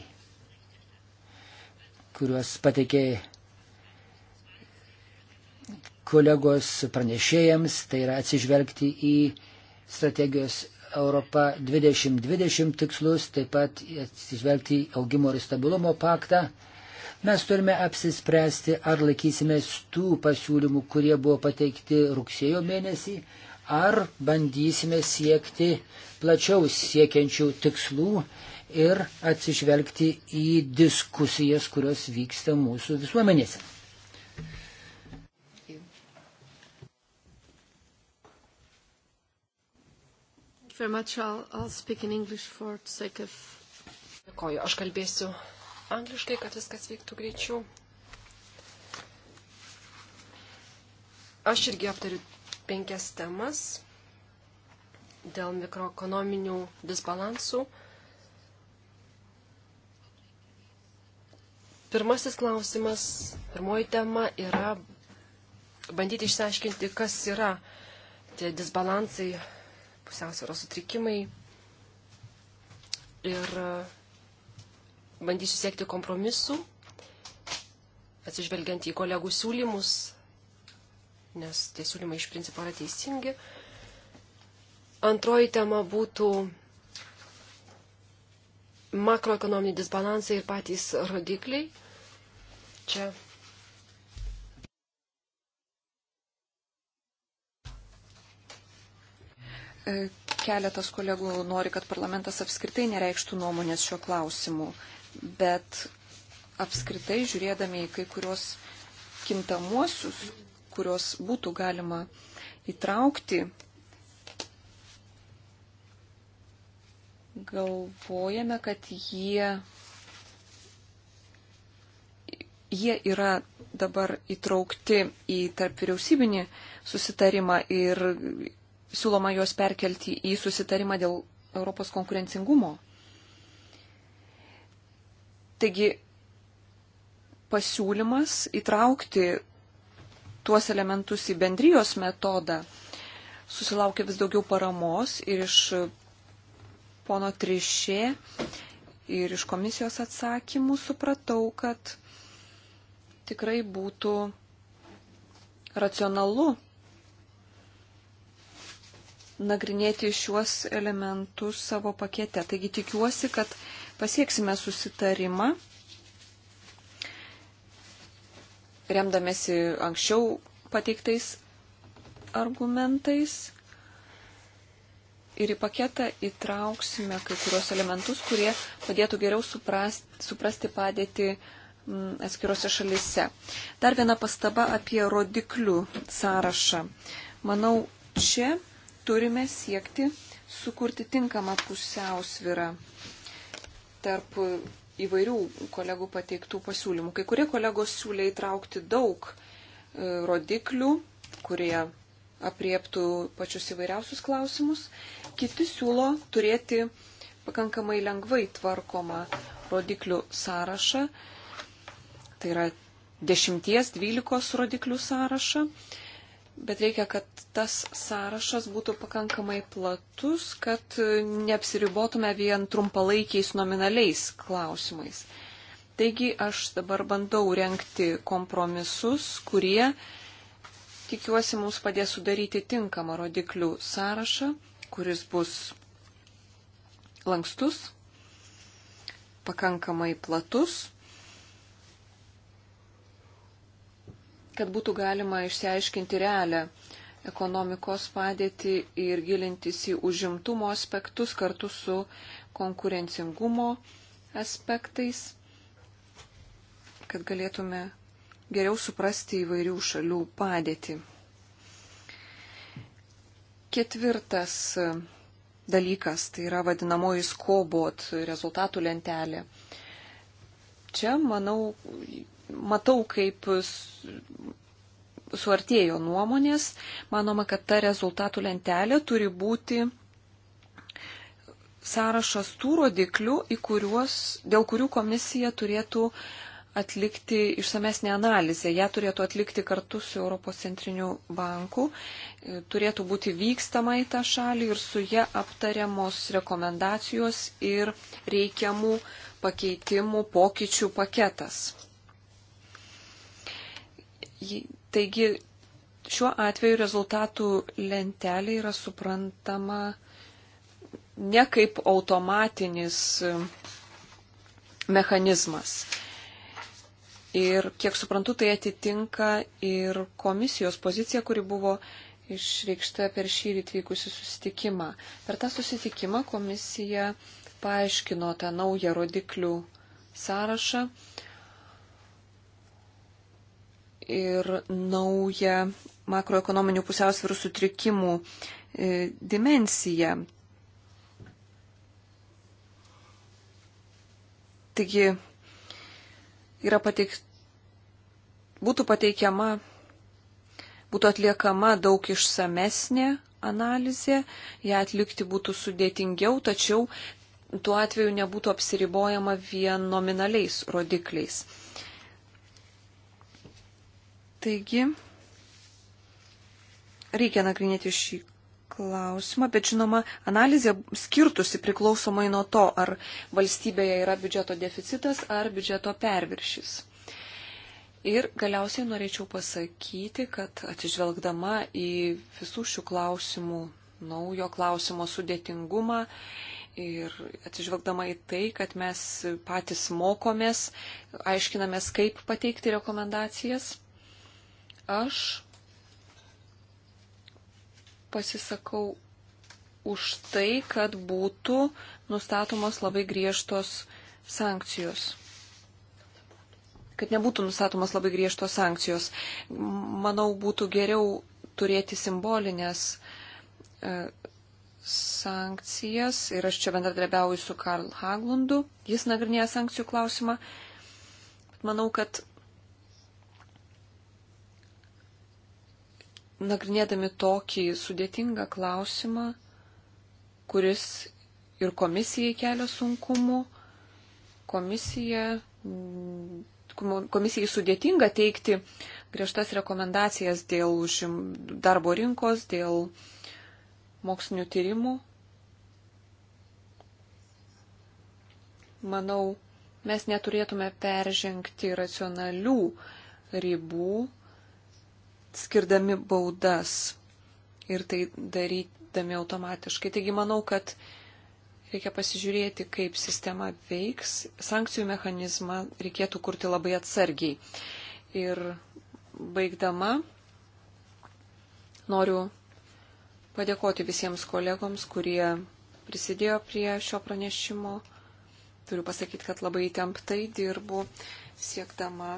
kuriuos pateikė kolegos pranešėjams, tai yra atsižvelgti į strategijos Europa 2020 tikslus, taip pat atsižvelgti į augimo ir stabilumo paktą. Mes turime apsispręsti, ar laikysimės tų pasiūlymų, kurie buvo pateikti rugsėjo mėnesį, ar bandysime siekti plačiau siekiančių tikslų ir atsižvelgti į diskusijas, kurios vyksta mūsų visuomenėse. Dėkoju, aš kalbėsiu angliškai, kad viskas vyktų greičiau. Aš irgi aptariu penkias temas dėl mikroekonominių disbalansų. Pirmasis klausimas, pirmoji tema yra bandyti išsiaiškinti, kas yra tie disbalansai, pusiausvėros sutrikimai ir e, bandysiu siekti kompromisų, atsižvelgiant į kolegų siūlymus, nes tie siūlymai iš principo yra teisingi. Antroji tema būtų makroekonominiai disbalansai ir patys rodikliai. Čia. E, keletas kolegų nori, kad parlamentas apskritai nereikštų nuomonės šiuo klausimu, bet apskritai žiūrėdami į kai kurios kintamuosius, kuriuos būtų galima įtraukti galvojame, kad jie, jie yra dabar įtraukti į tarp vyriausybinį susitarimą ir siūloma juos perkelti į susitarimą dėl Europos konkurencingumo. Taigi pasiūlymas įtraukti tuos elementus į bendrijos metodą susilaukia vis daugiau paramos ir iš pono Trišė ir iš komisijos atsakymų supratau, kad tikrai būtų racionalu nagrinėti šiuos elementus savo pakete. Taigi tikiuosi, kad pasieksime susitarimą, remdamėsi anksčiau pateiktais argumentais ir į paketą įtrauksime kai kurios elementus, kurie padėtų geriau suprast, suprasti padėti mm, atskirose šalise. Dar viena pastaba apie rodiklių sąrašą. Manau, čia turime siekti sukurti tinkamą pusiausvyrą tarp įvairių kolegų pateiktų pasiūlymų. Kai kurie kolegos siūlė įtraukti daug e, rodiklių, kurie apriektų pačius įvairiausius klausimus. Kiti siūlo turėti pakankamai lengvai tvarkomą rodiklių sąrašą. Tai yra 10-12 rodiklių sąrašą. Bet reikia, kad tas sąrašas būtų pakankamai platus, kad neapsiribotume vien trumpalaikiais nominaliais klausimais. Taigi aš dabar bandau renkti kompromisus, kurie, tikiuosi, mums padės sudaryti tinkamą rodiklių sąrašą kuris bus lankstus, pakankamai platus, kad būtų galima išsiaiškinti realią ekonomikos padėtį ir gilintis į užimtumo aspektus kartu su konkurencingumo aspektais, kad galėtume geriau suprasti įvairių šalių padėtį. Ketvirtas e, dalykas tai yra vadinamoji skobot rezultatų lentelė. Čia, manau, matau, kaip suartėjo nuomonės. Manoma, kad ta rezultatų lentelė turi būti sąrašas tų rodiklių, kuriuos, dėl kurių komisija turėtų atlikti išsamesnę analizę. Ja turėtų atlikti kartu su Europos centriniu banku. E, turėtų būti vykstama į tą šalį ir su ja aptariamos rekomendacijos ir reikiamų pakeitimų pokyčių paketas. Taigi šiuo atveju rezultatų lentelė yra suprantama ne kaip automatinis e, mechanizmas. Ir kiek suprantu, tai atitinka ir komisijos pozicija, kuri buvo išreikšta per šį rytvykusi susitikimą. Per tą susitikimą komisija paaiškino tą naują rodiklių sąrašą ir naują makroekonominių pusiausvyrų sutrikimų e, dimensiją. Taigi yra pateik, būtų pateikiama, būtų atliekama daug išsamesnė analizė, ją atlikti būtų sudėtingiau, tačiau tuo atveju nebūtų apsiribojama vien nominaliais rodikliais. Taigi, reikia nagrinėti šį klausimą, bet žinoma, analizė skirtusi priklausomai nuo to, ar valstybėje yra biudžeto deficitas ar biudžeto perviršys. Ir galiausiai norėčiau pasakyti, kad atsižvelgdama į visų šių klausimų naujo klausimo sudėtingumą ir atsižvelgdama į tai, kad mes patys mokomės, aiškinamės, kaip pateikti rekomendacijas, aš pasisakau už tai, kad būtų nustatomos labai griežtos sankcijos. Kad nebūtų nustatomos labai griežtos sankcijos. Manau, būtų geriau turėti simbolinės e, sankcijas. Ir aš čia bendradarbiauju su Karl Haglundu. Jis nagrinėja sankcijų klausimą. Bet manau, kad nagrinėdami tokį sudėtingą klausimą, kuris ir komisijai kelia sunkumų, komisija, komisijai sudėtinga teikti griežtas rekomendacijas dėl darbo rinkos, dėl mokslinių tyrimų. Manau, mes neturėtume peržengti racionalių ribų skirdami baudas ir tai darydami automatiškai. Taigi manau, kad reikia pasižiūrėti, kaip sistema veiks. Sankcijų mechanizmą reikėtų kurti labai atsargiai. Ir baigdama noriu padėkoti visiems kolegoms, kurie prisidėjo prie šio pranešimo. Turiu pasakyti, kad labai įtemptai dirbu siekdama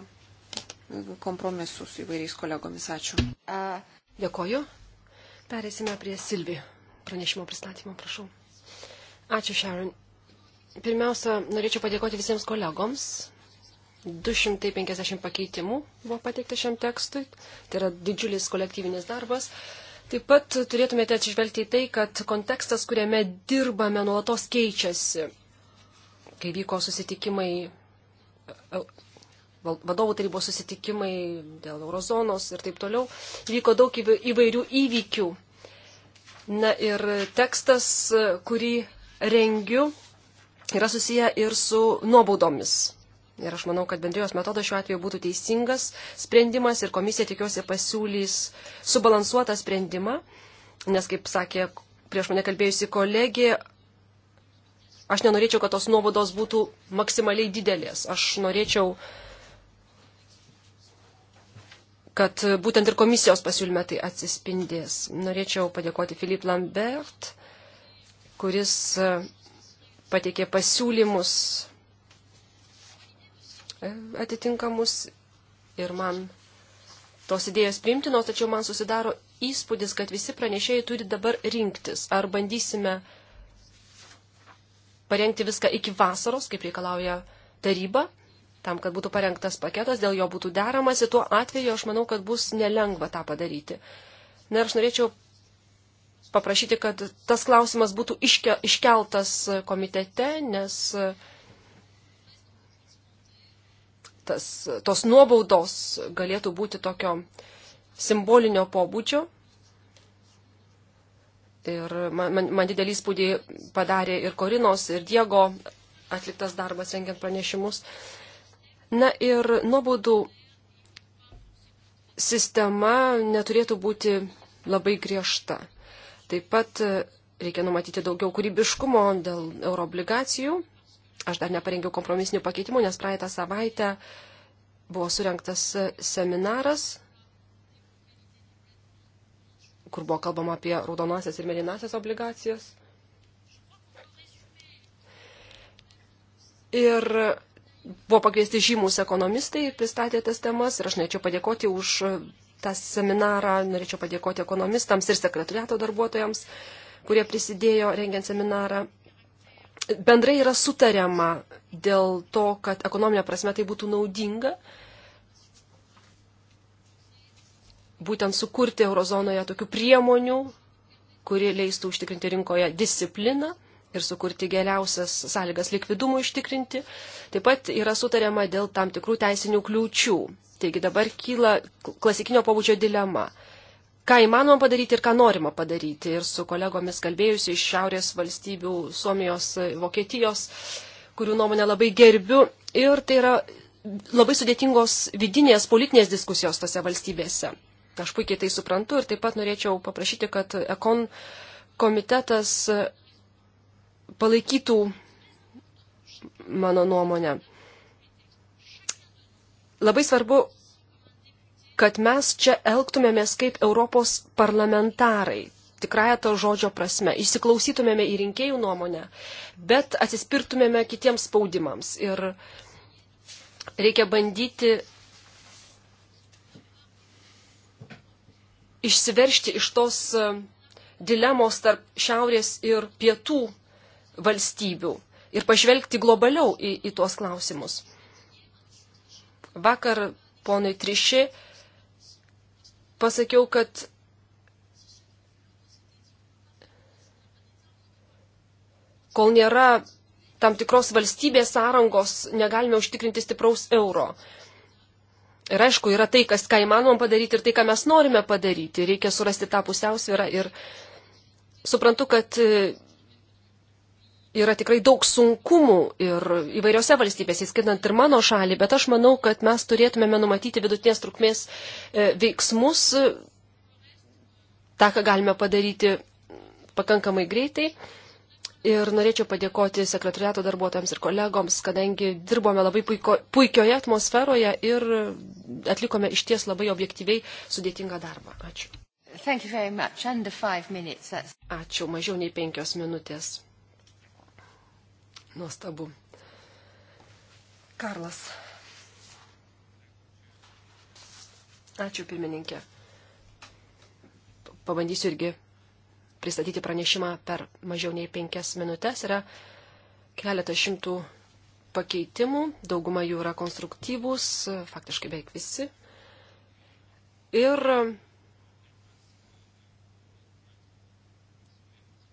kompromisus įvairiais kolegomis. Ačiū. Dėkoju. Perėsime prie Silvi. Pranešimo pristatymo, prašau. Ačiū, Sharon. Pirmiausia, norėčiau padėkoti visiems kolegoms. 250 pakeitimų buvo pateikta šiam tekstui. Tai yra didžiulis kolektyvinis darbas. Taip pat turėtumėte atsižvelgti į tai, kad kontekstas, kuriame dirbame, nuolatos keičiasi. Kai vyko susitikimai vadovų tarybos susitikimai dėl eurozonos ir taip toliau. Vyko daug įvairių įvykių. Na ir tekstas, kurį rengiu, yra susiję ir su nuobaudomis. Ir aš manau, kad bendrijos metodas šiuo atveju būtų teisingas sprendimas ir komisija tikiuosi pasiūlys subalansuotą sprendimą, nes, kaip sakė prieš mane kalbėjusi kolegė, aš nenorėčiau, kad tos nuobodos būtų maksimaliai didelės. Aš norėčiau uh, kad būtent ir komisijos pasiūlyme tai atsispindės. Norėčiau padėkoti Filip Lambert, kuris e, pateikė pasiūlymus e, atitinkamus ir man tos idėjos priimtinos, tačiau man susidaro įspūdis, kad visi pranešėjai turi dabar rinktis. Ar bandysime parengti viską iki vasaros, kaip reikalauja taryba, tam, kad būtų parengtas paketas, dėl jo būtų deramasi, tuo atveju aš manau, kad bus nelengva tą padaryti. Na ir aš norėčiau paprašyti, kad tas klausimas būtų iške, iškeltas komitete, nes e, tas, tos nuobaudos galėtų būti tokio simbolinio pobūdžio. Ir man, man, man didelį įspūdį padarė ir Korinos, ir Diego atliktas darbas rengiant pranešimus. Uh, Na ir nuobaudų sistema neturėtų būti labai griežta. Taip pat e, reikia numatyti daugiau kūrybiškumo dėl euroobligacijų. Aš dar neparengiau kompromisinių pakeitimų, nes praeitą savaitę buvo surinktas e, seminaras, kur buvo kalbama apie raudonasias ir mėlynasias obligacijas. Ir buvo pakviesti žymus ekonomistai ir pristatė tas temas ir aš norėčiau padėkoti už e, tą seminarą, norėčiau padėkoti ekonomistams ir sekretariato darbuotojams, kurie prisidėjo rengiant seminarą. Bendrai yra sutariama dėl to, kad ekonominė prasme tai būtų naudinga būtent sukurti eurozonoje tokių priemonių, kuri leistų užtikrinti rinkoje discipliną ir sukurti geriausias sąlygas likvidumų ištikrinti. Taip pat yra sutariama dėl tam tikrų teisinių kliūčių. Taigi dabar kyla klasikinio pabudžio dilema. Ką įmanoma padaryti ir ką norima padaryti. Ir su kolegomis kalbėjusi iš šiaurės valstybių, Suomijos, Vokietijos, kurių nuomonę labai gerbiu. Ir tai yra labai sudėtingos vidinės politinės diskusijos tose valstybėse. Aš puikiai tai suprantu ir taip pat norėčiau paprašyti, kad ekon komitetas palaikytų mano nuomonę. Labai svarbu, kad mes čia elgtumėmės kaip Europos parlamentarai, tikrąją to žodžio prasme, įsiklausytumėme į rinkėjų nuomonę, bet atsispirtumėme kitiems spaudimams. Ir reikia bandyti išsiveršti iš tos e, dilemos tarp šiaurės ir pietų valstybių ir pažvelgti globaliau į, į tuos klausimus. Vakar ponui Triši pasakiau, kad kol nėra tam tikros valstybės sąrangos, negalime užtikrinti stipraus euro. Ir aišku, yra tai, kas, ką įmanom padaryti ir tai, ką mes norime padaryti. Reikia surasti tą pusiausvyrą ir suprantu, kad yra tikrai daug sunkumų ir įvairiose valstybėse, įskaitant ir mano šalį, bet aš manau, kad mes turėtumėme numatyti vidutinės trukmės e, veiksmus, e, tą, ką galime padaryti pakankamai greitai. Ir norėčiau padėkoti sekretariato darbuotojams ir kolegoms, kadangi dirbome labai puiko, puikioje atmosferoje ir atlikome išties labai objektyviai sudėtingą darbą. Ačiū. Ačiū, mažiau nei penkios minutės. Nuostabu. Karlas. Ačiū, pirmininkė. Pabandysiu irgi pristatyti pranešimą per mažiau nei penkias minutės. Yra keletas šimtų pakeitimų, dauguma jų yra konstruktyvūs, faktiškai beveik visi. Ir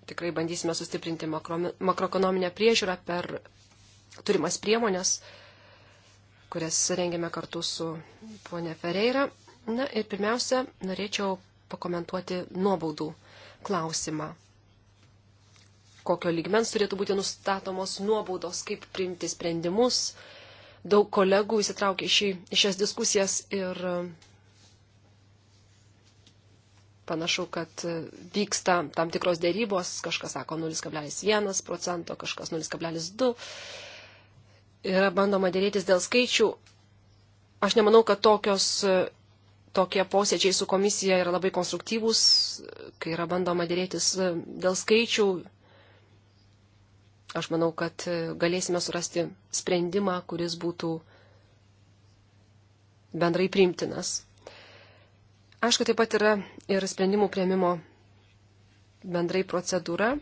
tikrai bandysime sustiprinti makro, makroekonominę priežiūrą per turimas priemonės, kurias rengėme kartu su ponė Ferreira. Na ir pirmiausia, norėčiau pakomentuoti nuobaudų klausimą. Kokio lygmens turėtų būti nustatomos nuobaudos, kaip priimti sprendimus. Daug kolegų įsitraukė į šias diskusijas ir panašu, kad vyksta tam tikros dėrybos, kažkas sako 0,1 procento, kažkas 0,2. Yra bandoma dėrėtis dėl skaičių. Aš nemanau, kad tokios, tokie posėdžiai su komisija yra labai konstruktyvūs, kai yra bandoma dėrėtis dėl skaičių. Aš manau, kad galėsime surasti sprendimą, kuris būtų bendrai priimtinas. Aišku, taip pat yra ir sprendimų prieimimo bendrai procedūra.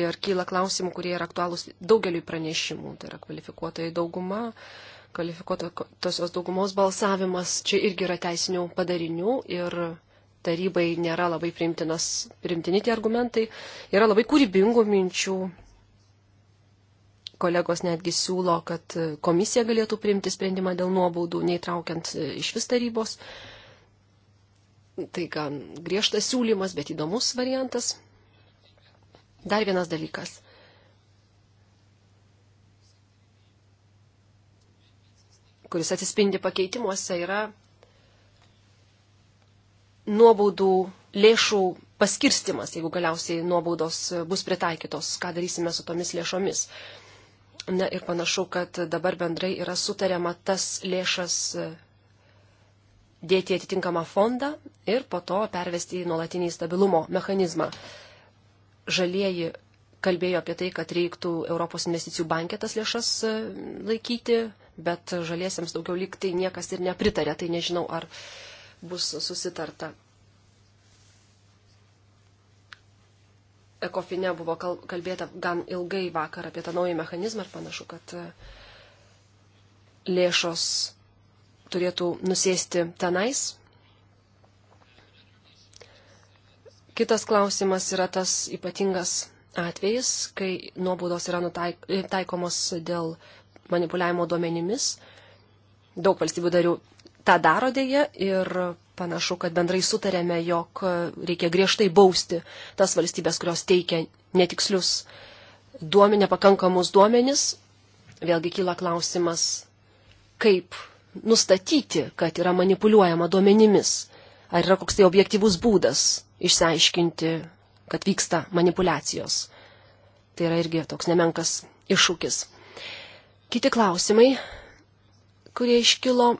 Ir kyla klausimų, kurie yra aktualūs daugeliui pranešimų. Tai yra kvalifikuotojai dauguma, kvalifikuotosios daugumos balsavimas. Čia irgi yra teisinių padarinių ir tarybai nėra labai priimtinas, priimtini tie argumentai. Yra labai kūrybingų minčių kolegos netgi siūlo, kad komisija galėtų priimti sprendimą dėl nuobaudų, neįtraukiant e, iš vis tarybos. Tai gan griežtas siūlymas, bet įdomus variantas. Dar vienas dalykas. kuris atsispindi pakeitimuose, yra nuobaudų lėšų paskirstimas, jeigu galiausiai nuobaudos bus pritaikytos, ką darysime su tomis lėšomis. Uh, Na ir panašu, kad dabar bendrai yra sutariama tas lėšas e, dėti atitinkamą fondą ir po to pervesti į nuolatinį stabilumo mechanizmą. Žalieji kalbėjo apie tai, kad reiktų Europos investicijų bankė tas lėšas e, laikyti, bet žaliesiems daugiau lyg tai niekas ir nepritarė, tai nežinau, ar bus susitarta. ekofine buvo kalbėta gan ilgai vakar apie tą naują mechanizmą ir panašu, kad e, lėšos turėtų nusėsti tenais. Kitas klausimas yra tas ypatingas atvejis, kai nuobaudos yra nutaik, e, taikomos dėl manipuliavimo duomenimis. Daug valstybių darių tą daro dėje ir panašu, kad bendrai sutarėme, jog e, reikia griežtai bausti tas valstybės, kurios teikia netikslius duomenį, nepakankamus duomenis. Vėlgi kyla klausimas, kaip nustatyti, kad yra manipuliuojama duomenimis. Ar yra koks tai objektivus būdas išsiaiškinti, kad vyksta manipulacijos. Tai yra irgi toks nemenkas iššūkis. Kiti klausimai, kurie iškilo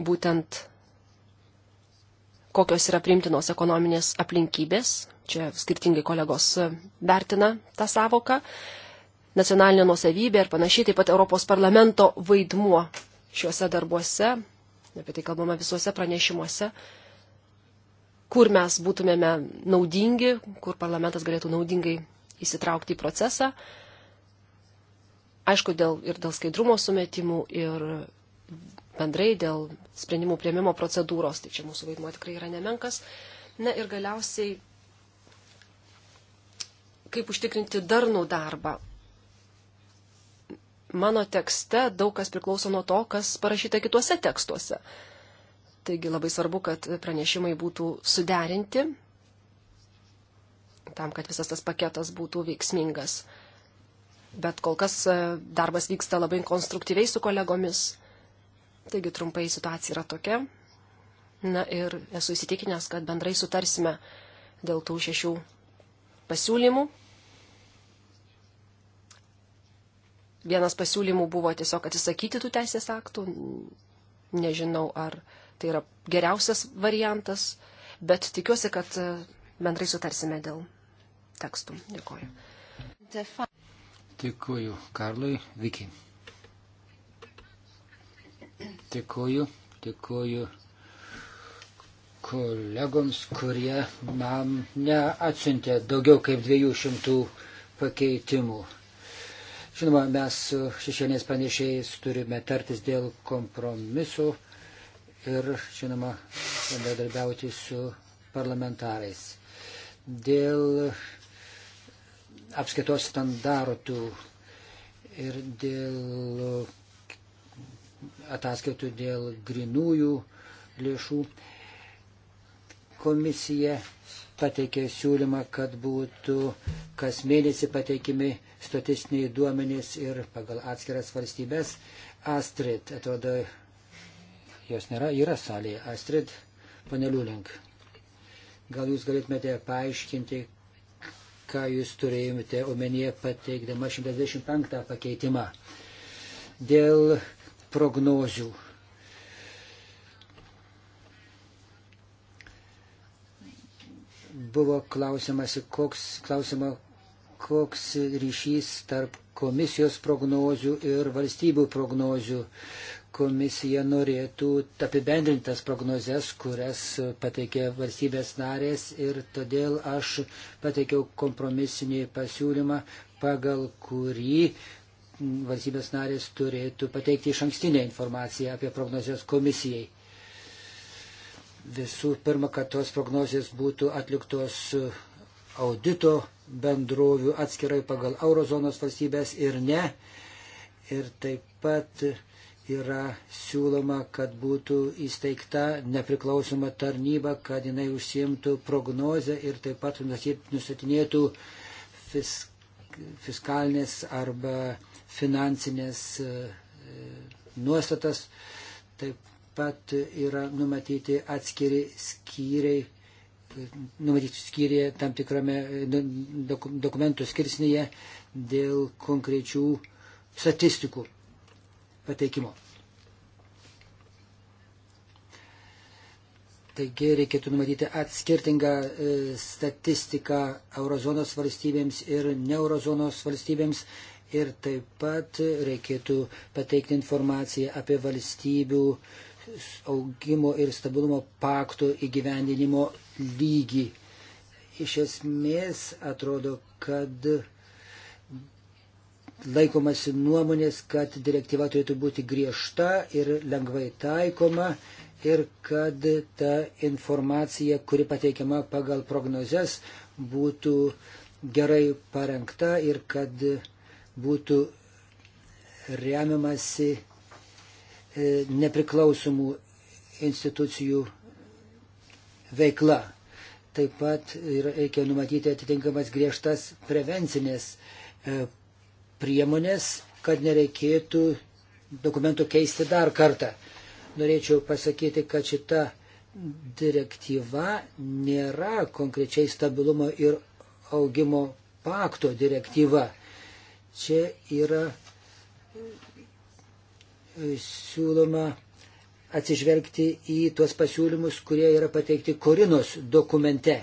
būtent kokios yra primtinos ekonominės aplinkybės, čia skirtingai kolegos vertina tą savoką, nacionalinė nuosavybė ir panašiai, taip pat Europos parlamento vaidmuo šiuose darbuose, apie tai kalbama visuose pranešimuose, kur mes būtumėme naudingi, kur parlamentas galėtų naudingai įsitraukti į procesą. Aišku, dėl, ir dėl skaidrumo sumetimų, ir bendrai dėl sprendimų prieimimo procedūros, tai čia mūsų vaidmuo tikrai yra nemenkas. Na ir galiausiai, kaip užtikrinti darnų darbą. Mano tekste daug kas priklauso nuo to, kas parašyta kituose tekstuose. Taigi labai svarbu, kad pranešimai būtų suderinti tam, kad visas tas paketas būtų veiksmingas. Bet kol kas e, darbas vyksta labai konstruktyviai su kolegomis Taigi trumpai situacija yra tokia. Na ir esu įsitikinęs, kad bendrai sutarsime dėl tų šešių pasiūlymų. Vienas pasiūlymų buvo tiesiog atsisakyti tų teisės aktų. Nežinau, ar tai yra geriausias variantas, bet tikiuosi, kad e, bendrai sutarsime dėl tekstų. Dėkuoju. Dėkuoju, Karlui Vikiai. Dėkuoju, dėkuoju kolegoms, kurie man neatsintė daugiau kaip 200 pakeitimų. Žinoma, mes šešienės panešėjais turime tartis dėl kompromisų ir, žinoma, bendradarbiauti su parlamentarais. Dėl apskaitos standartų ir dėl ataskaitų dėl grinųjų lėšų. Komisija pateikė siūlymą, kad būtų kas mėnesį pateikimi statistiniai duomenys ir pagal atskiras valstybės. Astrid, atrodo, jos nėra, yra salėje. Astrid, panelių link. Gal jūs galėtumėte paaiškinti, ką jūs turėjote omenyje pateikdama 125 pakeitimą. Dėl prognozių. Buvo klausimasi, koks, klausima, koks ryšys tarp komisijos prognozių ir valstybių prognozių. Komisija norėtų apibendrintas prognozes, kurias pateikė valstybės narės ir todėl aš pateikiau kompromisinį pasiūlymą, pagal kurį valstybės narės turėtų pateikti iš ankstinę informaciją apie prognozijas komisijai. Visų pirma, kad tos prognozijos būtų atliktos audito bendrovių atskirai pagal eurozonos valstybės ir ne. Ir taip pat yra siūloma, kad būtų įsteigta nepriklausoma tarnyba, kad jinai užsiimtų prognozę ir taip pat nustatinėtų fisk fiskalinės arba finansinės e, e, nuostatas. Taip pat yra numatyti atskiri skyriai, numatyti skyriai tam tikrame e, nu, dokumentų skirsnyje dėl konkrečių statistikų pateikimo. Taigi reikėtų numatyti atskirtingą statistiką eurozonos valstybėms ir neurozonos valstybėms ir taip pat reikėtų pateikti informaciją apie valstybių augimo ir stabilumo pakto įgyvendinimo lygį. Iš esmės atrodo, kad laikomasi nuomonės, kad direktyva turėtų būti griežta ir lengvai taikoma ir kad ta informacija, kuri pateikiama pagal prognozes, būtų gerai parengta ir kad būtų remiamasi e, nepriklausomų institucijų veikla. Taip pat reikia numatyti atitinkamas griežtas prevencinės e, priemonės, kad nereikėtų dokumentų keisti dar kartą. Norėčiau pasakyti, kad šita direktyva nėra konkrečiai stabilumo ir augimo pakto direktyva. Čia yra e, siūloma atsižvelgti į tuos pasiūlymus, kurie yra pateikti Korinos dokumente.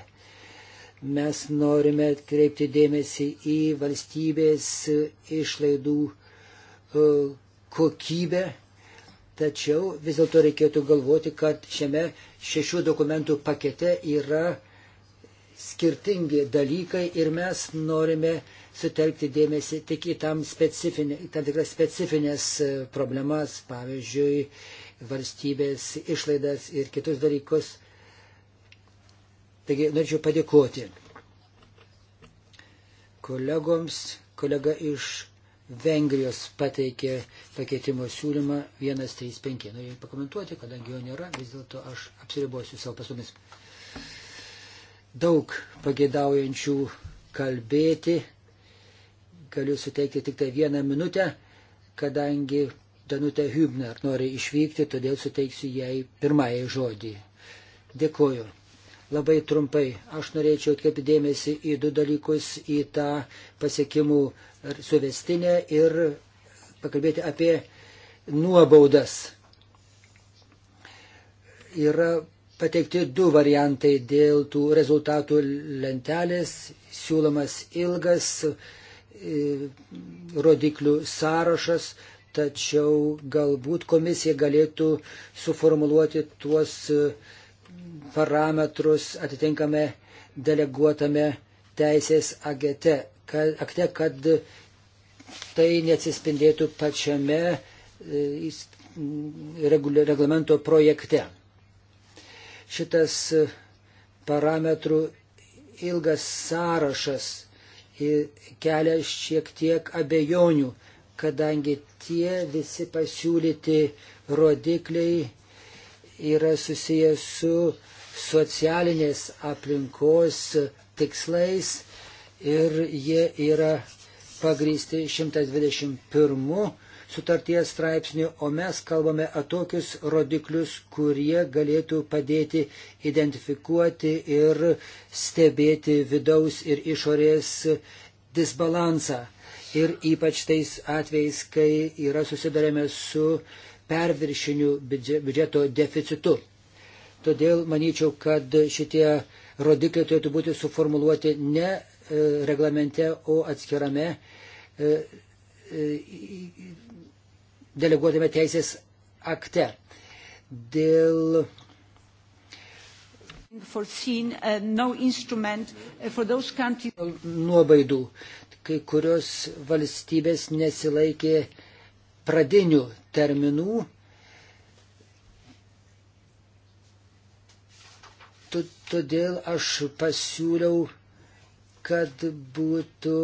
Mes norime kreipti dėmesį į valstybės išlaidų e, kokybę, tačiau vis dėlto reikėtų galvoti, kad šiame šešių dokumentų pakete yra skirtingi dalykai ir mes norime uh, sutelkti dėmesį tik į tam, tam tikras specifines e, problemas, pavyzdžiui, valstybės išlaidas ir kitus dalykus. Taigi norėčiau padėkoti kolegoms, kolega iš Vengrijos pateikė pakeitimo siūlymą 135. Norėjau pakomentuoti, kadangi jo nėra, vis dėlto aš apsiribosiu savo pasomis. Daug pagėdaujančių kalbėti, galiu suteikti tik tai vieną minutę, kadangi Danutė Hübner nori išvykti, todėl suteiksiu jai pirmąjį žodį. Dėkuoju. Labai trumpai, aš norėčiau atkreipti dėmesį į du dalykus, į tą pasiekimų suvestinę ir pakalbėti apie nuobaudas. Yra pateikti du variantai dėl tų rezultatų lentelės, siūlomas ilgas rodiklių sąrašas, tačiau galbūt komisija galėtų suformuluoti tuos e, parametrus atitinkame deleguotame teisės agete, kad, akte, kad tai neatsispindėtų pačiame e, reglamento projekte. Šitas e, parametrų ilgas sąrašas kelia šiek tiek abejonių, kadangi tie visi pasiūlyti rodikliai yra susijęs su socialinės aplinkos tikslais ir jie yra pagrysti 121 sutarties straipsnių, o mes kalbame atokius rodiklius, kurie galėtų padėti identifikuoti ir stebėti vidaus ir išorės disbalansą. Ir ypač tais atvejais, kai yra susidarėme su perviršiniu biudžeto deficitu. Todėl manyčiau, kad šitie rodikliai turėtų būti suformuluoti ne e, reglamente, o atskirame e, e, deleguodami teisės akte. Dėl foreseen uh, no instrument uh, for those countries. Nuobaidų. Kai kurios valstybės nesilaikė pradinių terminų. Todėl aš pasiūliau, kad būtų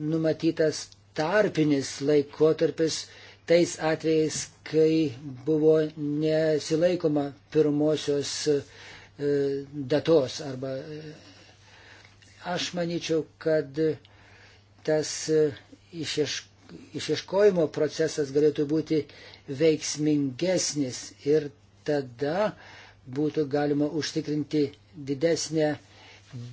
numatytas tarpinis laikotarpis tais atvejais, kai buvo nesilaikoma pirmosios e, datos arba e, aš manyčiau, kad tas e, išiešk išieškojimo procesas galėtų būti veiksmingesnis ir tada būtų galima užtikrinti didesnę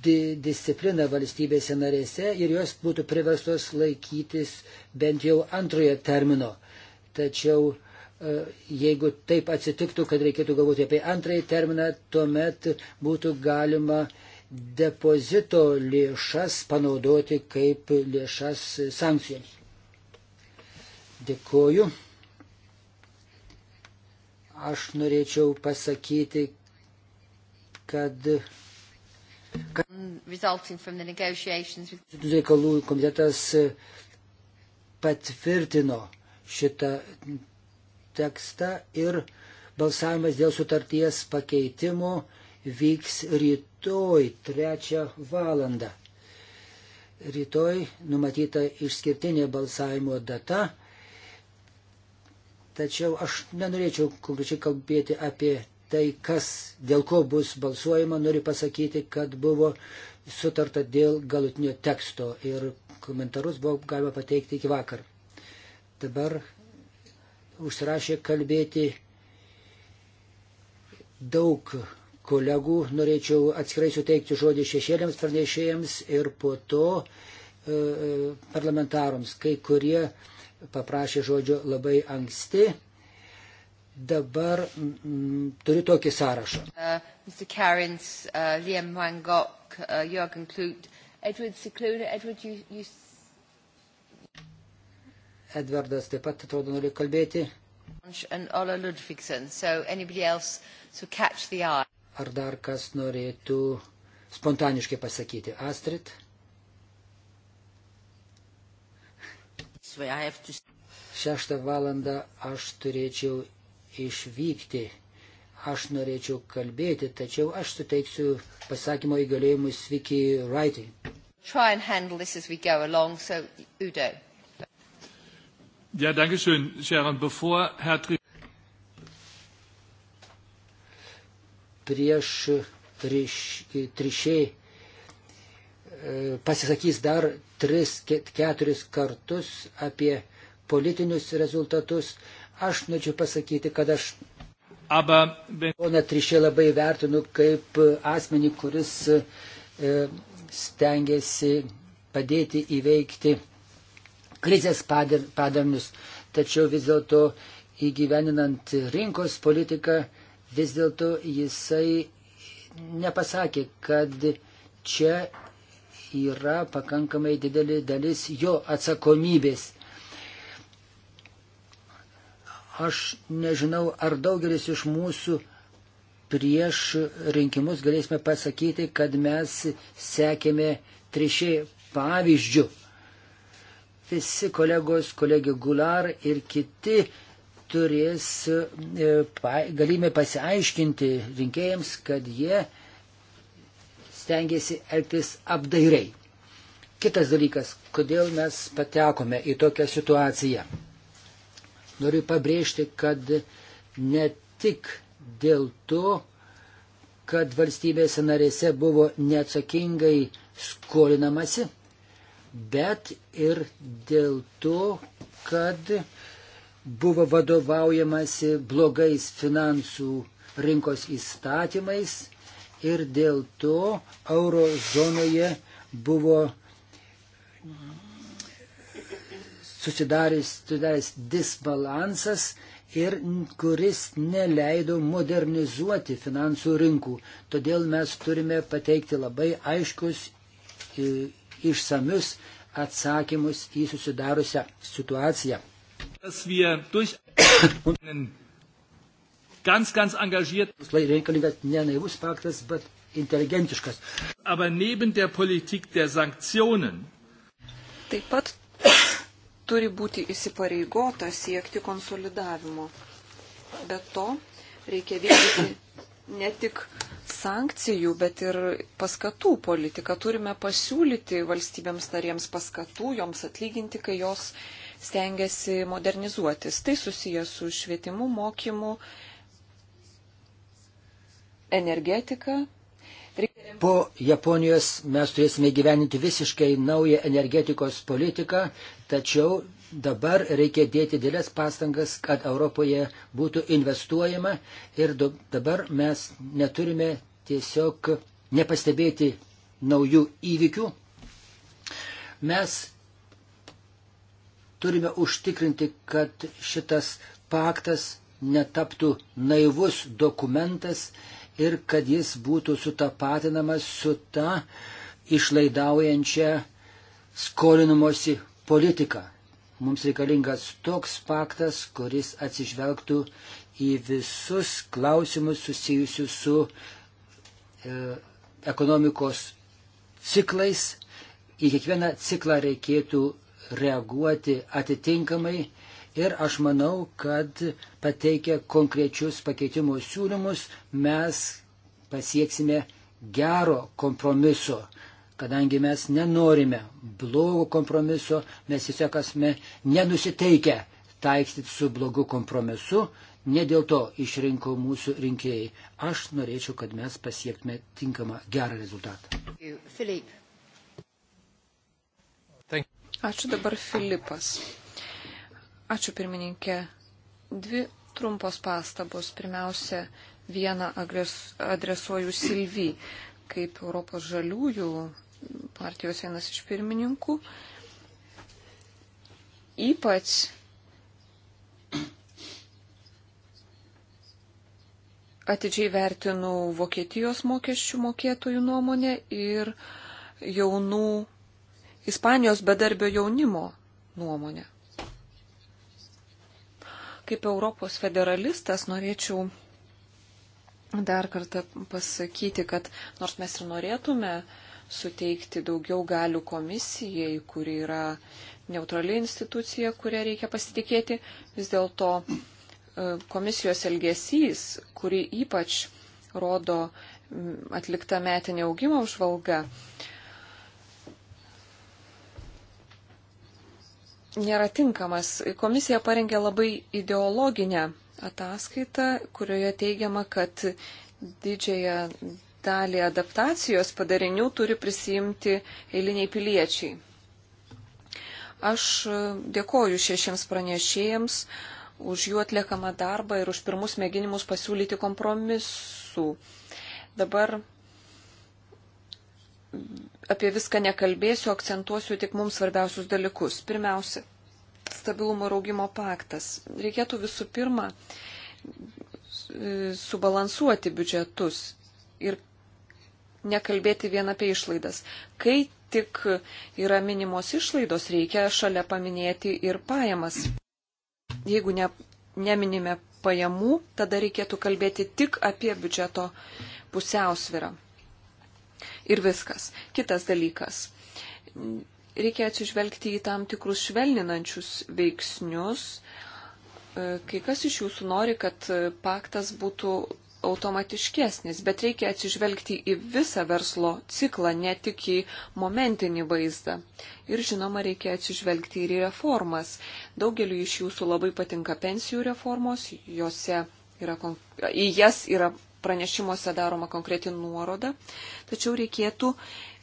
di discipliną valstybėse narėse ir jos būtų priverstos laikytis bent jau antrojo termino. Tačiau e, jeigu taip atsitiktų, kad reikėtų galvoti apie antrąjį terminą, tuomet būtų galima depozito lėšas panaudoti kaip lėšas sankcijoms. Dėkoju. Aš norėčiau pasakyti, kad Reikalų komitetas patvirtino šitą tekstą ir balsavimas dėl sutarties pakeitimo vyks rytoj trečią valandą. Rytoj numatyta išskirtinė balsavimo data, tačiau aš nenorėčiau konkrečiai kalbėti apie tai, kas dėl ko bus balsuojama, noriu pasakyti, kad buvo sutarta dėl galutinio teksto ir komentarus buvo galima pateikti iki vakar dabar užsirašė kalbėti daug kolegų. Norėčiau atskirai suteikti žodį šešėliams pranešėjams ir po to e, e parlamentarams. Kai kurie paprašė žodžio labai anksti. Dabar m, mm, turiu tokį sąrašą. Uh, Mr. Karins, uh, Liam Wangok, uh, Jürgen Klut, Edward Sikluna. Edward, you, you Edvardas taip pat atrodo nori kalbėti. Ar dar kas norėtų spontaniškai pasakyti? Astrid? Šeštą valandą aš turėčiau išvykti. Aš norėčiau kalbėti, tačiau aš suteiksiu pasakymo įgalėjimus Vicky Writing. Try and handle this as we go along, so Udo. Ja, danke schön, Sharon. Bevor Herr Tri Prieš triš, trišiai e, pasisakys dar tris, keturis kartus apie politinius rezultatus. Aš norėčiau pasakyti, kad aš Aber, ben... poną Trišė labai vertinu kaip asmenį, kuris e, stengiasi padėti įveikti krizės padarnius. Tačiau vis dėlto įgyveninant rinkos politiką, vis dėlto jisai nepasakė, kad čia yra pakankamai didelė dalis jo atsakomybės. Aš nežinau, ar daugelis iš mūsų prieš rinkimus galėsime pasakyti, kad mes sekėme trišė pavyzdžių visi kolegos, kolegė Gular ir kiti turės e, galime pasiaiškinti rinkėjams, kad jie stengiasi elgtis apdairiai. Kitas dalykas, kodėl mes patekome į tokią situaciją. Noriu pabrėžti, kad ne tik dėl to, kad valstybėse narėse buvo neatsakingai skolinamasi, bet ir dėl to, kad buvo vadovaujamasi blogais finansų rinkos įstatymais ir dėl to eurozonoje buvo susidaręs, susidaręs disbalansas ir kuris neleido modernizuoti finansų rinkų. Todėl mes turime pateikti labai aiškus e, išsamius atsakymus į susidariusią situaciją. Ganz, ganz engagiert. Reikalingas ne naivus paktas, bet inteligentiškas. Aber neben der Politik der Sanktionen. Taip pat turi būti įsipareigota siekti konsolidavimo. Be to reikia vykdyti ne tik sankcijų, bet ir paskatų politiką. Turime pasiūlyti valstybėms narėms paskatų, joms atlyginti, kai jos stengiasi modernizuotis. Tai susijęs su švietimu, mokymu, energetika. Po Japonijos mes turėsime gyveninti visiškai naują energetikos politiką, tačiau dabar reikia dėti dėlės pastangas, kad Europoje būtų investuojama ir dabar mes neturime tiesiog nepastebėti naujų įvykių. Mes turime užtikrinti, kad šitas paktas netaptų naivus dokumentas ir kad jis būtų sutapatinamas su ta išlaidaujančia skolinimuosi politika. Mums reikalingas toks paktas, kuris atsižvelgtų į visus klausimus susijusius su E, ekonomikos ciklais. Į kiekvieną ciklą reikėtų reaguoti atitinkamai ir aš manau, kad pateikę konkrečius pakeitimų siūlymus mes pasieksime gero kompromiso, kadangi mes nenorime blogo kompromiso, mes tiesiog esame nenusiteikę taikstyti su blogu kompromisu, Ne dėl to išrinko mūsų rinkėjai. Aš norėčiau, kad mes pasiektume tinkamą gerą rezultatą. Filip. Ačiū dabar Filipas. Ačiū pirmininkė. Dvi trumpos pastabos. Pirmiausia, vieną adresuoju Silvy, kaip Europos žaliųjų partijos vienas iš pirmininkų. Ypač atidžiai vertinu Vokietijos mokesčių mokėtojų nuomonę ir jaunų Ispanijos bedarbio jaunimo nuomonę. Kaip Europos federalistas norėčiau dar kartą pasakyti, kad nors mes ir norėtume suteikti daugiau galių komisijai, kuri yra neutrali institucija, kurią reikia pasitikėti, vis dėlto E, komisijos elgesys, kurį ypač rodo atlikta metinė augimo apžvalga, nėra tinkamas. Komisija parengė labai ideologinę ataskaitą, kurioje teigiama, kad didžiąją dalį adaptacijos padarinių turi prisijimti eiliniai piliečiai. Aš dėkoju šešiems pranešėjams už jų atliekamą darbą ir už pirmus mėginimus pasiūlyti kompromisų. Dabar apie viską nekalbėsiu, akcentuosiu tik mums svarbiausius dalykus. Pirmiausia, stabilumo ir augimo paktas. Reikėtų visų pirma e, subalansuoti biudžetus ir nekalbėti vien apie išlaidas. Kai tik yra minimos išlaidos, reikia šalia paminėti ir pajamas jeigu ne, neminime pajamų, tada reikėtų kalbėti tik apie biudžeto pusiausvirą. Ir viskas. Kitas dalykas. Reikia atsižvelgti į tam tikrus švelninančius veiksnius. E, kai kas iš jūsų nori, kad e, paktas būtų automatiškesnis, bet reikia atsižvelgti į visą verslo ciklą, ne tik į momentinį vaizdą. Ir žinoma, reikia atsižvelgti ir į reformas. Daugeliu iš jūsų labai patinka pensijų reformos, jose yra, į jas yra pranešimuose daroma konkreti nuoroda, tačiau reikėtų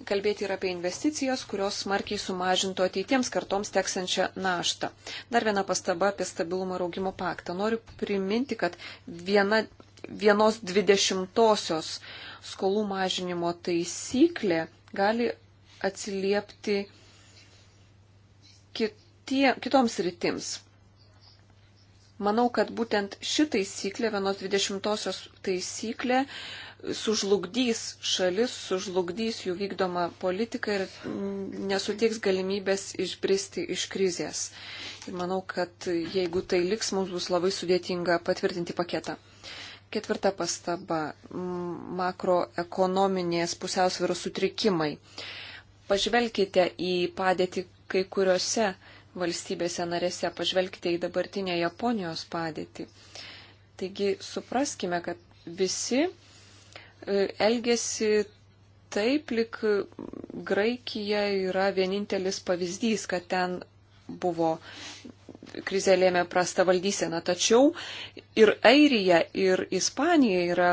kalbėti ir apie investicijas, kurios smarkiai sumažintų ateitiems kartoms teksančią naštą. Dar viena pastaba apie stabilumo ir augimo paktą. Noriu priminti, kad viena vienos dvidešimtosios skolų mažinimo taisyklė gali atsiliepti kitie, kitoms rytims. Manau, kad būtent ši taisyklė, vienos dvidešimtosios taisyklė, sužlugdys šalis, sužlugdys jų vykdomą politiką ir nesutiks galimybės išbristi iš krizės. Ir manau, kad jeigu tai liks, mums bus labai sudėtinga patvirtinti paketą. Ketvirta pastaba - makroekonominės pusiausvėros sutrikimai. Pažvelkite į padėtį kai kuriuose valstybėse narėse, pažvelkite į dabartinę Japonijos padėtį. Taigi supraskime, kad visi e, elgesi taip, lik Graikija yra vienintelis pavyzdys, kad ten buvo krizė lėmė prastą valdyseną. Tačiau ir Airija, ir Ispanija yra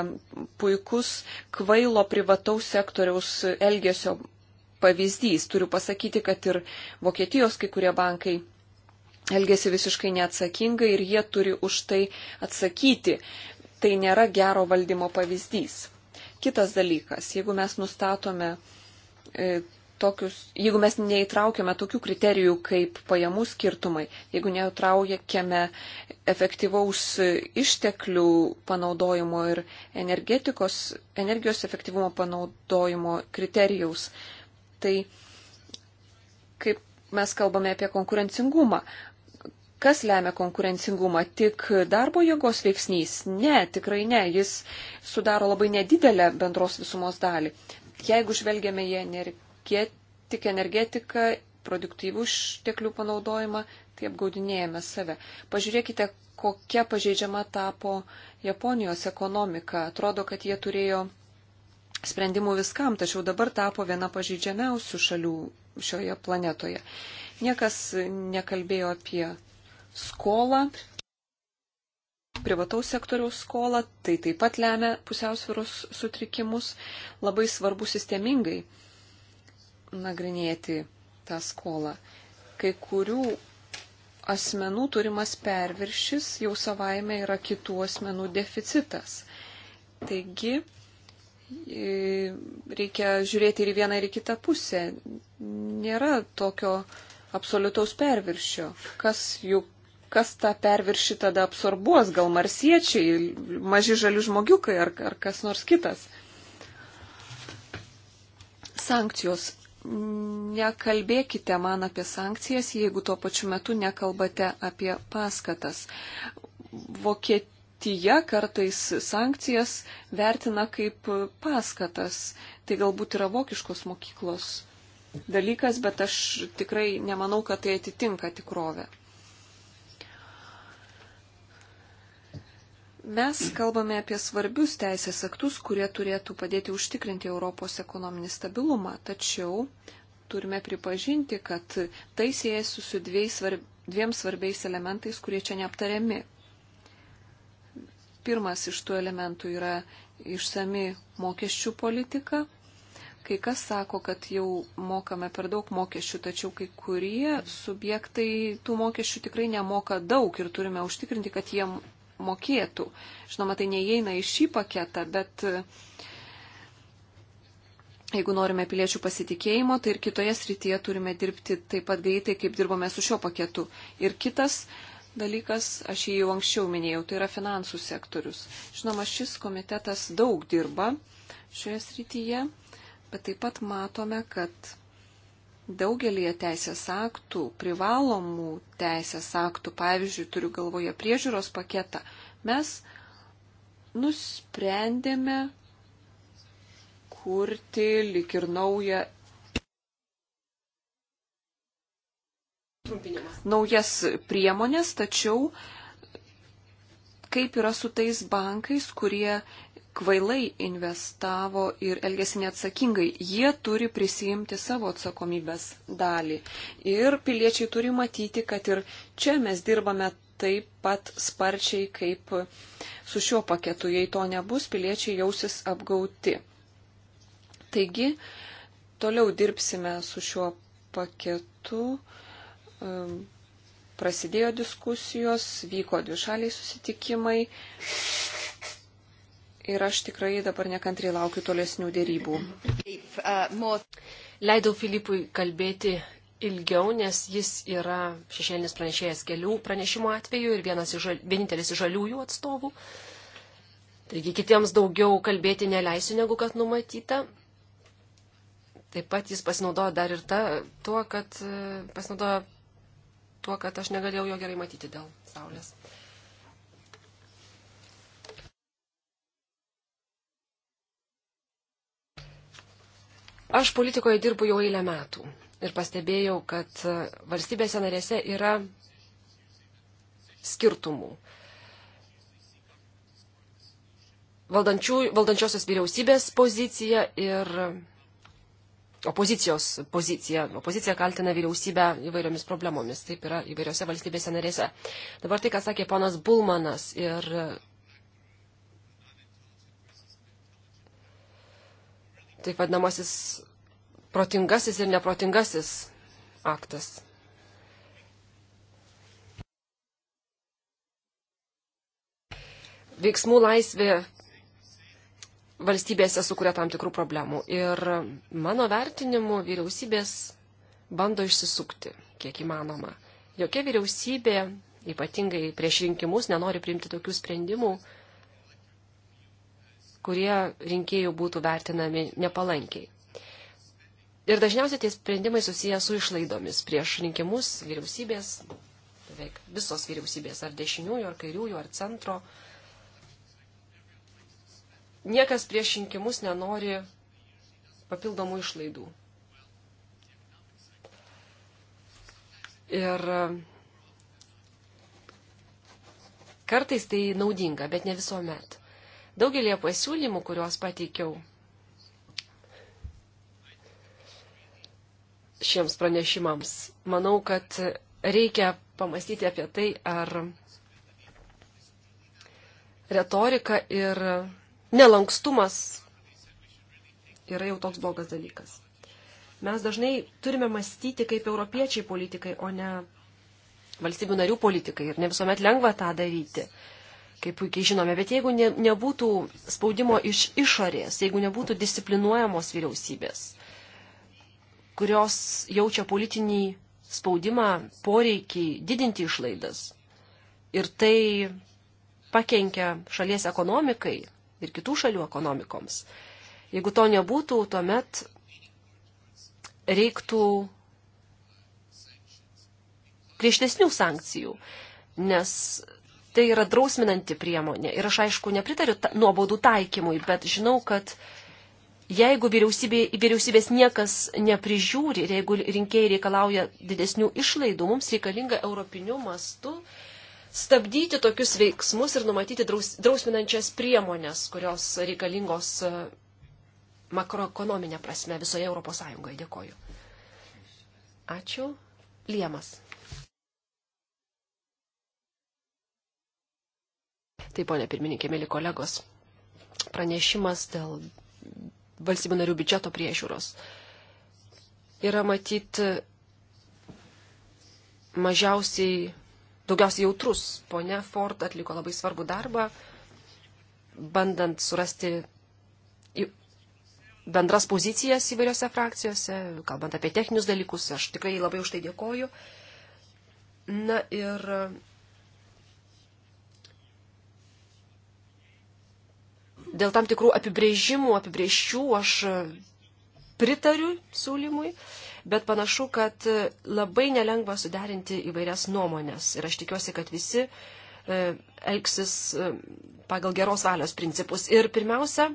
puikus kvailo privataus sektoriaus elgesio pavyzdys. Turiu pasakyti, kad ir Vokietijos kai kurie bankai elgesi visiškai neatsakingai ir jie turi už tai atsakyti. Tai nėra gero valdymo pavyzdys. Kitas dalykas, jeigu mes nustatome e, tokius, jeigu mes neįtraukiame tokių kriterijų kaip pajamų skirtumai, jeigu neįtraukiame efektyvaus išteklių panaudojimo ir energijos efektyvumo panaudojimo kriterijaus, tai kaip mes kalbame apie konkurencingumą. Kas lemia konkurencingumą? Tik darbo jėgos veiksnys? Ne, tikrai ne. Jis sudaro labai nedidelę bendros visumos dalį jeigu žvelgiame į energiją tik energetiką, produktyvų išteklių panaudojimą, tai apgaudinėjame save. Pažiūrėkite, kokia pažeidžiama tapo Japonijos ekonomika. Atrodo, kad jie turėjo sprendimų viskam, tačiau dabar tapo viena pažeidžiamiausių šalių šioje planetoje. Niekas nekalbėjo apie skolą, privataus sektoriaus skolą, tai taip pat lemia pusiausvirus sutrikimus, labai svarbu sistemingai nagrinėti tą skolą. Kai kurių asmenų turimas perviršis jau savaime yra kitų asmenų deficitas. Taigi e, reikia žiūrėti ir į vieną, ir į kitą pusę. Nėra tokio absoliutaus perviršio. Kas juk kas tą perviršį tada absorbuos, gal marsiečiai, maži žali žmogiukai ar, ar kas nors kitas. Sankcijos nekalbėkite man apie sankcijas, jeigu tuo pačiu metu nekalbate apie paskatas. Vokietija kartais sankcijas vertina kaip paskatas. Tai galbūt yra vokiškos mokyklos dalykas, bet aš tikrai nemanau, kad tai atitinka tikrovę. Mes kalbame apie svarbius teisės aktus, kurie turėtų padėti užtikrinti Europos ekonominį stabilumą, tačiau turime pripažinti, kad tai siejasi su svarb... dviem svarbiais elementais, kurie čia neaptariami. Pirmas iš tų elementų yra išsami mokesčių politika. Kai kas sako, kad jau mokame per daug mokesčių, tačiau kai kurie subjektai tų mokesčių tikrai nemoka daug ir turime užtikrinti, kad jie mokėtų. Žinoma, tai neįeina į šį paketą, bet e, jeigu norime piliečių pasitikėjimo, tai ir kitoje srityje turime dirbti taip pat greitai, kaip dirbome su šio paketu. Ir kitas dalykas, aš jį jau anksčiau minėjau, tai yra finansų sektorius. Žinoma, šis komitetas daug dirba šioje srityje, bet taip pat matome, kad daugelį teisės aktų, privalomų teisės aktų, pavyzdžiui, turiu galvoje priežiūros paketą, mes nusprendėme kurti lik ir naują. Naujas priemonės, tačiau kaip yra su tais bankais, kurie kvailai investavo ir elgesi neatsakingai. Jie turi prisijimti savo atsakomybės dalį. Ir piliečiai turi matyti, kad ir čia mes dirbame taip pat sparčiai kaip su šiuo paketu. Jei to nebus, piliečiai jausis apgauti. Taigi, toliau dirbsime su šiuo paketu. Ehm, prasidėjo diskusijos, vyko dvišaliai susitikimai ir aš tikrai dabar nekantriai laukiu tolesnių dėrybų. Leidau Filipui kalbėti ilgiau, nes jis yra šešėlinis pranešėjas kelių pranešimų atveju ir vienas iš, vienintelis iš žaliųjų atstovų. Taigi kitiems daugiau kalbėti neleisiu, negu kad numatyta. Taip pat jis pasinaudojo dar ir ta, tuo, kad e, pasinaudojo tuo, kad aš negalėjau jo gerai matyti dėl saulės. Aš politikoje dirbu jau eilę metų ir pastebėjau, kad valstybėse narėse yra skirtumų. Valdančių, valdančiosios vyriausybės pozicija ir opozicijos pozicija. Opozicija kaltina vyriausybę įvairiomis problemomis. Taip yra įvairiose valstybėse narėse. Dabar tai, ką sakė ponas Bulmanas ir taip vadinamasis protingasis ir neprotingasis aktas. Veiksmų laisvė valstybėse sukuria tam tikrų problemų ir mano vertinimu vyriausybės bando išsisukti, kiek įmanoma. Jokia vyriausybė, ypatingai prieš rinkimus, nenori priimti tokių sprendimų, kurie rinkėjų būtų vertinami nepalankiai. Ir dažniausiai tie sprendimai susiję su išlaidomis prieš rinkimus vyriausybės, beveik visos vyriausybės, ar dešiniųjų, ar kairiųjų, ar centro. Niekas prieš rinkimus nenori papildomų išlaidų. Ir e, kartais tai naudinga, bet ne visuomet daugelie pasiūlymų, kuriuos pateikiau šiems pranešimams, manau, kad reikia pamastyti apie tai, ar retorika ir nelankstumas yra jau toks blogas dalykas. Mes dažnai turime mąstyti kaip europiečiai politikai, o ne valstybių narių politikai ir ne visuomet lengva tą daryti kaip puikiai žinome. Bet jeigu ne, nebūtų spaudimo iš išorės, jeigu nebūtų disciplinuojamos vyriausybės, kurios jaučia politinį spaudimą, poreikį didinti išlaidas ir tai pakenkia šalies ekonomikai ir kitų šalių ekonomikoms. Jeigu to nebūtų, tuomet reiktų griežtesnių sankcijų, nes tai yra drausminanti priemonė. Ir aš aišku nepritariu ta, nuobaudų taikymui, bet žinau, kad jeigu vyriausybė, vyriausybės niekas neprižiūri ir jeigu rinkėjai reikalauja didesnių išlaidų, mums reikalinga europiniu mastu stabdyti tokius veiksmus ir numatyti draus, drausminančias priemonės, kurios reikalingos e, makroekonominė prasme visoje Europos Sąjungoje. Dėkoju. Ačiū. Liemas. Taip, ponė pirmininkė, mėly kolegos, pranešimas dėl valstybių narių biudžeto priežiūros yra matyti mažiausiai, daugiausiai jautrus. Pone Ford atliko labai svarbų darbą, bandant surasti bendras pozicijas įvairiose frakcijose, kalbant apie techninius dalykus, aš tikrai labai už tai dėkoju. Na ir dėl tam tikrų apibrėžimų, apibrėžčių aš e, pritariu siūlymui, bet panašu, kad e, labai nelengva suderinti įvairias nuomonės. Ir aš tikiuosi, kad visi e, elgsis pagal geros valios principus. Ir pirmiausia,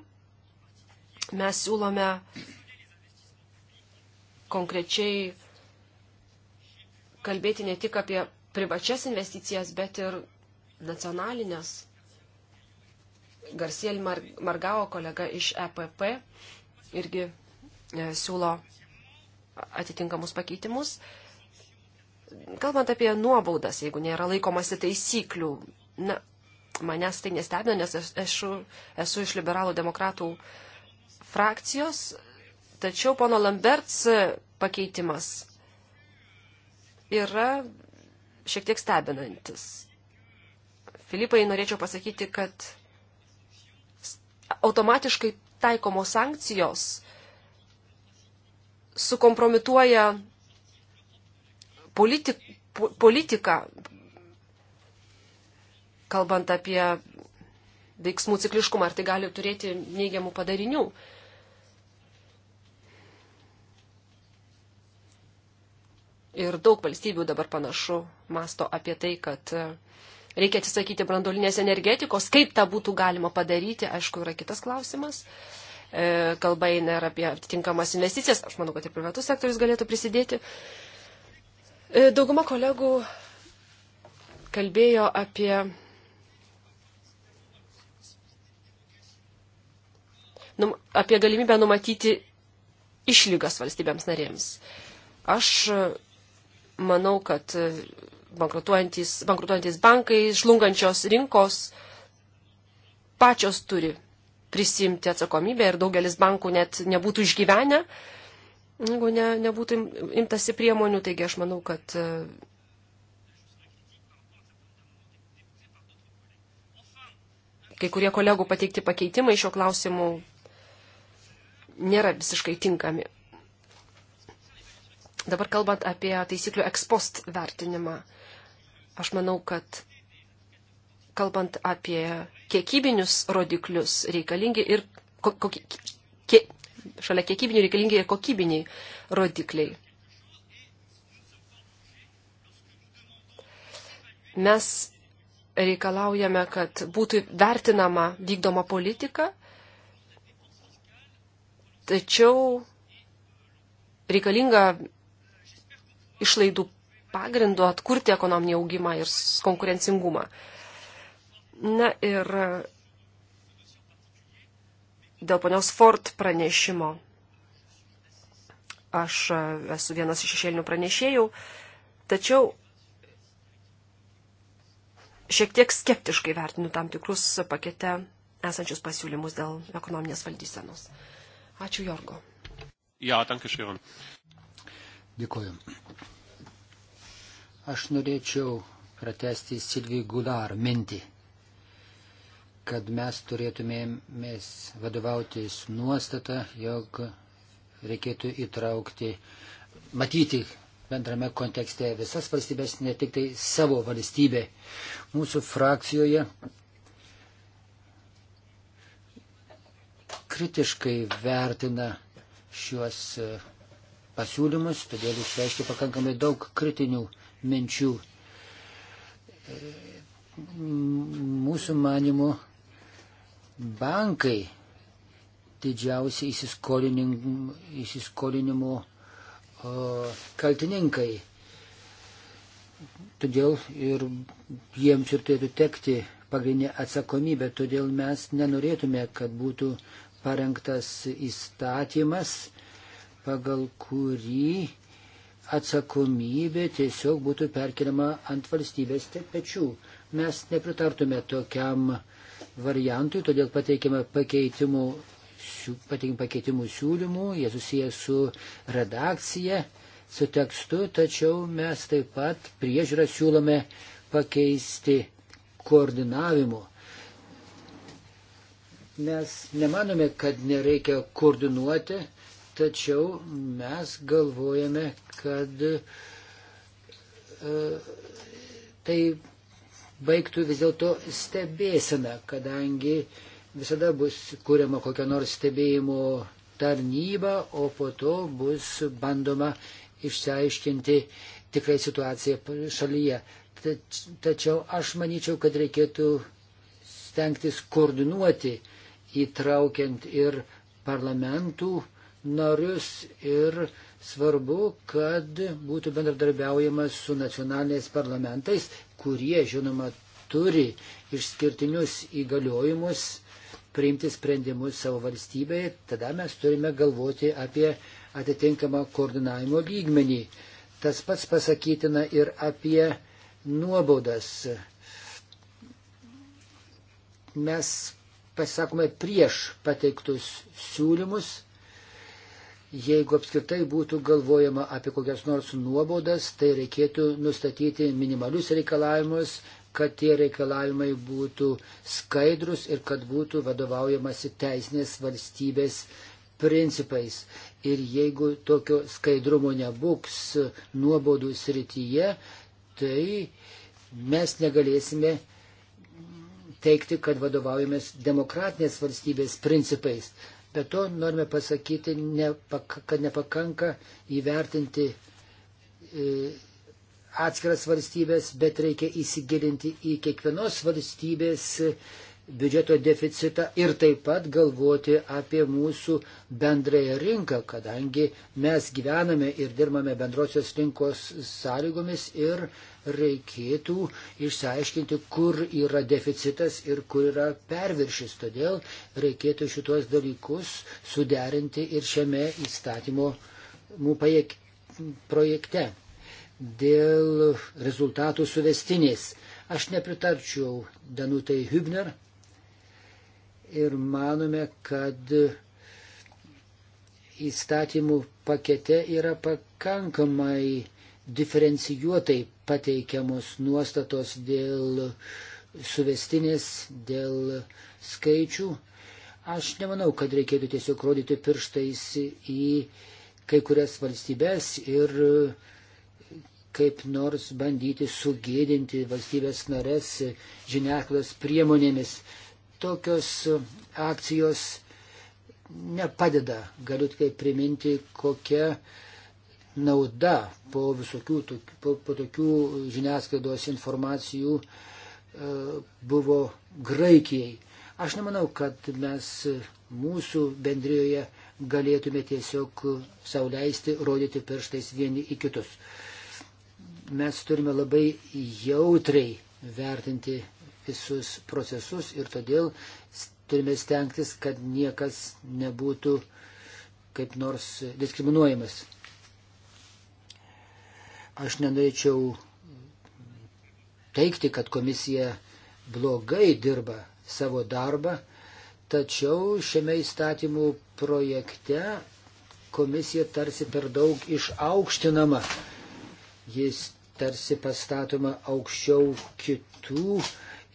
mes siūlome konkrečiai kalbėti ne tik apie privačias investicijas, bet ir nacionalinės Garsiel Margao kolega iš EPP irgi e, siūlo atitinkamus pakeitimus. Kalbant apie nuobaudas, jeigu nėra laikomasi taisyklių, na, manęs tai nestebina, nes aš esu, esu iš liberalų demokratų frakcijos, tačiau pono Lamberts pakeitimas yra šiek tiek stebinantis. Filipai, norėčiau pasakyti, kad automatiškai taikomos sankcijos sukompromituoja politik, politiką, kalbant apie veiksmų cikliškumą, ar tai gali turėti neigiamų padarinių. Ir daug valstybių dabar panašu masto apie tai, kad reikia atsisakyti brandolinės energetikos. Kaip tą būtų galima padaryti, aišku, yra kitas klausimas. E, kalba eina ir apie atitinkamas investicijas. Aš manau, kad ir privatus sektorius galėtų prisidėti. E, dauguma kolegų kalbėjo apie num, apie galimybę numatyti išlygas valstybėms narėms. Aš manau, kad bankrutuojantis, bankrutuojantis bankai, žlungančios rinkos pačios turi prisimti atsakomybę ir daugelis bankų net nebūtų išgyvenę, jeigu ne, nebūtų imtasi priemonių. Taigi aš manau, kad e, kai kurie kolegų pateikti pakeitimai šio klausimu nėra visiškai tinkami. Dabar kalbant apie taisyklių ekspost vertinimą. Aš manau, kad kalbant apie kiekybinius rodiklius reikalingi ir kokie, kie, šalia kiekybinių reikalingi ir kokybiniai rodikliai. Mes reikalaujame, kad būtų vertinama vykdoma politika, tačiau reikalinga išlaidų pagrindu atkurti ekonominį augimą ir konkurencingumą. Na ir dėl ponios Ford pranešimo. Aš esu vienas iš šešėlinių pranešėjų, tačiau šiek tiek skeptiškai vertinu tam tikrus pakete esančius pasiūlymus dėl ekonominės valdysenos. Ačiū, Jorgo. Ja, danke, Sharon. Dėkuoju. Aš norėčiau pratesti Silvi Gular mintį, kad mes turėtumėmės vadovautis nuostata, jog reikėtų įtraukti, matyti bendrame kontekste visas valstybės, ne tik tai savo valstybė. Mūsų frakcijoje kritiškai vertina šiuos e, pasiūlymus, todėl išreiškia pakankamai daug kritinių minčių. Mūsų manimu, bankai didžiausi įsiskolinimo kaltininkai. Todėl ir jiems ir turėtų tekti pagrindinė atsakomybė. Todėl mes nenorėtume, kad būtų parengtas įstatymas, pagal kurį atsakomybė tiesiog būtų perkeliama ant valstybės pečių. Mes nepritartume tokiam variantui, todėl pateikėme pakeitimų, pateikėme pakeitimų siūlymų, jie susijęs su redakcija, su tekstu, tačiau mes taip pat priežiūrą siūlome pakeisti koordinavimu. Mes nemanome, kad nereikia koordinuoti Tačiau mes galvojame, kad e, tai baigtų vis dėlto stebėsena, kadangi visada bus kuriama kokia nors stebėjimo tarnyba, o po to bus bandoma išsiaiškinti tikrai situaciją šalyje. Tačiau aš manyčiau, kad reikėtų stengtis koordinuoti, įtraukiant ir parlamentų narius ir svarbu, kad būtų bendradarbiaujama su nacionaliniais parlamentais, kurie, žinoma, turi išskirtinius įgaliojimus priimti sprendimus savo valstybėje, tada mes turime galvoti apie atitinkamą koordinavimo lygmenį. Tas pats pasakytina ir apie nuobaudas. Mes pasakome prieš pateiktus siūlymus Jeigu apskritai būtų galvojama apie kokias nors nuobodas, tai reikėtų nustatyti minimalius reikalavimus, kad tie reikalavimai būtų skaidrus ir kad būtų vadovaujamasi teisinės valstybės principais. Ir jeigu tokio skaidrumo nebūks nuobaudų srityje, tai mes negalėsime teikti, kad vadovaujamės demokratinės valstybės principais. Bet to norime pasakyti, nepak, kad nepakanka įvertinti e, atskiras valstybės, bet reikia įsigilinti į kiekvienos valstybės biudžeto deficitą ir taip pat galvoti apie mūsų bendrąją rinką, kadangi mes gyvename ir dirbame bendrosios rinkos sąlygomis ir reikėtų išsiaiškinti, kur yra deficitas ir kur yra perviršis. Todėl reikėtų šitos dalykus suderinti ir šiame įstatymo projekte. Dėl rezultatų suvestinės. Aš nepritarčiau Danutai Hübner, ir manome, kad įstatymų pakete yra pakankamai diferencijuotai pateikiamos nuostatos dėl suvestinės, dėl skaičių. Aš nemanau, kad reikėtų tiesiog rodyti pirštais į kai kurias valstybės ir kaip nors bandyti sugėdinti valstybės narės žiniaklos priemonėmis tokios akcijos nepadeda. Galiu tik priminti, kokia nauda po visokių po, po tokių žiniasklaidos informacijų e, buvo Graikijai. Aš nemanau, kad mes mūsų bendrijoje galėtume tiesiog sauliaisti, rodyti pirštais vieni į kitus. Mes turime labai jautriai vertinti visus procesus ir todėl turime stengtis, kad niekas nebūtų kaip nors diskriminuojamas. Aš nenorėčiau teikti, kad komisija blogai dirba savo darbą, tačiau šiame įstatymų projekte komisija tarsi per daug išaukštinama. Jis tarsi pastatoma aukščiau kitų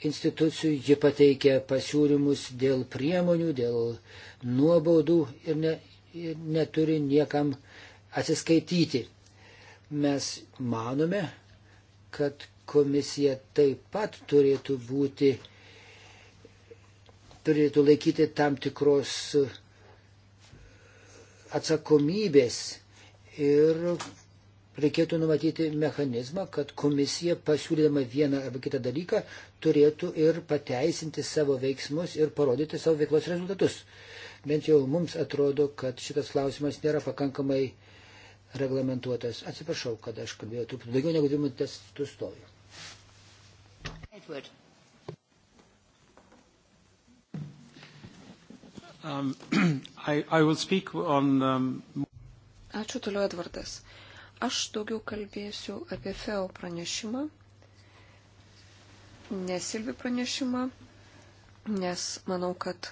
institucijų, ji pateikė pasiūlymus dėl priemonių, dėl nuobaudų ir, ne, ir neturi niekam atsiskaityti. Mes manome, kad komisija taip pat turėtų būti, turėtų laikyti tam tikros atsakomybės ir reikėtų numatyti mechanizmą, kad komisija pasiūlydama vieną arba kitą dalyką turėtų ir pateisinti savo veiksmus ir parodyti savo veiklos rezultatus. Bent jau mums atrodo, kad šitas klausimas nėra pakankamai reglamentuotas. Atsiprašau, kad aš kalbėjau truputį daugiau negu dvi minutės, tu stovi. Edward. Um, I, I on, um... Ačiū toliau, Edvardas. Uh, Aš daugiau kalbėsiu apie FEO pranešimą, nesilvi pranešimą, nes manau, kad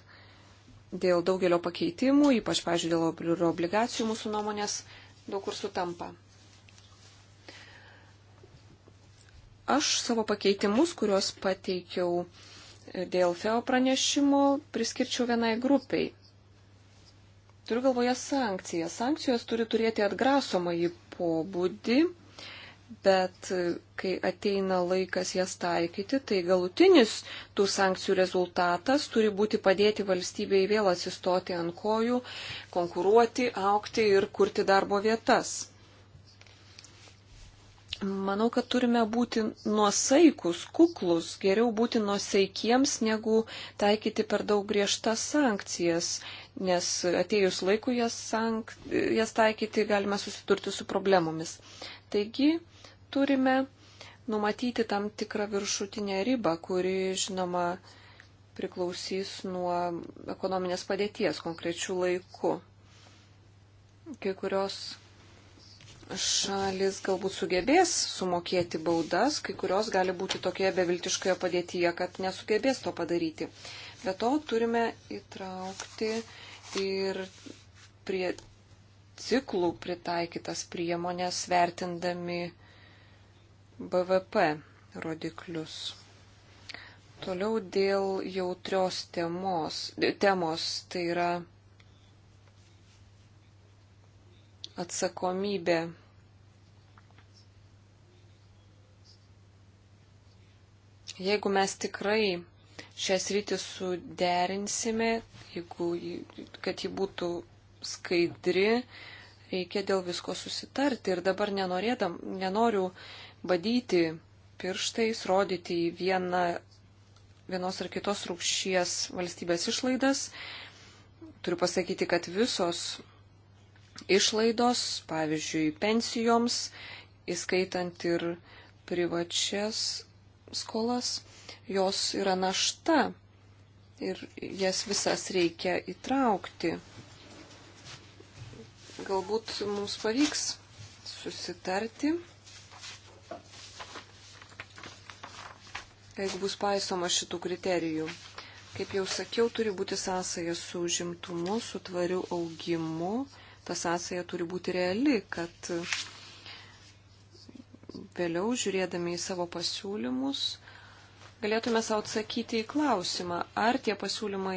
dėl daugelio pakeitimų, ypač, pažiūrėjau, dėl obligacijų mūsų nuomonės daug kur sutampa. Aš savo pakeitimus, kuriuos pateikiau dėl FEO pranešimo, priskirčiau vienai grupiai. Turiu galvoje sankcijas. Sankcijos turi turėti atgrasomąjį pobūdį, bet kai ateina laikas jas taikyti, tai galutinis tų sankcijų rezultatas turi būti padėti valstybei vėl atsistoti ant kojų, konkuruoti, aukti ir kurti darbo vietas. Manau, kad turime būti nuosaikus, kuklus, geriau būti nuosaikiems, negu taikyti per daug griežtas sankcijas nes atėjus laiku jas, sank, jas taikyti galime susidurti su problemomis. Taigi turime numatyti tam tikrą viršutinę ribą, kuri, žinoma, priklausys nuo ekonominės padėties konkrečių laikų. Kai kurios šalis galbūt sugebės sumokėti baudas, kai kurios gali būti tokioje beviltiškoje padėtyje, kad nesugebės to padaryti. Be to turime įtraukti ir prie ciklų pritaikytas priemonės vertindami BVP rodiklius. Toliau dėl jautrios temos, temos tai yra atsakomybė. Jeigu mes tikrai šią sritį suderinsime, jeigu, kad ji būtų skaidri, reikia dėl visko susitarti. Ir dabar nenorėdam, nenoriu badyti pirštais, rodyti į vieną, vienos ar kitos rūkšties valstybės išlaidas. Turiu pasakyti, kad visos išlaidos, pavyzdžiui, pensijoms, įskaitant ir privačias skolas, jos yra našta ir jas visas reikia įtraukti. Galbūt mums pavyks susitarti, jeigu bus paisoma šitų kriterijų. Kaip jau sakiau, turi būti sąsaja su žimtumu, su tvariu augimu. Ta sąsaja turi būti reali, kad vėliau, žiūrėdami į savo pasiūlymus, galėtume savo atsakyti į klausimą, ar tie pasiūlymai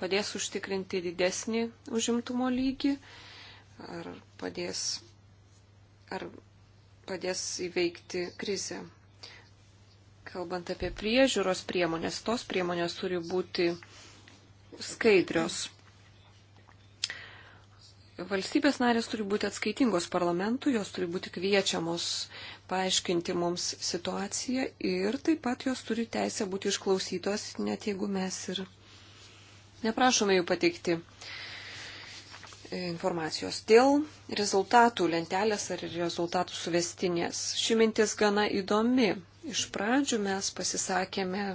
padės užtikrinti didesnį užimtumo lygį, ar padės, ar padės įveikti krizę. Kalbant apie priežiūros priemonės, tos priemonės turi būti skaidrios. Valstybės narės turi būti atskaitingos parlamentų, jos turi būti kviečiamos paaiškinti mums situaciją ir taip pat jos turi teisę būti išklausytos, net jeigu mes ir neprašome jų pateikti e, informacijos. Dėl rezultatų lentelės ar rezultatų suvestinės. Ši mintis gana įdomi. Iš pradžių mes pasisakėme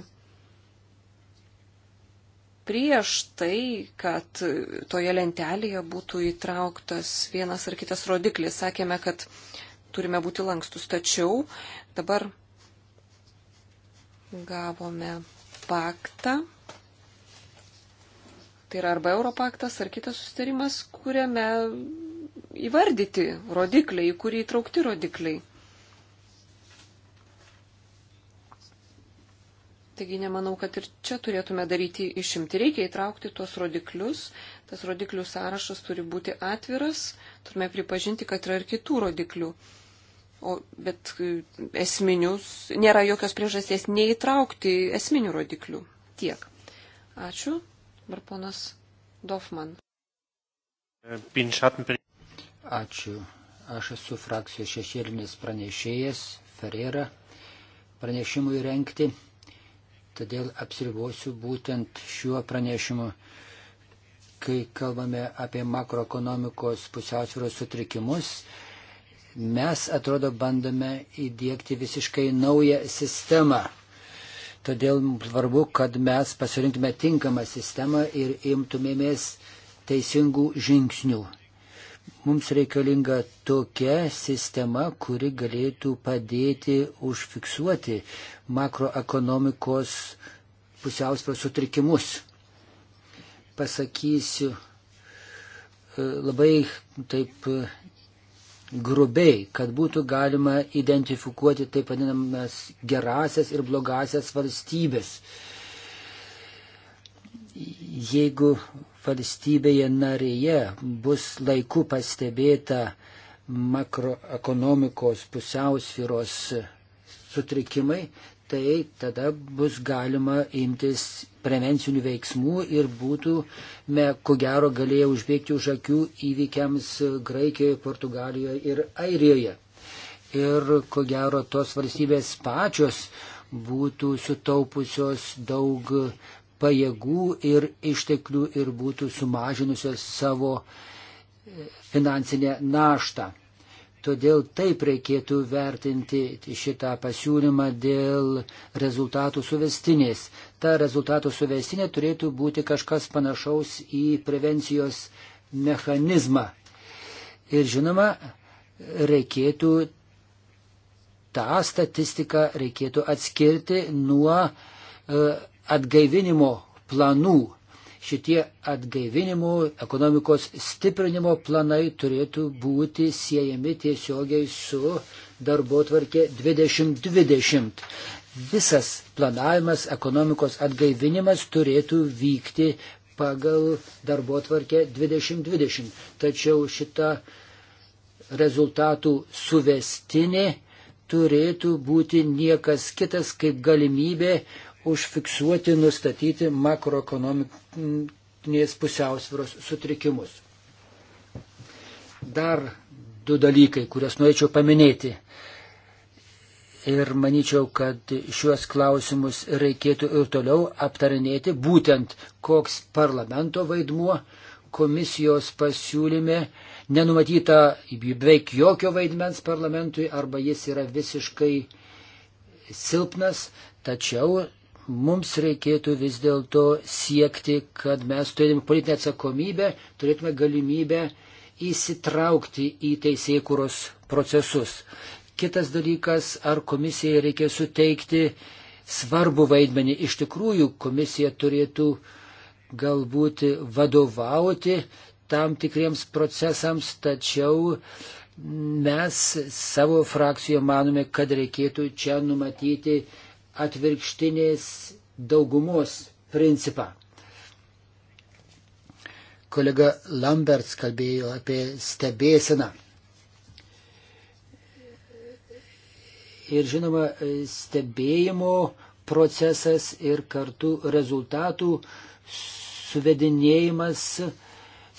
prieš tai, kad toje lentelėje būtų įtrauktas vienas ar kitas rodiklis. Sakėme, kad turime būti lankstus, tačiau dabar gavome paktą. Tai yra arba Europaktas ar kitas sustarimas, kuriame įvardyti rodikliai, į kurį įtraukti rodikliai. Taigi nemanau, kad ir čia turėtume daryti išimti. Reikia įtraukti tuos rodiklius. Tas rodiklių sąrašas turi būti atviras. Turime pripažinti, kad yra ir kitų rodiklių. O, bet e, esminius nėra jokios priežasties neįtraukti esminių rodiklių. Tiek. Ačiū. Dabar ponas Dofman. Ačiū. Aš esu frakcijos šešėlinis pranešėjas Ferrera pranešimui renkti todėl apsiribosiu būtent šiuo pranešimu. Kai kalbame apie makroekonomikos pusiausvėros sutrikimus, mes atrodo bandome įdėkti visiškai naują sistemą. Todėl svarbu, kad mes pasirinktume tinkamą sistemą ir imtumėmės teisingų žingsnių. Mums reikalinga tokia sistema, kuri galėtų padėti užfiksuoti makroekonomikos pusiausvės sutrikimus. Pasakysiu e, labai taip e, grubiai, kad būtų galima identifikuoti taip vadinamas gerasias ir blogasias valstybės. Jeigu valstybėje narėje bus laiku pastebėta makroekonomikos pusiausvyros sutrikimai, tai tada bus galima imtis prevencinių veiksmų ir būtume, ko gero, galėję užbėgti už akių įvykiams Graikijoje, Portugalijoje ir Airijoje. Ir ko gero, tos valstybės pačios būtų sutaupusios daug pajėgų ir išteklių ir būtų sumažinusios savo e, finansinę naštą. Todėl taip reikėtų vertinti šitą pasiūlymą dėl rezultatų suvestinės. Ta rezultatų suvestinė turėtų būti kažkas panašaus į prevencijos mechanizmą. Ir žinoma, reikėtų tą statistiką reikėtų atskirti nuo uh, atgaivinimo planų. Šitie atgaivinimo, ekonomikos stiprinimo planai turėtų būti siejami tiesiogiai su darbo tvarkė 2020. Visas planavimas, ekonomikos atgaivinimas turėtų vykti pagal darbo tvarkę 2020. Tačiau šita rezultatų suvestinė turėtų būti niekas kitas kaip galimybė užfiksuoti, nustatyti makroekonominės pusiausvėros sutrikimus. Dar du dalykai, kuriuos norėčiau paminėti. Ir manyčiau, kad šiuos klausimus reikėtų ir toliau aptarinėti, būtent koks parlamento vaidmuo komisijos pasiūlyme nenumatyta beveik jokio vaidmens parlamentui arba jis yra visiškai silpnas, tačiau mums reikėtų vis dėlto siekti, kad mes turėtume politinę atsakomybę, turėtume galimybę įsitraukti į teisėkūros procesus. Kitas dalykas, ar komisijai reikia suteikti svarbu vaidmenį. Iš tikrųjų, komisija turėtų galbūt vadovauti tam tikriems procesams, tačiau mes savo frakcijoje manome, kad reikėtų čia numatyti atvirkštinės daugumos principą. Kolega Lamberts kalbėjo apie stebėseną. Ir žinoma, stebėjimo procesas ir kartu rezultatų suvedinėjimas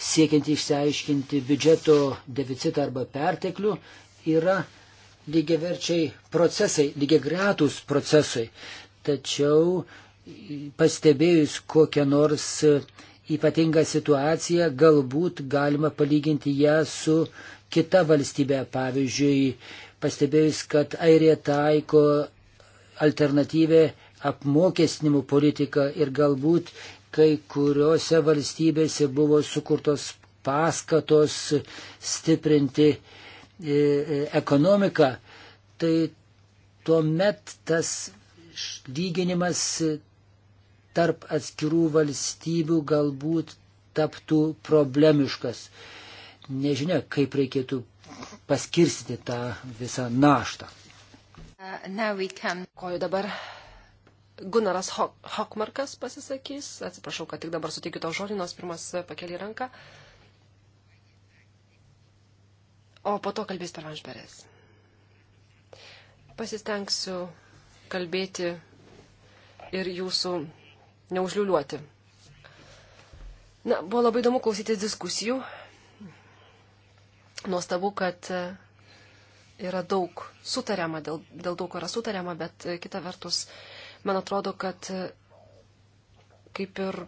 siekiant išsiaiškinti biudžeto deficitą arba perteklių yra lygiaverčiai procesai, lygiagretus procesai. Tačiau pastebėjus kokią nors ypatingą situaciją, galbūt galima palyginti ją su kita valstybė. Pavyzdžiui, pastebėjus, kad Airija taiko alternatyvę apmokestinimo politiką ir galbūt kai kuriuose valstybėse buvo sukurtos paskatos stiprinti uh, ekonomiką, tai tuomet tas lyginimas tarp atskirų valstybių galbūt taptų problemiškas. Nežinia, kaip reikėtų paskirsti tą visą naštą. Uh, Koju dabar Gunaras Hokmarkas pasisakys. Atsiprašau, kad tik dabar suteikiu to žodį, nors pirmas pakelį ranką. Uh, o po to kalbės per Anžberės. Pasistengsiu kalbėti ir jūsų neužliuliuoti. Na, buvo labai įdomu klausytis diskusijų. Nuostabu, kad yra daug sutariama, dėl, dėl daug yra sutariama, bet kita vertus, man atrodo, kad kaip ir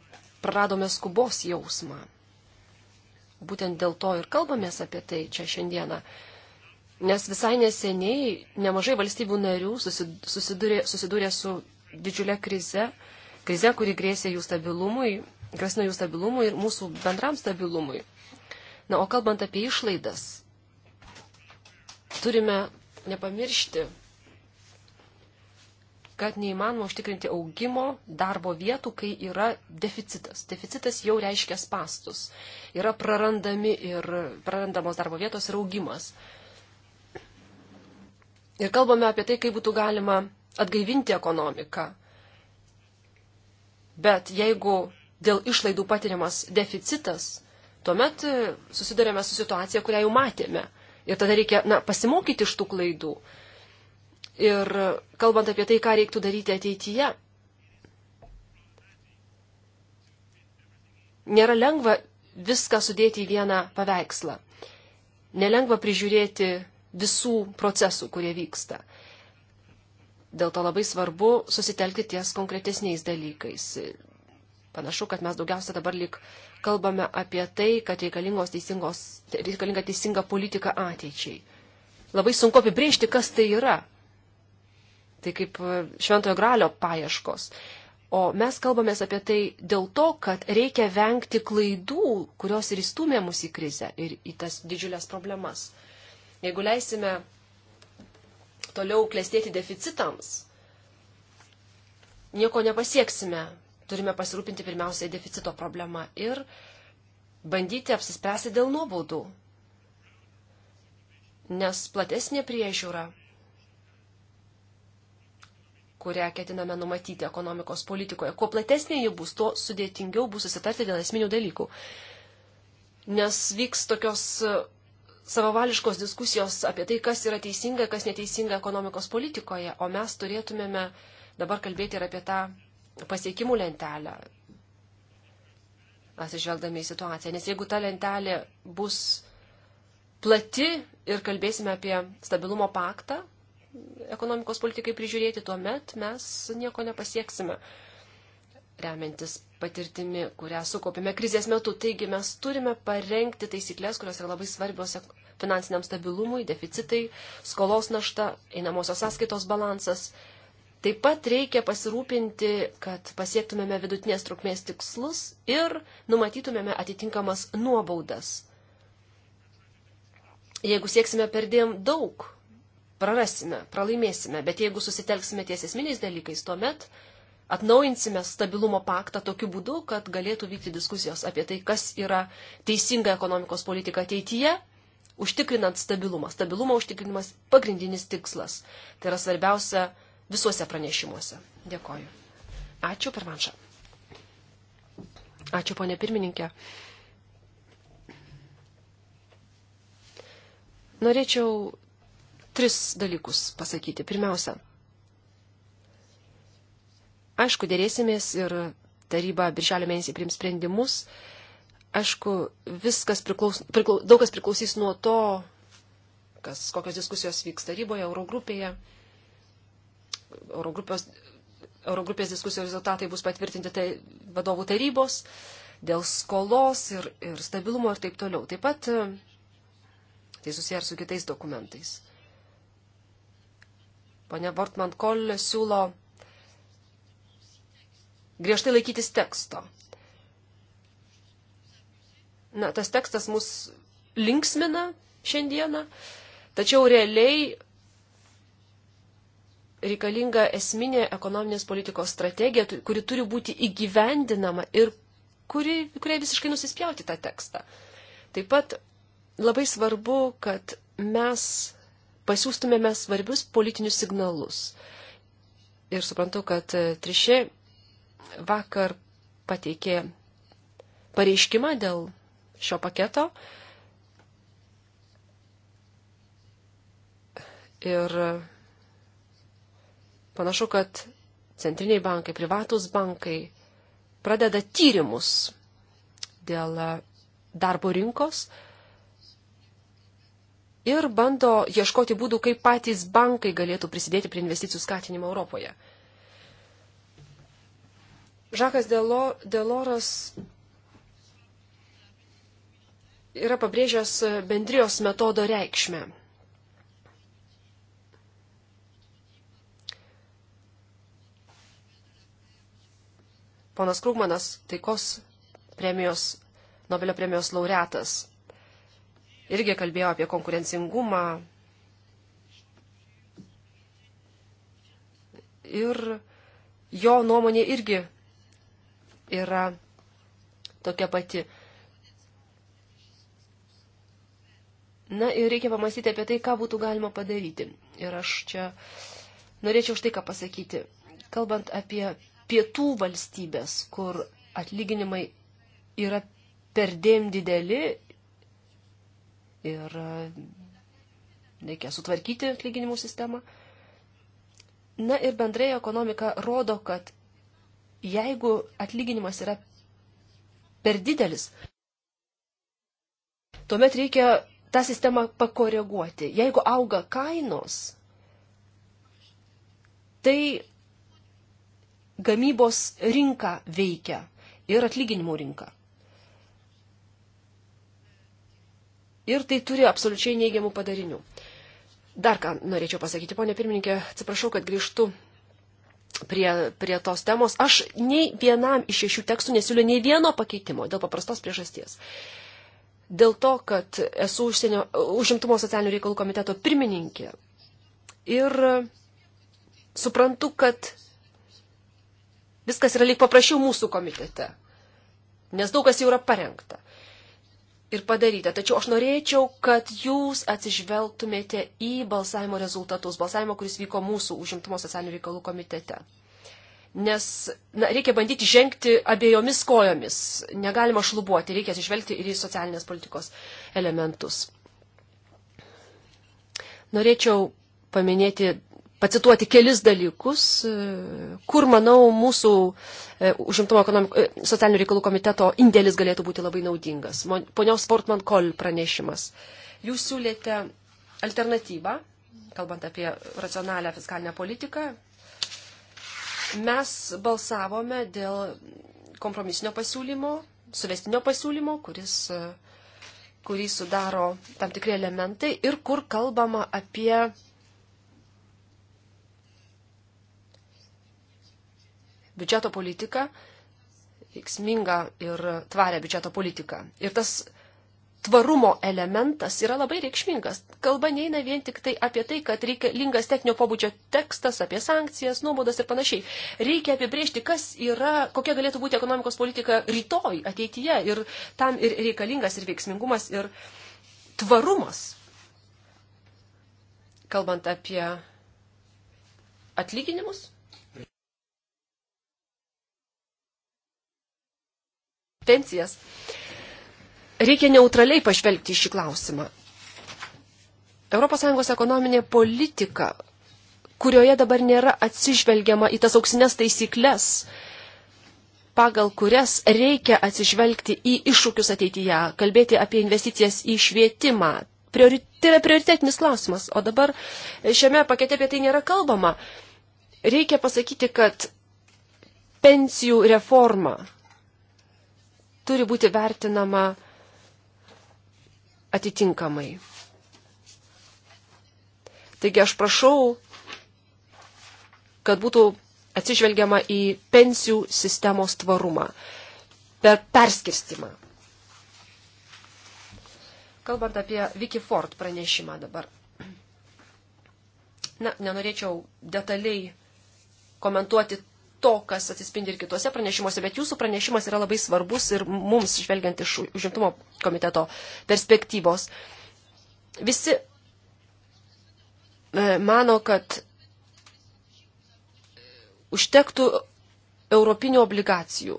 praradome skubos jausmą būtent dėl to ir kalbamės apie tai čia šiandieną. Nes visai neseniai nemažai valstybių narių susidūrė, susidūrė su didžiulė krize, krize, kuri grėsė jų stabilumui, grasino jų stabilumui ir mūsų bendram stabilumui. Na, o kalbant apie išlaidas, turime nepamiršti kad neįmanoma užtikrinti augimo darbo vietų, kai yra deficitas. Deficitas jau reiškia pastus. Yra prarandami ir prarandamos darbo vietos ir augimas. Ir kalbame apie tai, kaip būtų galima atgaivinti ekonomiką. Bet jeigu dėl išlaidų patiriamas deficitas, tuomet e, susidurėme su situacija, kurią jau matėme. Ir tada reikia na, pasimokyti iš tų klaidų ir kalbant apie tai, ką reiktų daryti ateityje. Nėra lengva viską sudėti į vieną paveikslą. Nelengva prižiūrėti visų procesų, kurie vyksta. Dėl to labai svarbu susitelkti ties konkretesniais dalykais. Panašu, kad mes daugiausia dabar lik kalbame apie tai, kad reikalinga teisinga politika ateičiai. Labai sunku apibrėžti, kas tai yra. Tai kaip e, šventojo gralio paieškos. O mes kalbame apie tai dėl to, kad reikia vengti klaidų, kurios ir įstumė mus į krizę ir į tas didžiulės problemas. Jeigu leisime toliau klestėti deficitams, nieko nepasieksime. Turime pasirūpinti pirmiausiai deficito problemą ir bandyti apsispręsti dėl nuobaudų. Nes platesnė priežiūra kurią ketiname numatyti ekonomikos politikoje. Kuo platesnė ji bus, tuo sudėtingiau bus susitarti dėl esminių dalykų. Nes vyks tokios e, savavališkos diskusijos apie tai, kas yra teisinga, kas neteisinga ekonomikos politikoje, o mes turėtumėme dabar kalbėti ir apie tą pasiekimų lentelę, atsižvelgdami į situaciją. Nes jeigu ta lentelė bus plati ir kalbėsime apie stabilumo paktą, ekonomikos politikai prižiūrėti, tuomet mes nieko nepasieksime, remiantis patirtimi, kurią sukopėme krizės metu. Taigi mes turime parengti taisyklės, kurios yra labai svarbios finansiniam stabilumui, deficitai, skolos našta, einamosios sąskaitos balansas. Taip pat reikia pasirūpinti, kad pasiektumėme vidutinės trukmės tikslus ir numatytumėme atitinkamas nuobaudas. Jeigu sieksime perdėm daug prarasime, pralaimėsime. Bet jeigu susitelksime ties esminiais dalykais, tuomet atnaujinsime stabilumo paktą tokiu būdu, kad galėtų vykti diskusijos apie tai, kas yra teisinga ekonomikos politika ateityje, užtikrinant stabilumą. Stabilumo užtikrinimas pagrindinis tikslas. Tai yra svarbiausia visuose pranešimuose. Dėkoju. Ačiū per manšą. Ačiū, ponė pirmininkė. Norėčiau tris dalykus pasakyti. Pirmiausia, aišku, dėrėsimės ir taryba birželio mėnesį priims sprendimus. Aišku, viskas priklaus, priklaus, daug kas priklausys nuo to, kas, kokios diskusijos vyks taryboje, Eurogrupėje. Eurogrupės, Eurogrupės diskusijų rezultatai bus patvirtinti tai vadovų tarybos dėl skolos ir, ir stabilumo ir taip toliau. Taip pat e, tai susiję ir su kitais dokumentais. Pone Bortman Kol siūlo griežtai laikytis teksto. Na, tas tekstas mus linksmina šiandieną, tačiau realiai reikalinga esminė ekonominės politikos strategija, kuri turi būti įgyvendinama ir kuri, kuriai visiškai nusispjauti tą tekstą. Taip pat labai svarbu, kad mes pasiūstumėme svarbius politinius signalus. Ir suprantu, kad e, Trišė vakar pateikė pareiškimą dėl šio paketo. Ir panašu, kad centriniai bankai, privatus bankai pradeda tyrimus dėl e, darbo rinkos ir bando ieškoti būdų, kaip patys bankai galėtų prisidėti prie investicijų skatinimo Europoje. Žakas Delo, Deloras yra pabrėžęs bendrijos metodo reikšmę. Ponas Krūgmanas, taikos premijos, Nobelio premijos laureatas, irgi kalbėjo apie konkurencingumą. Ir jo nuomonė irgi yra tokia pati. Na ir reikia pamastyti apie tai, ką būtų galima padaryti. Ir aš čia norėčiau štai ką pasakyti. Kalbant apie pietų valstybės, kur atlyginimai yra perdėm dideli ir e, reikia sutvarkyti atlyginimų sistemą. Na ir bendrai ekonomika rodo, kad jeigu atlyginimas yra per didelis, tuomet reikia tą sistemą pakoreguoti. Jeigu auga kainos, tai gamybos rinka veikia ir atlyginimų rinka. ir tai turi absoliučiai neigiamų padarinių. Dar ką norėčiau pasakyti, ponė pirmininkė, atsiprašau, kad grįžtu prie, prie tos temos. Aš nei vienam iš šešių tekstų nesiūliu nei vieno pakeitimo dėl paprastos priežasties. Dėl to, kad esu užsienio, užimtumo socialinių reikalų komiteto pirmininkė ir suprantu, kad viskas yra lyg paprašiau mūsų komitete, nes daug kas jau yra parengta ir padaryta. Tačiau aš norėčiau, kad jūs atsižvelgtumėte į balsavimo rezultatus, balsavimo, kuris vyko mūsų užimtumo socialinių reikalų komitete. Nes na, reikia bandyti žengti abiejomis kojomis, negalima šlubuoti, reikia atsižvelgti ir į socialinės politikos elementus. Norėčiau paminėti pacituoti kelis dalykus, e, kur, manau, mūsų e, užimtumo e, socialinių reikalų komiteto indėlis galėtų būti labai naudingas. Ponios Sportman Kol pranešimas. Jūs siūlėte alternatyvą, kalbant apie racionalią fiskalinę politiką. Mes balsavome dėl kompromisinio pasiūlymo, suvestinio pasiūlymo, kuris, kurį sudaro tam tikri elementai ir kur kalbama apie biudžeto politiką, veiksmingą ir tvarę biudžeto politiką. Ir tas tvarumo elementas yra labai reikšmingas. Kalba neina vien tik tai apie tai, kad reikalingas techninio pobūdžio tekstas, apie sankcijas, nuobodas ir panašiai. Reikia apibriežti, kas yra, kokia galėtų būti ekonomikos politika rytoj, ateityje. Ir tam ir reikalingas ir veiksmingumas ir tvarumas. Kalbant apie atlyginimus, kompetencijas. Reikia neutraliai pažvelgti į šį klausimą. ES ekonominė politika, kurioje dabar nėra atsižvelgiama į tas auksinės taisyklės, pagal kurias reikia atsižvelgti į iššūkius ateityje, kalbėti apie investicijas į švietimą. Priori, tai yra prioritetinis klausimas, o dabar šiame pakete apie tai nėra kalbama. Reikia pasakyti, kad pensijų reforma turi būti vertinama atitinkamai. Taigi aš prašau, kad būtų atsižvelgiama į pensijų sistemos tvarumą, per perskirstimą. Kalbant apie Vicky Ford pranešimą dabar. Na, nenorėčiau detaliai komentuoti to, kas atsispindi ir kitose pranešimuose, bet jūsų pranešimas yra labai svarbus ir mums, žvelgiant iš užimtumo komiteto perspektyvos. Visi e, mano, kad užtektų europinių obligacijų.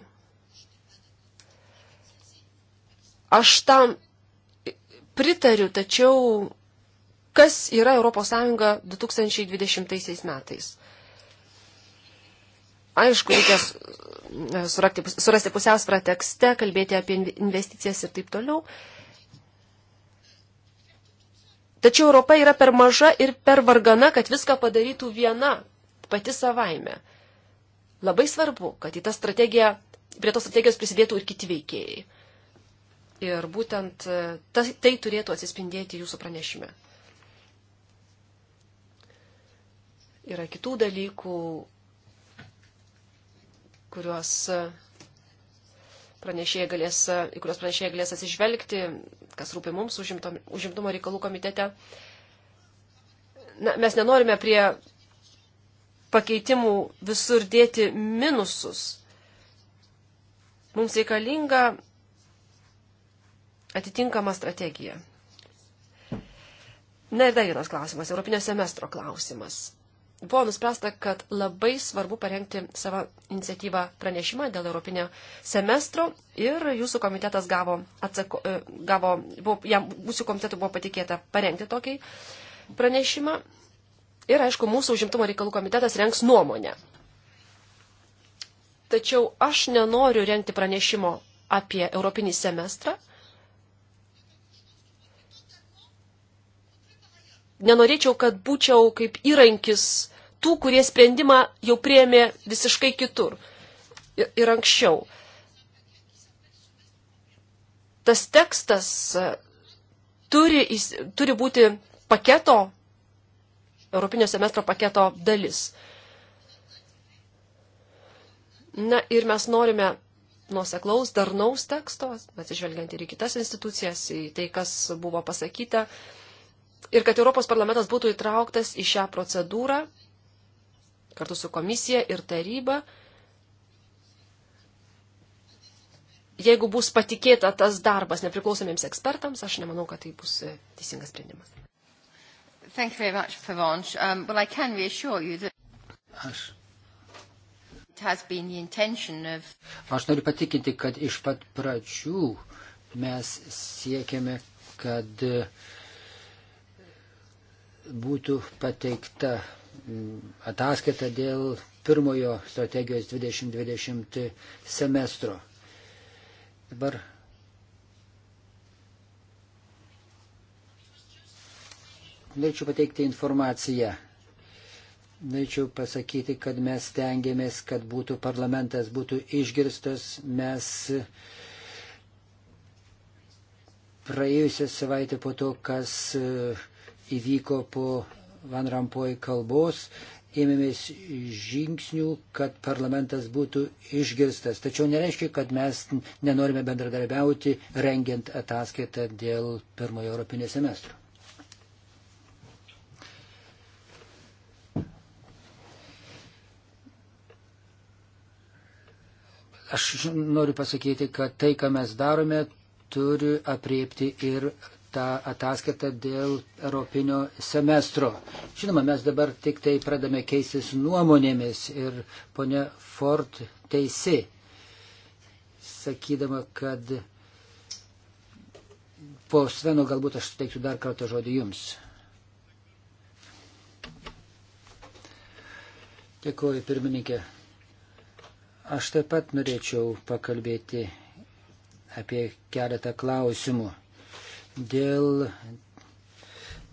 Aš tam pritariu, tačiau kas yra ES 2020 metais? aišku, reikia e, surakti, surasti pusiausvyrą tekste, kalbėti apie investicijas ir taip toliau. Tačiau Europa yra per maža ir per vargana, kad viską padarytų viena pati savaime. Labai svarbu, kad į tą strategiją, prie tos strategijos prisidėtų ir kiti veikėjai. Ir būtent e, tas, tai turėtų atsispindėti jūsų pranešime. Yra kitų dalykų, kuriuos e, pranešėjai galės, e, į kuriuos pranešėjai galės atsižvelgti, kas rūpi mums užimtom, užimtumo reikalų komitete. Na, mes nenorime prie pakeitimų visur dėti minusus. Mums reikalinga atitinkama strategija. Na ir dar vienas klausimas - Europinio semestro klausimas buvo nuspręsta, kad labai svarbu parengti savo iniciatyvą pranešimą dėl Europinio semestro ir jūsų komitetas gavo, atsako, e, gavo buvo, jam, mūsų komitetų buvo patikėta parengti tokį pranešimą. Ir aišku, mūsų užimtumo reikalų komitetas renks nuomonę. Tačiau aš nenoriu renkti pranešimo apie Europinį semestrą. Nenorėčiau, kad būčiau kaip įrankis tų, kurie sprendimą jau priemė visiškai kitur ir anksčiau. Tas tekstas e, turi, turi būti paketo, Europinio semestro paketo dalis. Na ir mes norime nuoseklaus, darnaus teksto, atsižvelgiant ir į kitas institucijas, į tai, kas buvo pasakyta, ir kad Europos parlamentas būtų įtrauktas į šią procedūrą kartu su komisija ir taryba. Jeigu bus patikėta tas darbas nepriklausomiems ekspertams, aš nemanau, kad tai bus e, teisingas sprendimas. Thank you very much, Pavanche. Um, well, I can reassure you that Aš. Of... Aš noriu patikinti, kad iš pat pradžių mes siekiame, kad e, būtų pateikta ataskaitą dėl pirmojo strategijos 2020 semestro. Dabar norėčiau pateikti informaciją. Norėčiau pasakyti, kad mes tengiamės, kad būtų parlamentas būtų išgirstas. Mes praėjusią savaitę po to, kas e, įvyko po Van Rampoj kalbos, ėmėmės žingsnių, kad parlamentas būtų išgirstas. Tačiau nereiškia, kad mes nenorime bendradarbiauti, rengiant ataskaitą dėl pirmojo europinio semestro. Aš noriu pasakyti, kad tai, ką mes darome, turi apriepti ir tą ataskaitą dėl Europinio semestro. Žinoma, mes dabar tik tai pradame keistis nuomonėmis ir ponia Ford teisi, sakydama, kad po Sveno galbūt aš suteiksiu dar kartą žodį jums. Dėkuoju, pirmininkė. Aš taip pat norėčiau pakalbėti apie keletą klausimų dėl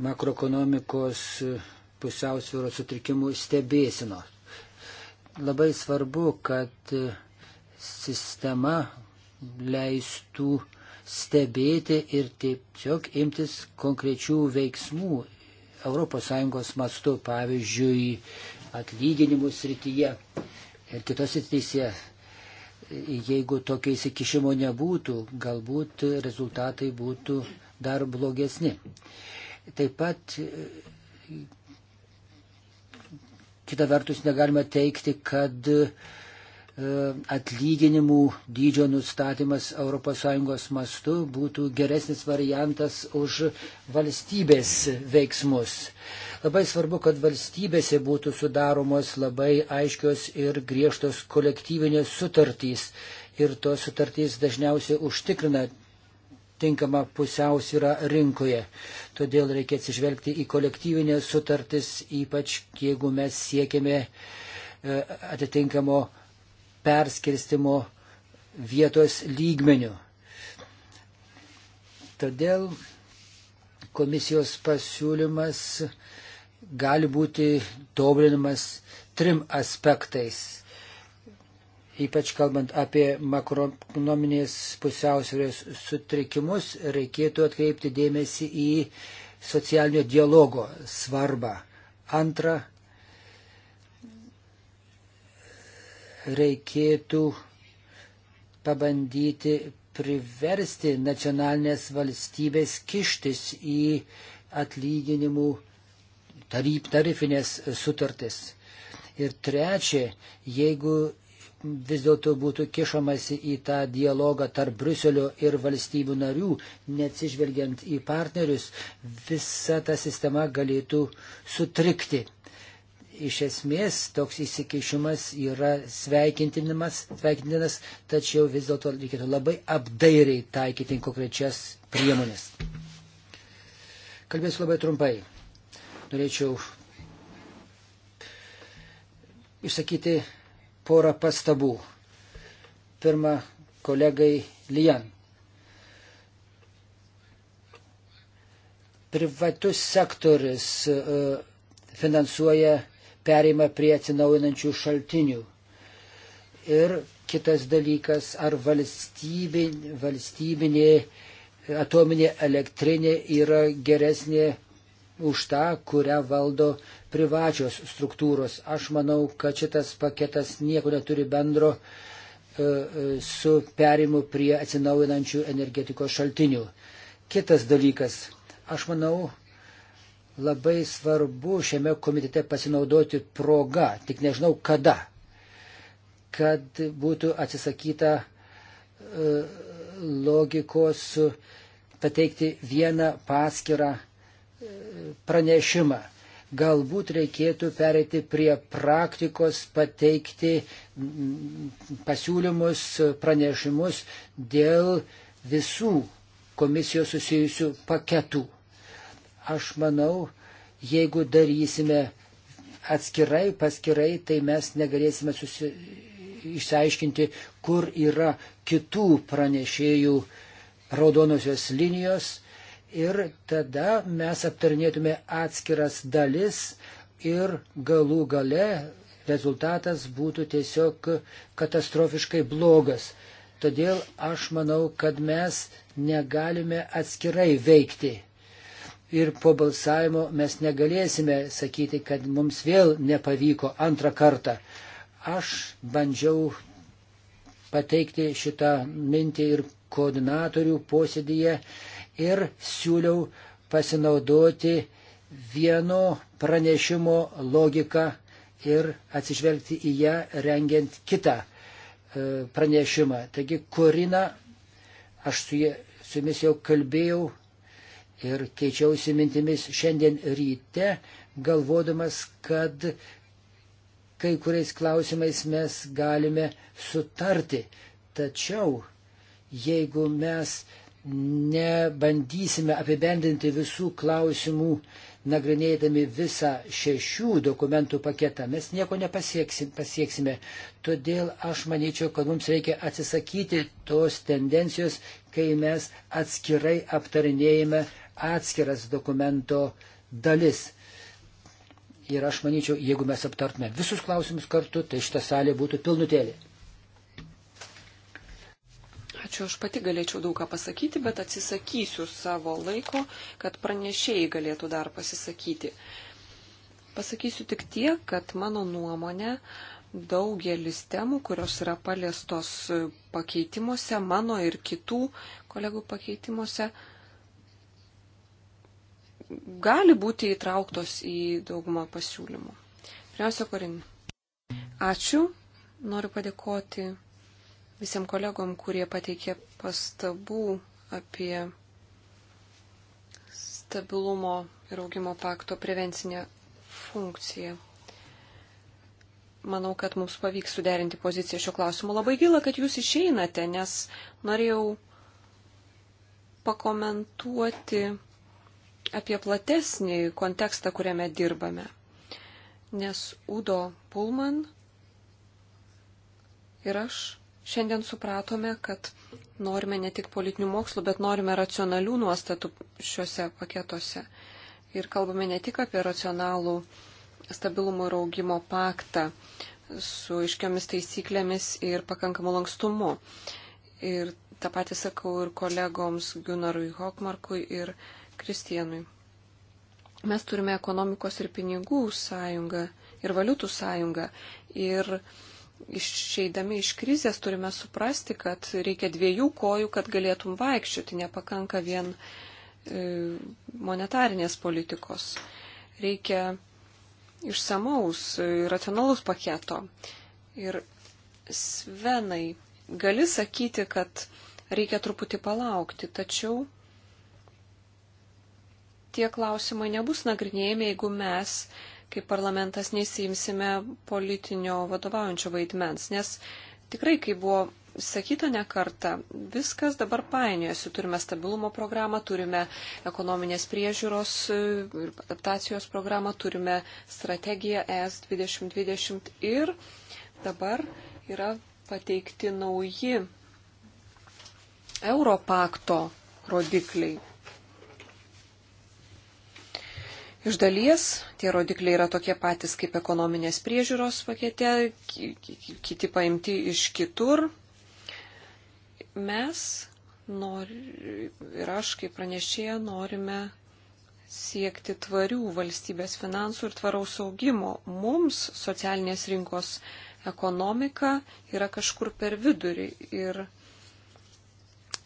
makroekonomikos pusiausvėros sutrikimų stebėsino. Labai svarbu, kad sistema leistų stebėti ir tiesiog imtis konkrečių veiksmų ES mastu, pavyzdžiui, atlyginimų srityje ir kitose srityse. Jeigu tokio įsikišimo nebūtų, galbūt rezultatai būtų dar blogesni. Taip pat Kita vertus, negalima teikti, kad e, atlyginimų dydžio nustatymas ES mastu būtų geresnis variantas už valstybės veiksmus. Labai svarbu, kad valstybėse būtų sudaromos labai aiškios ir griežtos kolektyvinės sutartys. Ir tos sutartys dažniausiai užtikrina tinkamą pusiausvyrą rinkoje. Todėl reikia atsižvelgti į kolektyvinę sutartis, ypač jeigu mes siekime e, atitinkamo perskirstimo vietos lygmenių. Todėl komisijos pasiūlymas gali būti tobulinamas trim aspektais ypač kalbant apie makroekonominės pusiausvės sutrikimus, reikėtų atkreipti dėmesį į socialinio dialogo svarbą. Antra, reikėtų pabandyti priversti nacionalinės valstybės kištis į atlyginimų taryb, tarifinės sutartis. Ir trečia, jeigu vis dėlto būtų kišamasi į tą dialogą tarp Bruselio ir valstybių narių, neatsižvelgiant į partnerius, visa ta sistema galėtų sutrikti. Iš esmės toks įsikišimas yra sveikintininas, tačiau vis dėlto reikėtų labai apdairiai taikyti konkrečias priemonės. Kalbėsiu labai trumpai. Norėčiau išsakyti porą pastabų. Pirma, kolegai Lijan. Privatus sektoris e, finansuoja pereimą prie atsinaujinančių šaltinių. Ir kitas dalykas, ar valstybinė, valstybinė atominė elektrinė yra geresnė už tą, kurią valdo uh, privačios struktūros. Aš manau, kad šitas paketas nieko neturi bendro e, e, su perimu prie atsinaujinančių energetikos šaltinių. Kitas dalykas, aš manau, labai svarbu šiame komitete pasinaudoti progą, tik nežinau kada, kad būtų atsisakyta e, logikos pateikti vieną paskirą pranešimą. Galbūt reikėtų pereiti prie praktikos, pateikti mm, pasiūlymus, pranešimus dėl visų komisijos susijusių paketų. Aš manau, jeigu darysime atskirai, paskirai, tai mes negalėsime susi... išsiaiškinti, kur yra kitų pranešėjų raudonosios linijos ir tada mes aptarnėtume atskiras dalis ir galų gale rezultatas būtų tiesiog katastrofiškai blogas. Todėl aš manau, kad mes negalime atskirai veikti. Ir po balsavimo mes negalėsime sakyti, kad mums vėl nepavyko antrą kartą. Aš bandžiau pateikti šitą mintį ir koordinatorių posėdėje ir siūliau pasinaudoti vieno pranešimo logiką ir atsižvelgti į ją rengiant kitą e, pranešimą. Taigi, Korina, aš su, jie, su jumis jau kalbėjau ir keičiausi mintimis šiandien ryte, galvodamas, kad kai kuriais klausimais mes galime sutarti. Tačiau, jeigu mes nebandysime apibendrinti visų klausimų, nagrinėdami visą šešių dokumentų paketą, mes nieko nepasieksime. Pasieksim, todėl aš manyčiau, kad mums reikia atsisakyti tos tendencijos, kai mes atskirai aptarinėjame atskiras dokumento dalis. Ir aš manyčiau, jeigu mes aptartume visus klausimus kartu, tai šita salė būtų pilnutėlė. Ačiū, aš pati galėčiau daug ką pasakyti, bet atsisakysiu savo laiko, kad pranešėjai galėtų dar pasisakyti. Pasakysiu tik tiek, kad mano nuomonė daugelis temų, kurios yra paliestos pakeitimuose, mano ir kitų kolegų pakeitimuose, gali būti įtrauktos į daugumą pasiūlymų. Pirmiausia, Korin. Ačiū. Noriu padėkoti visiem kolegom, kurie pateikė pastabų apie stabilumo ir augimo pakto prevencinę funkciją. Manau, kad mums pavyks suderinti poziciją šio klausimu. Labai gila, kad jūs išeinate, nes norėjau pakomentuoti apie platesnį kontekstą, kuriame dirbame. Nes Udo Pulman ir aš Šiandien supratome, kad norime ne tik politinių mokslų, bet norime racionalių nuostatų šiuose paketuose. Ir kalbame ne tik apie racionalų stabilumo ir augimo paktą su iškiomis taisyklėmis ir pakankamu lankstumu. Ir tą patį sakau ir kolegoms Gunarui Hokmarkui ir Kristienui. Mes turime ekonomikos ir pinigų sąjungą ir valiutų sąjungą. Ir išeidami iš krizės turime suprasti, kad reikia dviejų kojų, kad galėtum vaikščioti, nepakanka vien e, monetarinės politikos. Reikia išsamaus, racionalus paketo. Ir Svenai, gali sakyti, kad reikia truputį palaukti, tačiau tie klausimai nebus nagrinėjami, jeigu mes kaip parlamentas neįsijimsime politinio vadovaujančio vaidmens, nes tikrai, kaip buvo sakyta ne kartą, viskas dabar painiojasi. Turime stabilumo programą, turime ekonominės priežiūros e, ir adaptacijos programą, turime strategiją ES 2020 ir dabar yra pateikti nauji Europakto rodikliai. Iš dalies tie rodikliai yra tokie patys kaip ekonominės priežiūros pakete, kiti paimti iš kitur. Mes nori, ir aš kaip pranešėja norime siekti tvarių valstybės finansų ir tvaraus augimo. Mums socialinės rinkos ekonomika yra kažkur per vidurį ir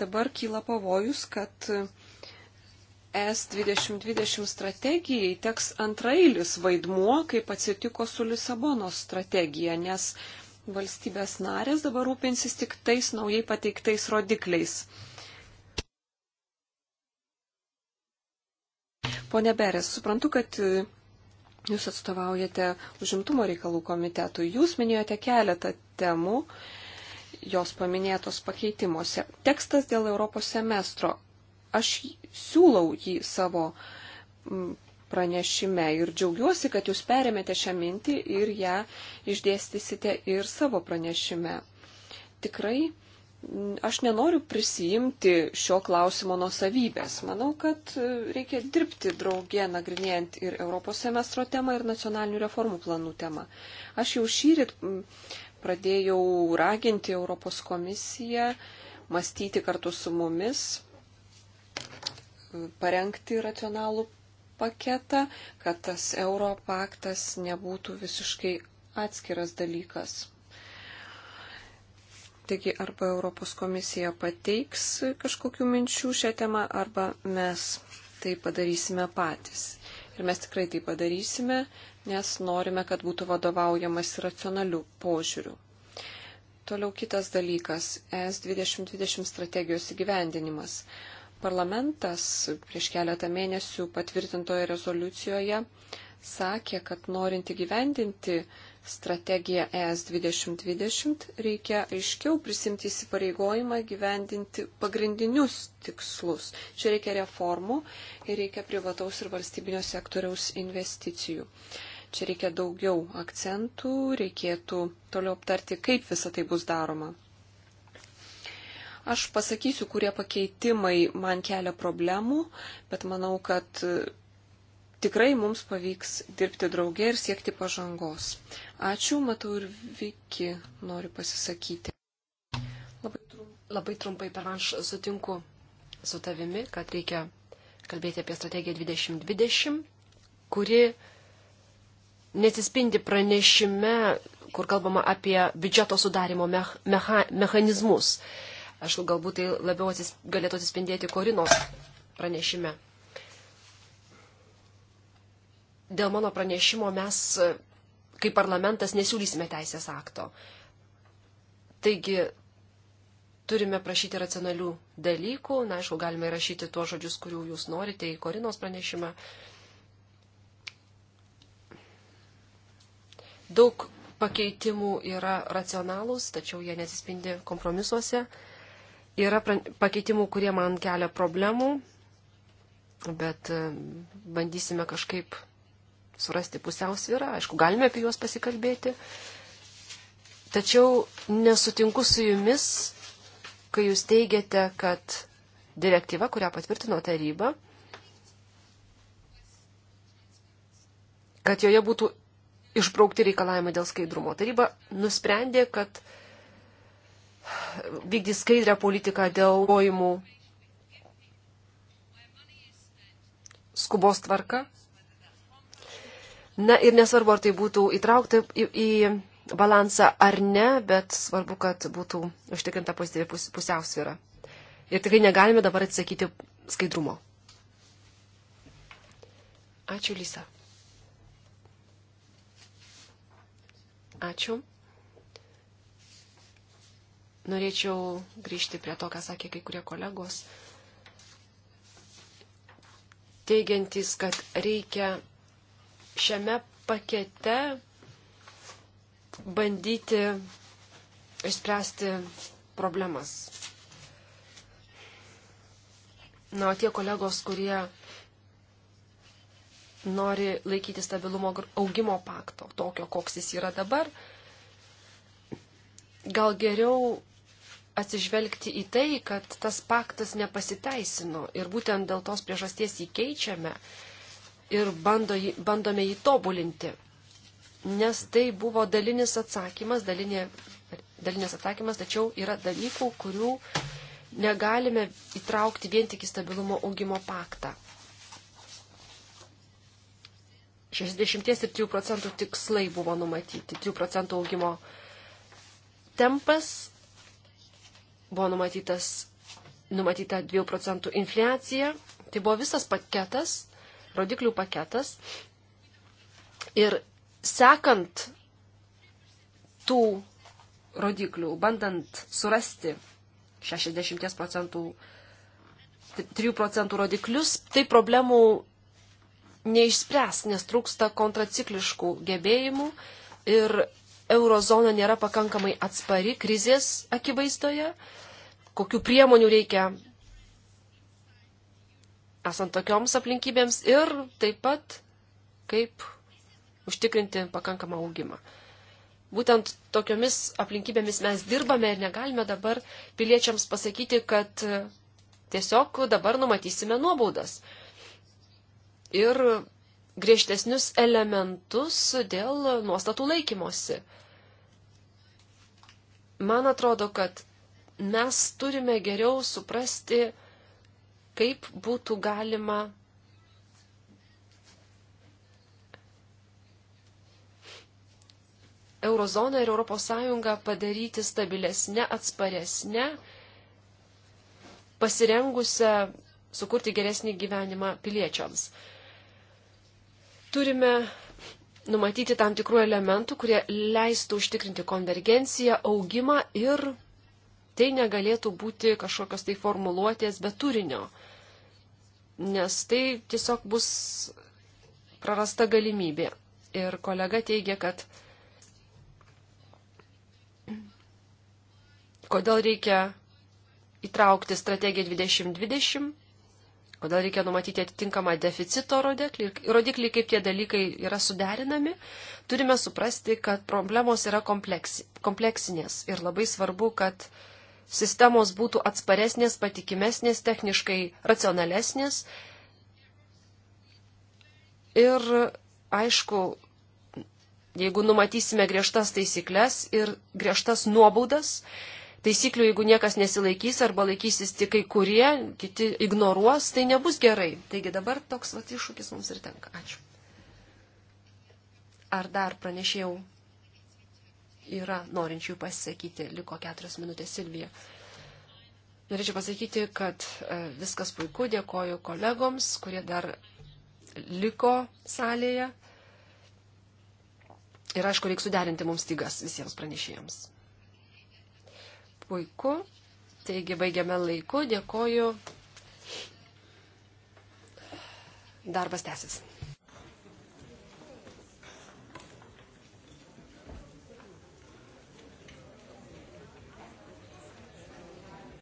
dabar kyla pavojus, kad ES 2020 strategijai teks antrailis vaidmuo, kaip atsitiko su Lisabonos strategija, nes valstybės narės dabar rūpinsis tik tais naujai pateiktais rodikliais. Pone Beres, suprantu, kad e, jūs atstovaujate užimtumo reikalų komitetui. Jūs minėjote keletą temų, jos paminėtos pakeitimuose. Tekstas dėl Europos semestro aš siūlau jį savo mm, pranešime ir džiaugiuosi, kad jūs perėmėte šią mintį ir ją išdėstysite ir savo pranešime. Tikrai mm, aš nenoriu prisijimti šio klausimo nusavybės. Manau, kad e, reikia dirbti draugė, nagrinėjant ir Europos semestro temą, ir nacionalinių reformų planų temą. Aš jau šyrit mm, pradėjau raginti Europos komisiją mąstyti kartu su mumis parengti racionalų paketą, kad tas Europaktas nebūtų visiškai atskiras dalykas. Taigi arba Europos komisija pateiks kažkokių minčių šią temą, arba mes tai padarysime patys. Ir mes tikrai tai padarysime, nes norime, kad būtų vadovaujamas racionalių požiūrių. Toliau kitas dalykas - S2020 strategijos įgyvendinimas. Parlamentas prieš keletą mėnesių patvirtintoje rezoliucijoje sakė, kad norint įgyvendinti strategiją ES 2020 reikia aiškiau prisimti įsipareigojimą gyvendinti pagrindinius tikslus. Čia reikia reformų ir reikia privataus ir valstybinio sektoriaus investicijų. Čia reikia daugiau akcentų, reikėtų toliau aptarti, kaip visa tai bus daroma. Aš pasakysiu, kurie pakeitimai man kelia problemų, bet manau, kad e, tikrai mums pavyks dirbti draugė ir siekti pažangos. Ačiū, matau ir Viki nori pasisakyti. Labai, trum, labai trumpai per aš sutinku su tavimi, kad reikia kalbėti apie strategiją 2020, kuri nesispindi pranešime, kur kalbama apie biudžeto sudarimo meha, mechanizmus. Meha, Aišku, galbūt tai labiau atsis, galėtų atsispindėti Korinos pranešime. Dėl mano pranešimo mes, kaip parlamentas, nesiūlysime teisės akto. Taigi, turime prašyti racionalių dalykų, na, aišku, galime įrašyti tuos žodžius, kurių jūs norite į Korinos pranešimą. Daug pakeitimų yra racionalūs, tačiau jie nesispindi kompromisuose. Yra pakeitimų, kurie man kelia problemų, bet e, bandysime kažkaip surasti pusiausvyrą. Aišku, galime apie juos pasikalbėti. Tačiau nesutinku su jumis, kai jūs teigiate, kad direktyva, kurią patvirtino taryba, kad joje būtų išbraukti reikalavimai dėl skaidrumo. Taryba nusprendė, kad vykdys skaidrę politiką dėl gojimų skubos tvarka. Na ir nesvarbu, ar tai būtų įtraukta į, į balansą ar ne, bet svarbu, kad būtų užtikrinta pozityvi pus, pusiausvyrą. Ir tikrai negalime dabar atsisakyti skaidrumo. Ačiū, Lisa. Ačiū. Norėčiau grįžti prie to, ką sakė kai kurie kolegos, teigiantys, kad reikia šiame pakete bandyti išspręsti problemas. Na, o tie kolegos, kurie nori laikyti stabilumo augimo pakto, tokio, koks jis yra dabar, gal geriau atsižvelgti į tai, kad tas paktas nepasiteisino ir būtent dėl tos priežasties jį keičiame ir bando, bandome jį tobulinti. Nes tai buvo dalinis atsakymas, dalinė, dalinis atsakymas, tačiau yra dalykų, kurių negalime įtraukti vien tik į stabilumo augimo paktą. 60 ir 3 procentų tikslai buvo numatyti, 3 procentų augimo tempas buvo numatytas, numatyta 2 procentų infliacija. Tai buvo visas paketas, rodiklių paketas. Ir sekant tų rodiklių, bandant surasti 60 procentų, 3 procentų rodiklius, tai problemų neišspręs, nes trūksta kontracikliškų gebėjimų ir eurozona nėra pakankamai atspari krizės akivaizdoje, kokiu priemonių reikia esant tokioms aplinkybėms ir taip pat kaip užtikrinti pakankamą augimą. Būtent tokiomis aplinkybėmis mes dirbame ir negalime dabar piliečiams pasakyti, kad tiesiog dabar numatysime nuobaudas. Ir griežtesnius elementus dėl nuostatų laikymosi. Man atrodo, kad mes turime geriau suprasti, kaip būtų galima Eurozoną ir ES padaryti stabilesnę, atsparesnę, pasirengusią sukurti geresnį gyvenimą piliečiams. Turime numatyti tam tikrų elementų, kurie leistų užtikrinti konvergenciją, augimą ir tai negalėtų būti kažkokios tai formuluotės be turinio, nes tai tiesiog bus prarasta galimybė. Ir kolega teigia, kad kodėl reikia įtraukti strategiją 2020 kodėl reikia numatyti atitinkamą deficito rodiklį, rodiklį kaip tie dalykai yra suderinami, turime suprasti, kad problemos yra kompleksi, kompleksinės ir labai svarbu, kad sistemos būtų atsparesnės, patikimesnės, techniškai racionalesnės. Ir aišku, jeigu numatysime griežtas taisyklės ir griežtas nuobaudas, taisyklių, jeigu niekas nesilaikys arba laikysis tik kai kurie, kiti ignoruos, tai nebus gerai. Taigi dabar toks vat, iššūkis mums ir tenka. Ačiū. Ar dar pranešėjau? Yra norinčių pasisakyti. Liko keturios minutės Silvija. Norėčiau pasakyti, kad e, viskas puiku. Dėkoju kolegoms, kurie dar liko salėje. Ir aišku, reiks suderinti mums stygas visiems pranešėjams. Puiku. Taigi baigiame laiku. Dėkoju. Darbas tęsis.